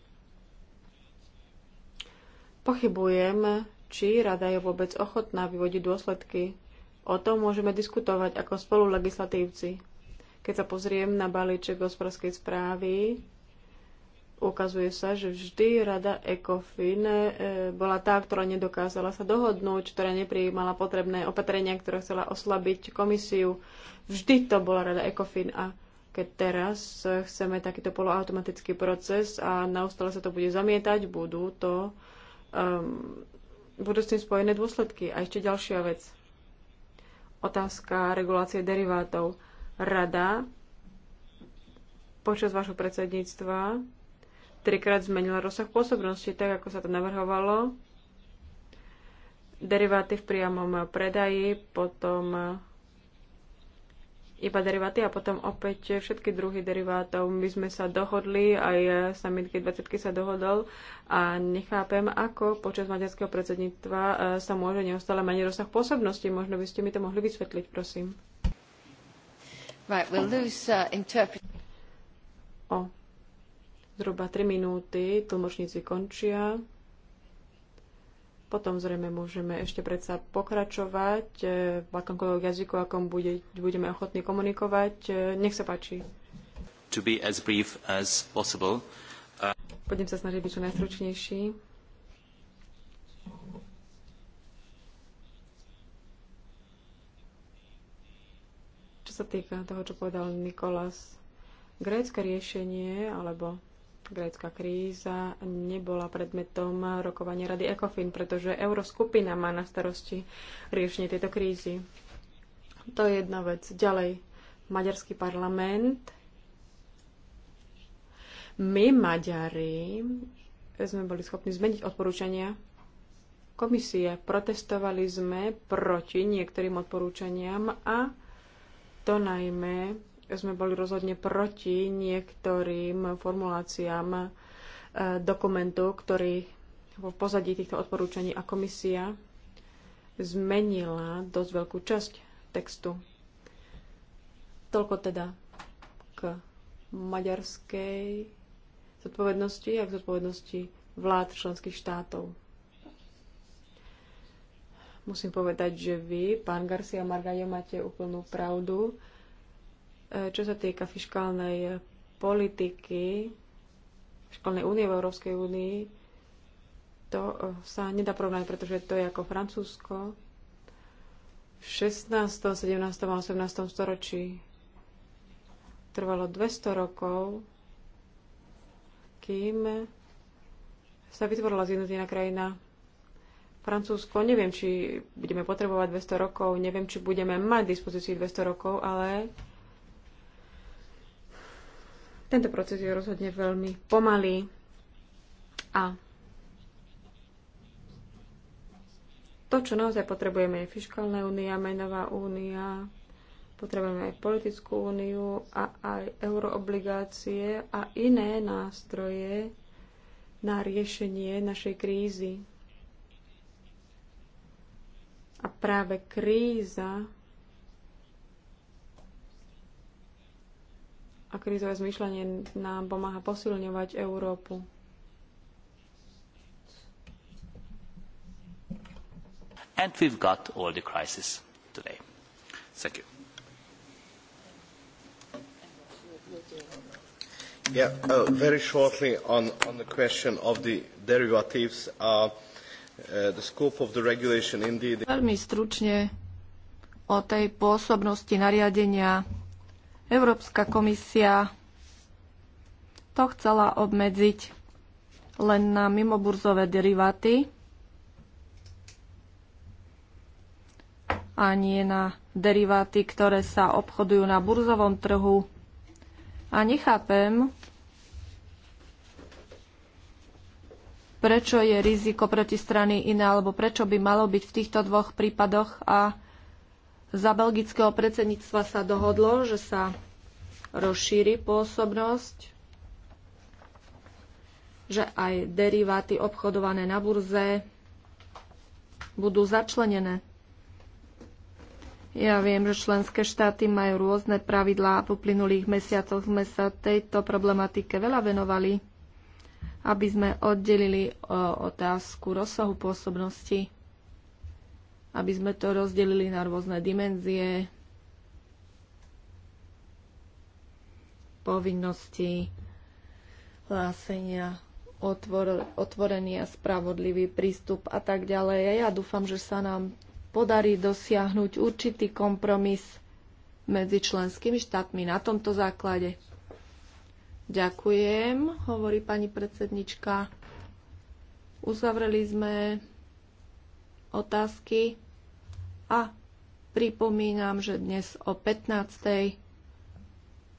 [SPEAKER 3] Pochybujem, či rada je vôbec ochotná vyvodiť dôsledky. O tom môžeme diskutovať ako spolulegislatívci. Keď sa pozriem na balíček hospodárskej správy, ukazuje sa, že vždy rada ECOFIN e, bola tá, ktorá nedokázala sa dohodnúť, ktorá neprijímala potrebné opatrenia, ktorá chcela oslabiť komisiu. Vždy to bola rada ECOFIN a keď teraz chceme takýto poloautomatický proces a naustále sa to bude zamietať, budú to um, budú s tým spojené dôsledky. A ešte ďalšia vec. Otázka regulácie derivátov. Rada počas vášho predsedníctva trikrát zmenila rozsah pôsobnosti, tak ako sa to navrhovalo. Deriváty v priamom predaji, potom iba deriváty a potom opäť všetky druhy derivátov. My sme sa dohodli, aj summit G20 sa dohodol a nechápem, ako počas maďarského predsedníctva e, sa môže neustále mať rozsah pôsobnosti. Možno by ste mi to mohli vysvetliť, prosím. Right, we'll lose, uh, interpret- o zhruba 3 minúty tlmočníci končia. Potom zrejme môžeme ešte predsa pokračovať e, v akomkoľvek jazyku, akom bude, budeme ochotní komunikovať. E, nech sa páči.
[SPEAKER 2] To be as brief as possible.
[SPEAKER 3] Uh... Budem sa snažiť byť čo najstručnejší. Čo sa týka toho, čo povedal Nikolas, grécké riešenie alebo grécka kríza nebola predmetom rokovania Rady ECOFIN, pretože Euroskupina má na starosti riešenie tejto krízy. To je jedna vec. Ďalej, maďarský parlament. My, Maďari, sme boli schopní zmeniť odporúčania komisie. Protestovali sme proti niektorým odporúčaniam a to najmä sme boli rozhodne proti niektorým formuláciám e, dokumentu, ktorý v pozadí týchto odporúčaní a komisia zmenila dosť veľkú časť textu. Toľko teda k maďarskej zodpovednosti a k zodpovednosti vlád členských štátov. Musím povedať, že vy, pán Garcia Margallo, máte úplnú pravdu. E, čo sa týka fiskálnej e, politiky, fiskálnej únie v Európskej únii, to e, sa nedá porovnať, pretože to je ako Francúzsko v 16., 17. a 18. storočí. Trvalo 200 rokov, kým sa vytvorila zjednotená krajina Francúzsko, neviem, či budeme potrebovať 200 rokov, neviem, či budeme mať dispozícii 200 rokov, ale tento proces je rozhodne veľmi pomalý a to, čo naozaj potrebujeme, je fiskálna únia, menová únia, potrebujeme aj politickú úniu a aj euroobligácie a iné nástroje na riešenie našej krízy. A práve kríza a krízové zmyšľanie nám pomáha posilňovať Európu.
[SPEAKER 2] And we've got all the crisis today. Thank you. Yeah, uh, very shortly on, on the question of the derivatives, uh, uh, the scope of the regulation indeed. Veľmi
[SPEAKER 4] stručne o tej pôsobnosti nariadenia Európska komisia to chcela obmedziť len na mimoburzové deriváty a nie na deriváty, ktoré sa obchodujú na burzovom trhu. A nechápem, prečo je riziko protistrany iné, alebo prečo by malo byť v týchto dvoch prípadoch a za belgického predsedníctva sa dohodlo, že sa rozšíri pôsobnosť, že aj deriváty obchodované na burze budú začlenené. Ja viem, že členské štáty majú rôzne pravidlá a po plynulých mesiacoch sme sa tejto problematike veľa venovali, aby sme oddelili e, otázku rozsahu pôsobnosti aby sme to rozdelili na rôzne dimenzie, povinnosti, hlásenia, otvor, otvorený a spravodlivý prístup a tak ďalej. A ja dúfam, že sa nám podarí dosiahnuť určitý kompromis medzi členskými štátmi na tomto základe. Ďakujem, hovorí pani predsednička. Uzavreli sme otázky a pripomínam, že dnes o 15.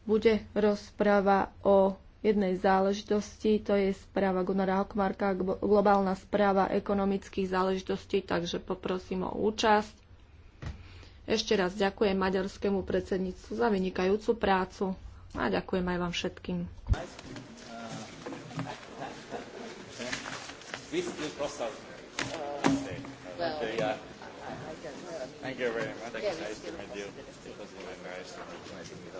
[SPEAKER 4] bude rozpráva o jednej záležitosti, to je správa Gunnara Hokmarka, globálna správa ekonomických záležitostí, takže poprosím o účasť. Ešte raz ďakujem maďarskému predsedníctvu za vynikajúcu prácu a ďakujem aj vám všetkým.
[SPEAKER 2] Vy ste Well, okay, yeah. I, I don't know. I mean, Thank you very much. Yeah, nice to meet you. It was really nice to meet you.